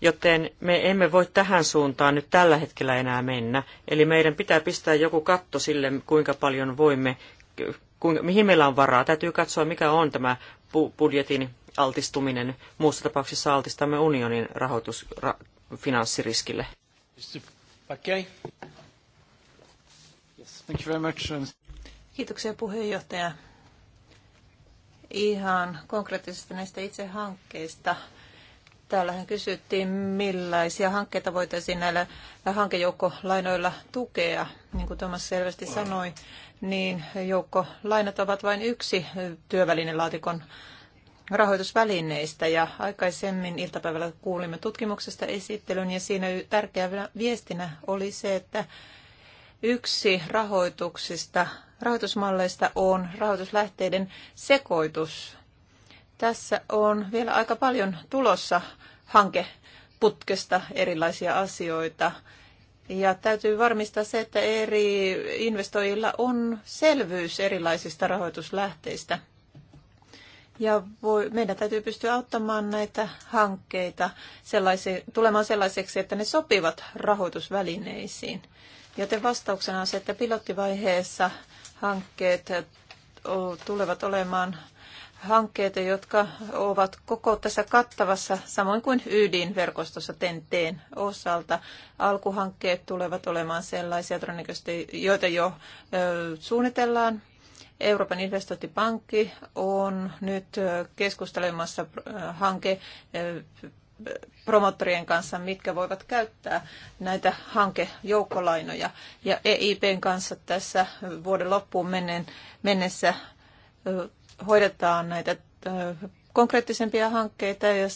S4: Joten me emme voi tähän suuntaan nyt tällä hetkellä enää mennä. Eli meidän pitää pistää joku katto sille, kuinka paljon voimme mihin meillä on varaa. Täytyy katsoa, mikä on tämä budjetin altistuminen. Muussa tapauksessa altistamme unionin rahoitusfinanssiriskille. finanssiriskille. thank you very much. Uh,
S2: Kiitoksia puheenjohtaja. Ihan konkreettisesti näistä itse hankkeista. Täällähän kysyttiin, millaisia hankkeita voitaisiin näillä hankejoukkolainoilla tukea. Niin kuin Thomas selvästi sanoi, niin joukko lainat ovat vain yksi työvälinelaatikon rahoitusvälineistä ja aikaisemmin iltapäivällä kuulimme tutkimuksesta esittelyn ja siinä tärkeänä viestinä oli se, että yksi rahoituksista, rahoitusmalleista on rahoituslähteiden sekoitus. Tässä on vielä aika paljon tulossa hankeputkesta erilaisia asioita ja täytyy varmistaa se, että eri investoijilla on selvyys erilaisista rahoituslähteistä. Ja voi, meidän täytyy pystyä auttamaan näitä hankkeita sellaisi, tulemaan sellaiseksi, että ne sopivat rahoitusvälineisiin. Joten vastauksena on se, että pilottivaiheessa hankkeet tulevat olemaan hankkeita, jotka ovat koko tässä kattavassa, samoin kuin ydinverkostossa TENTEen osalta. Alkuhankkeet tulevat olemaan sellaisia, todennäköisesti, joita jo ö, suunnitellaan. Euroopan investointipankki on nyt keskustelemassa hanke promottorien kanssa, mitkä voivat käyttää näitä hankejoukkolainoja. Ja EIPn kanssa tässä vuoden loppuun mennessä hoidetaan näitä konkreettisempia hankkeita ja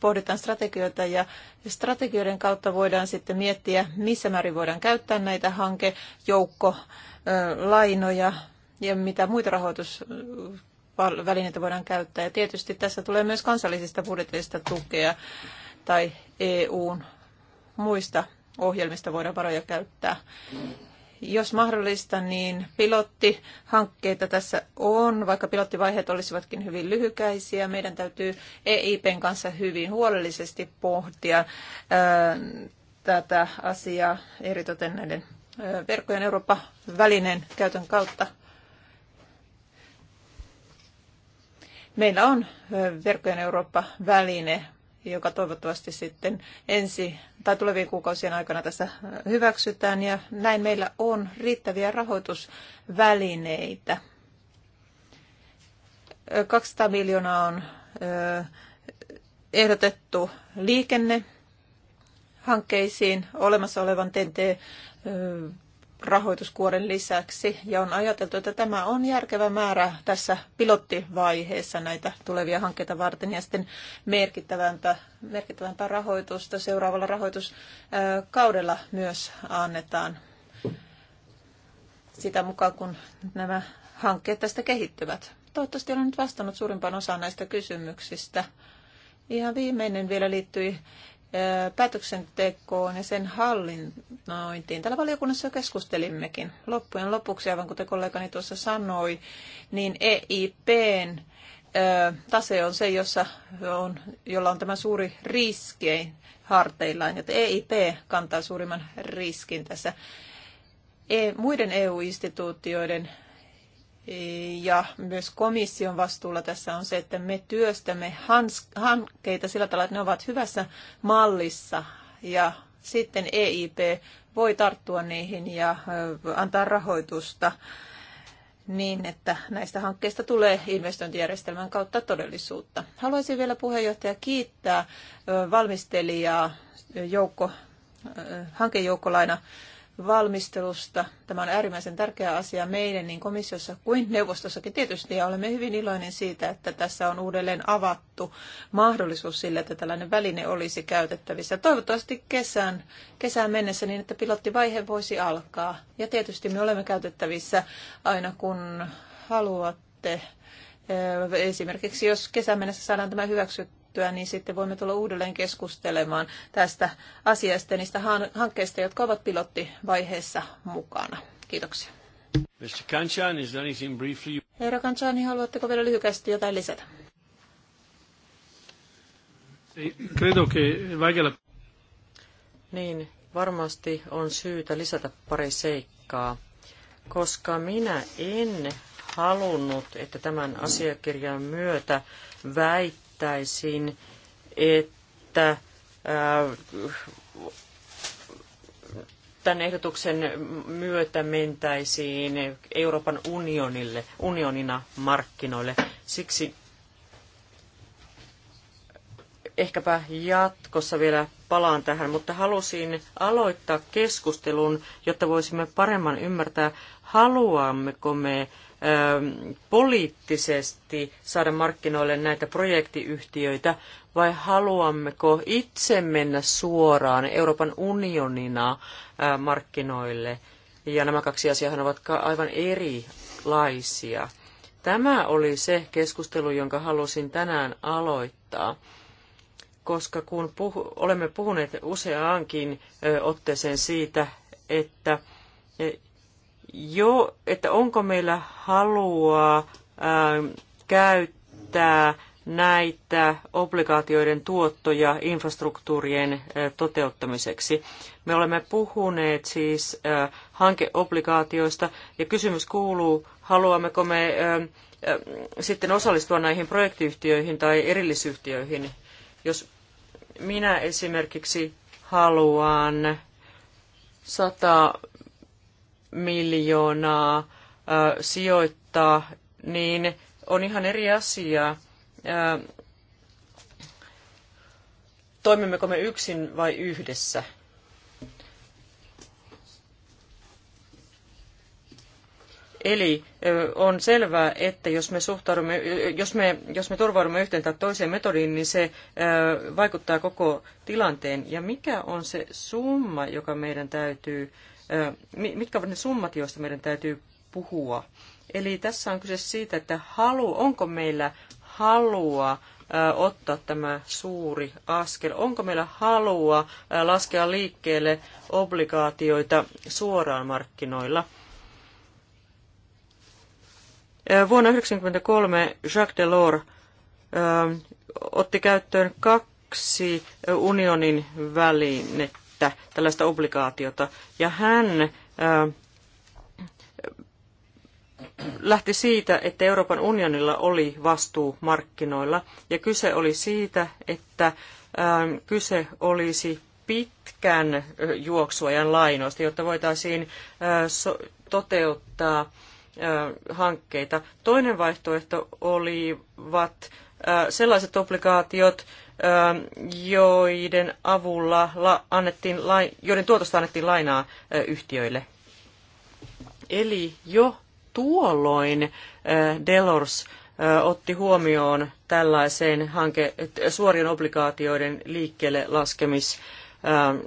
S2: pohditaan strategioita ja strategioiden kautta voidaan sitten miettiä, missä määrin voidaan käyttää näitä hankejoukkolainoja lainoja ja mitä muita rahoitusvälineitä voidaan käyttää. Ja tietysti tässä tulee myös kansallisista budjeteista tukea tai EUn muista ohjelmista voidaan varoja käyttää. Jos mahdollista, niin pilottihankkeita tässä on, vaikka pilottivaiheet olisivatkin hyvin lyhykäisiä. Meidän täytyy EIPn kanssa hyvin huolellisesti pohtia tätä asiaa, eritoten näiden verkkojen Eurooppa-välineen käytön kautta. Meillä on verkkojen Eurooppa-väline, joka toivottavasti sitten ensi tai tulevien kuukausien aikana tässä hyväksytään. Ja näin meillä on riittäviä rahoitusvälineitä. 200 miljoonaa on ehdotettu liikenne hankkeisiin olemassa olevan TNT rahoituskuoren lisäksi. Ja on ajateltu, että tämä on järkevä määrä tässä pilottivaiheessa näitä tulevia hankkeita varten ja sitten merkittävämpää, merkittävämpää rahoitusta seuraavalla rahoituskaudella myös annetaan sitä mukaan, kun nämä hankkeet tästä kehittyvät. Toivottavasti olen nyt vastannut suurimpaan osaan näistä kysymyksistä. Ihan viimeinen vielä liittyi päätöksentekoon ja sen hallinnointiin. Täällä valiokunnassa jo keskustelimmekin. Loppujen lopuksi, aivan kuten kollegani tuossa sanoi, niin EIPn tase on se, jossa on, jolla on tämä suuri riski harteillaan, joten EIP kantaa suurimman riskin tässä. E, muiden EU-instituutioiden ja myös komission vastuulla tässä on se, että me työstämme hankkeita sillä tavalla, että ne ovat hyvässä mallissa ja sitten EIP voi tarttua niihin ja antaa rahoitusta niin, että näistä hankkeista tulee investointijärjestelmän kautta todellisuutta. Haluaisin vielä puheenjohtaja kiittää valmistelijaa joukko, hankejoukkolaina valmistelusta. Tämä on äärimmäisen tärkeä asia meidän niin komissiossa kuin neuvostossakin tietysti, ja olemme hyvin iloinen siitä, että tässä on uudelleen avattu mahdollisuus sille, että tällainen väline olisi käytettävissä. Toivottavasti kesän, kesään mennessä niin, että pilottivaihe voisi alkaa. Ja tietysti me olemme käytettävissä aina kun haluatte Esimerkiksi jos kesän mennessä saadaan tämä hyväksytty, päätettyä, niin sitten voimme tulla uudelleen keskustelemaan tästä asiasta ja niistä hankkeista, jotka ovat pilottivaiheessa mukana. Kiitoksia.
S1: Mr. Kanchan, is there anything briefly?
S2: Herra Kanchani, haluatteko vielä lyhykästi jotain lisätä?
S1: Credo che
S4: Niin, varmasti on syytä lisätä pari seikkaa, koska minä en halunnut, että tämän asiakirjan myötä väittää, esittäisin, että äh, tämän ehdotuksen myötä mentäisiin Euroopan unionille, unionina markkinoille. Siksi ehkäpä jatkossa vielä palaan tähän, mutta halusin aloittaa keskustelun, jotta voisimme paremman ymmärtää, haluammeko me Ähm, poliittisesti saada markkinoille näitä projektiyhtiöitä vai haluammeko itse mennä suoraan Euroopan unionina äh, markkinoille? Ja nämä kaksi asiaa ovat aivan erilaisia. Tämä oli se keskustelu, jonka halusin tänään aloittaa, koska kun puhu, olemme puhuneet useaankin otteeseen siitä, että jo, että onko meillä halua ää, ähm, käyttää näitä obligaatioiden tuottoja infrastruktuurien äh, toteuttamiseksi. Me olemme puhuneet siis äh, hankeobligaatioista ja kysymys kuuluu, haluammeko me ähm, äh, sitten osallistua näihin projektiyhtiöihin tai erillisyhtiöihin. Jos minä esimerkiksi haluan 100 miljoonaa sijoittaa, niin on ihan eri asia, toimimmeko me yksin vai yhdessä. Eli on selvää, että jos me, suhtaudumme, jos me, jos me turvaudumme yhteen tai toiseen metodiin, niin se vaikuttaa koko tilanteen. Ja mikä on se summa, joka meidän täytyy mitkä ovat ne summat, joista meidän täytyy puhua. Eli tässä on kyse siitä, että halu, onko meillä halua ottaa tämä suuri askel? Onko meillä halua laskea liikkeelle obligaatioita suoraan markkinoilla? Vuonna 1993 Jacques Delors otti käyttöön kaksi unionin välinettä että tällaista obligaatiota. Ja hän ää, lähti siitä, että Euroopan unionilla oli vastuu markkinoilla. Ja kyse oli siitä, että ää, kyse olisi pitkän juoksuajan lainoista, jotta voitaisiin ää, so, toteuttaa hankkeita. Toinen vaihtoehto olivat sellaiset obligaatiot, joiden avulla annettiin, joiden tuotosta annettiin lainaa yhtiöille. Eli jo tuolloin Delors otti huomioon tällaiseen hanke, suorien obligaatioiden liikkeelle laskemis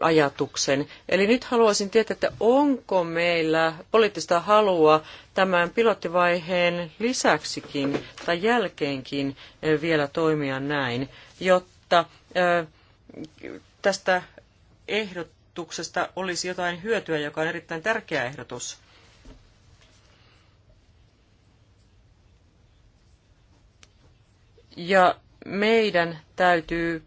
S4: ajatuksen. Eli nyt haluaisin tietää, että onko meillä poliittista halua tämän pilottivaiheen lisäksikin tai jälkeenkin vielä toimia näin, jotta mutta tästä ehdotuksesta olisi jotain hyötyä, joka on erittäin tärkeä ehdotus. Ja meidän täytyy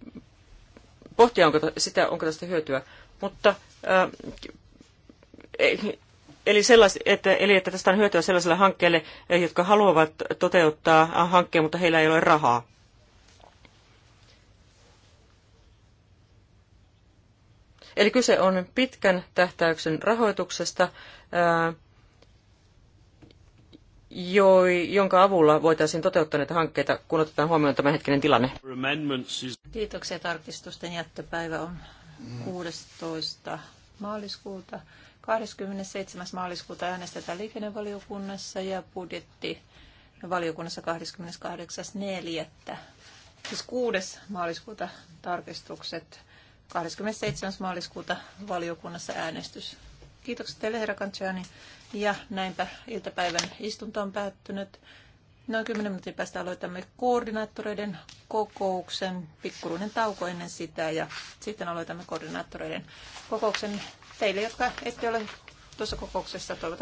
S4: pohtia onko sitä, onko tästä hyötyä. Mutta, äh, eli, sellais, että, eli että tästä on hyötyä sellaiselle hankkeelle, jotka haluavat toteuttaa hankkeen, mutta heillä ei ole rahaa. Eli kyse on pitkän tähtäyksen rahoituksesta, joi jonka avulla voitaisiin toteuttaa näitä hankkeita, kun otetaan huomioon tämänhetkinen tilanne.
S2: Kiitoksia. Tarkistusten jättöpäivä on 16. maaliskuuta. 27. maaliskuuta äänestetään liikennevaliokunnassa ja budjetti valiokunnassa 28.4. Siis 6. maaliskuuta tarkistukset 27. maaliskuuta valiokunnassa äänestys. Kiitokset teille, herra Kantsiani. Ja näinpä iltapäivän istunto on päättynyt. Noin 10 minuutin päästä aloitamme koordinaattoreiden kokouksen, pikkuruinen tauko ennen sitä ja sitten aloitamme koordinaattoreiden kokouksen. Teille, jotka ette ole tuossa kokouksessa, toivotan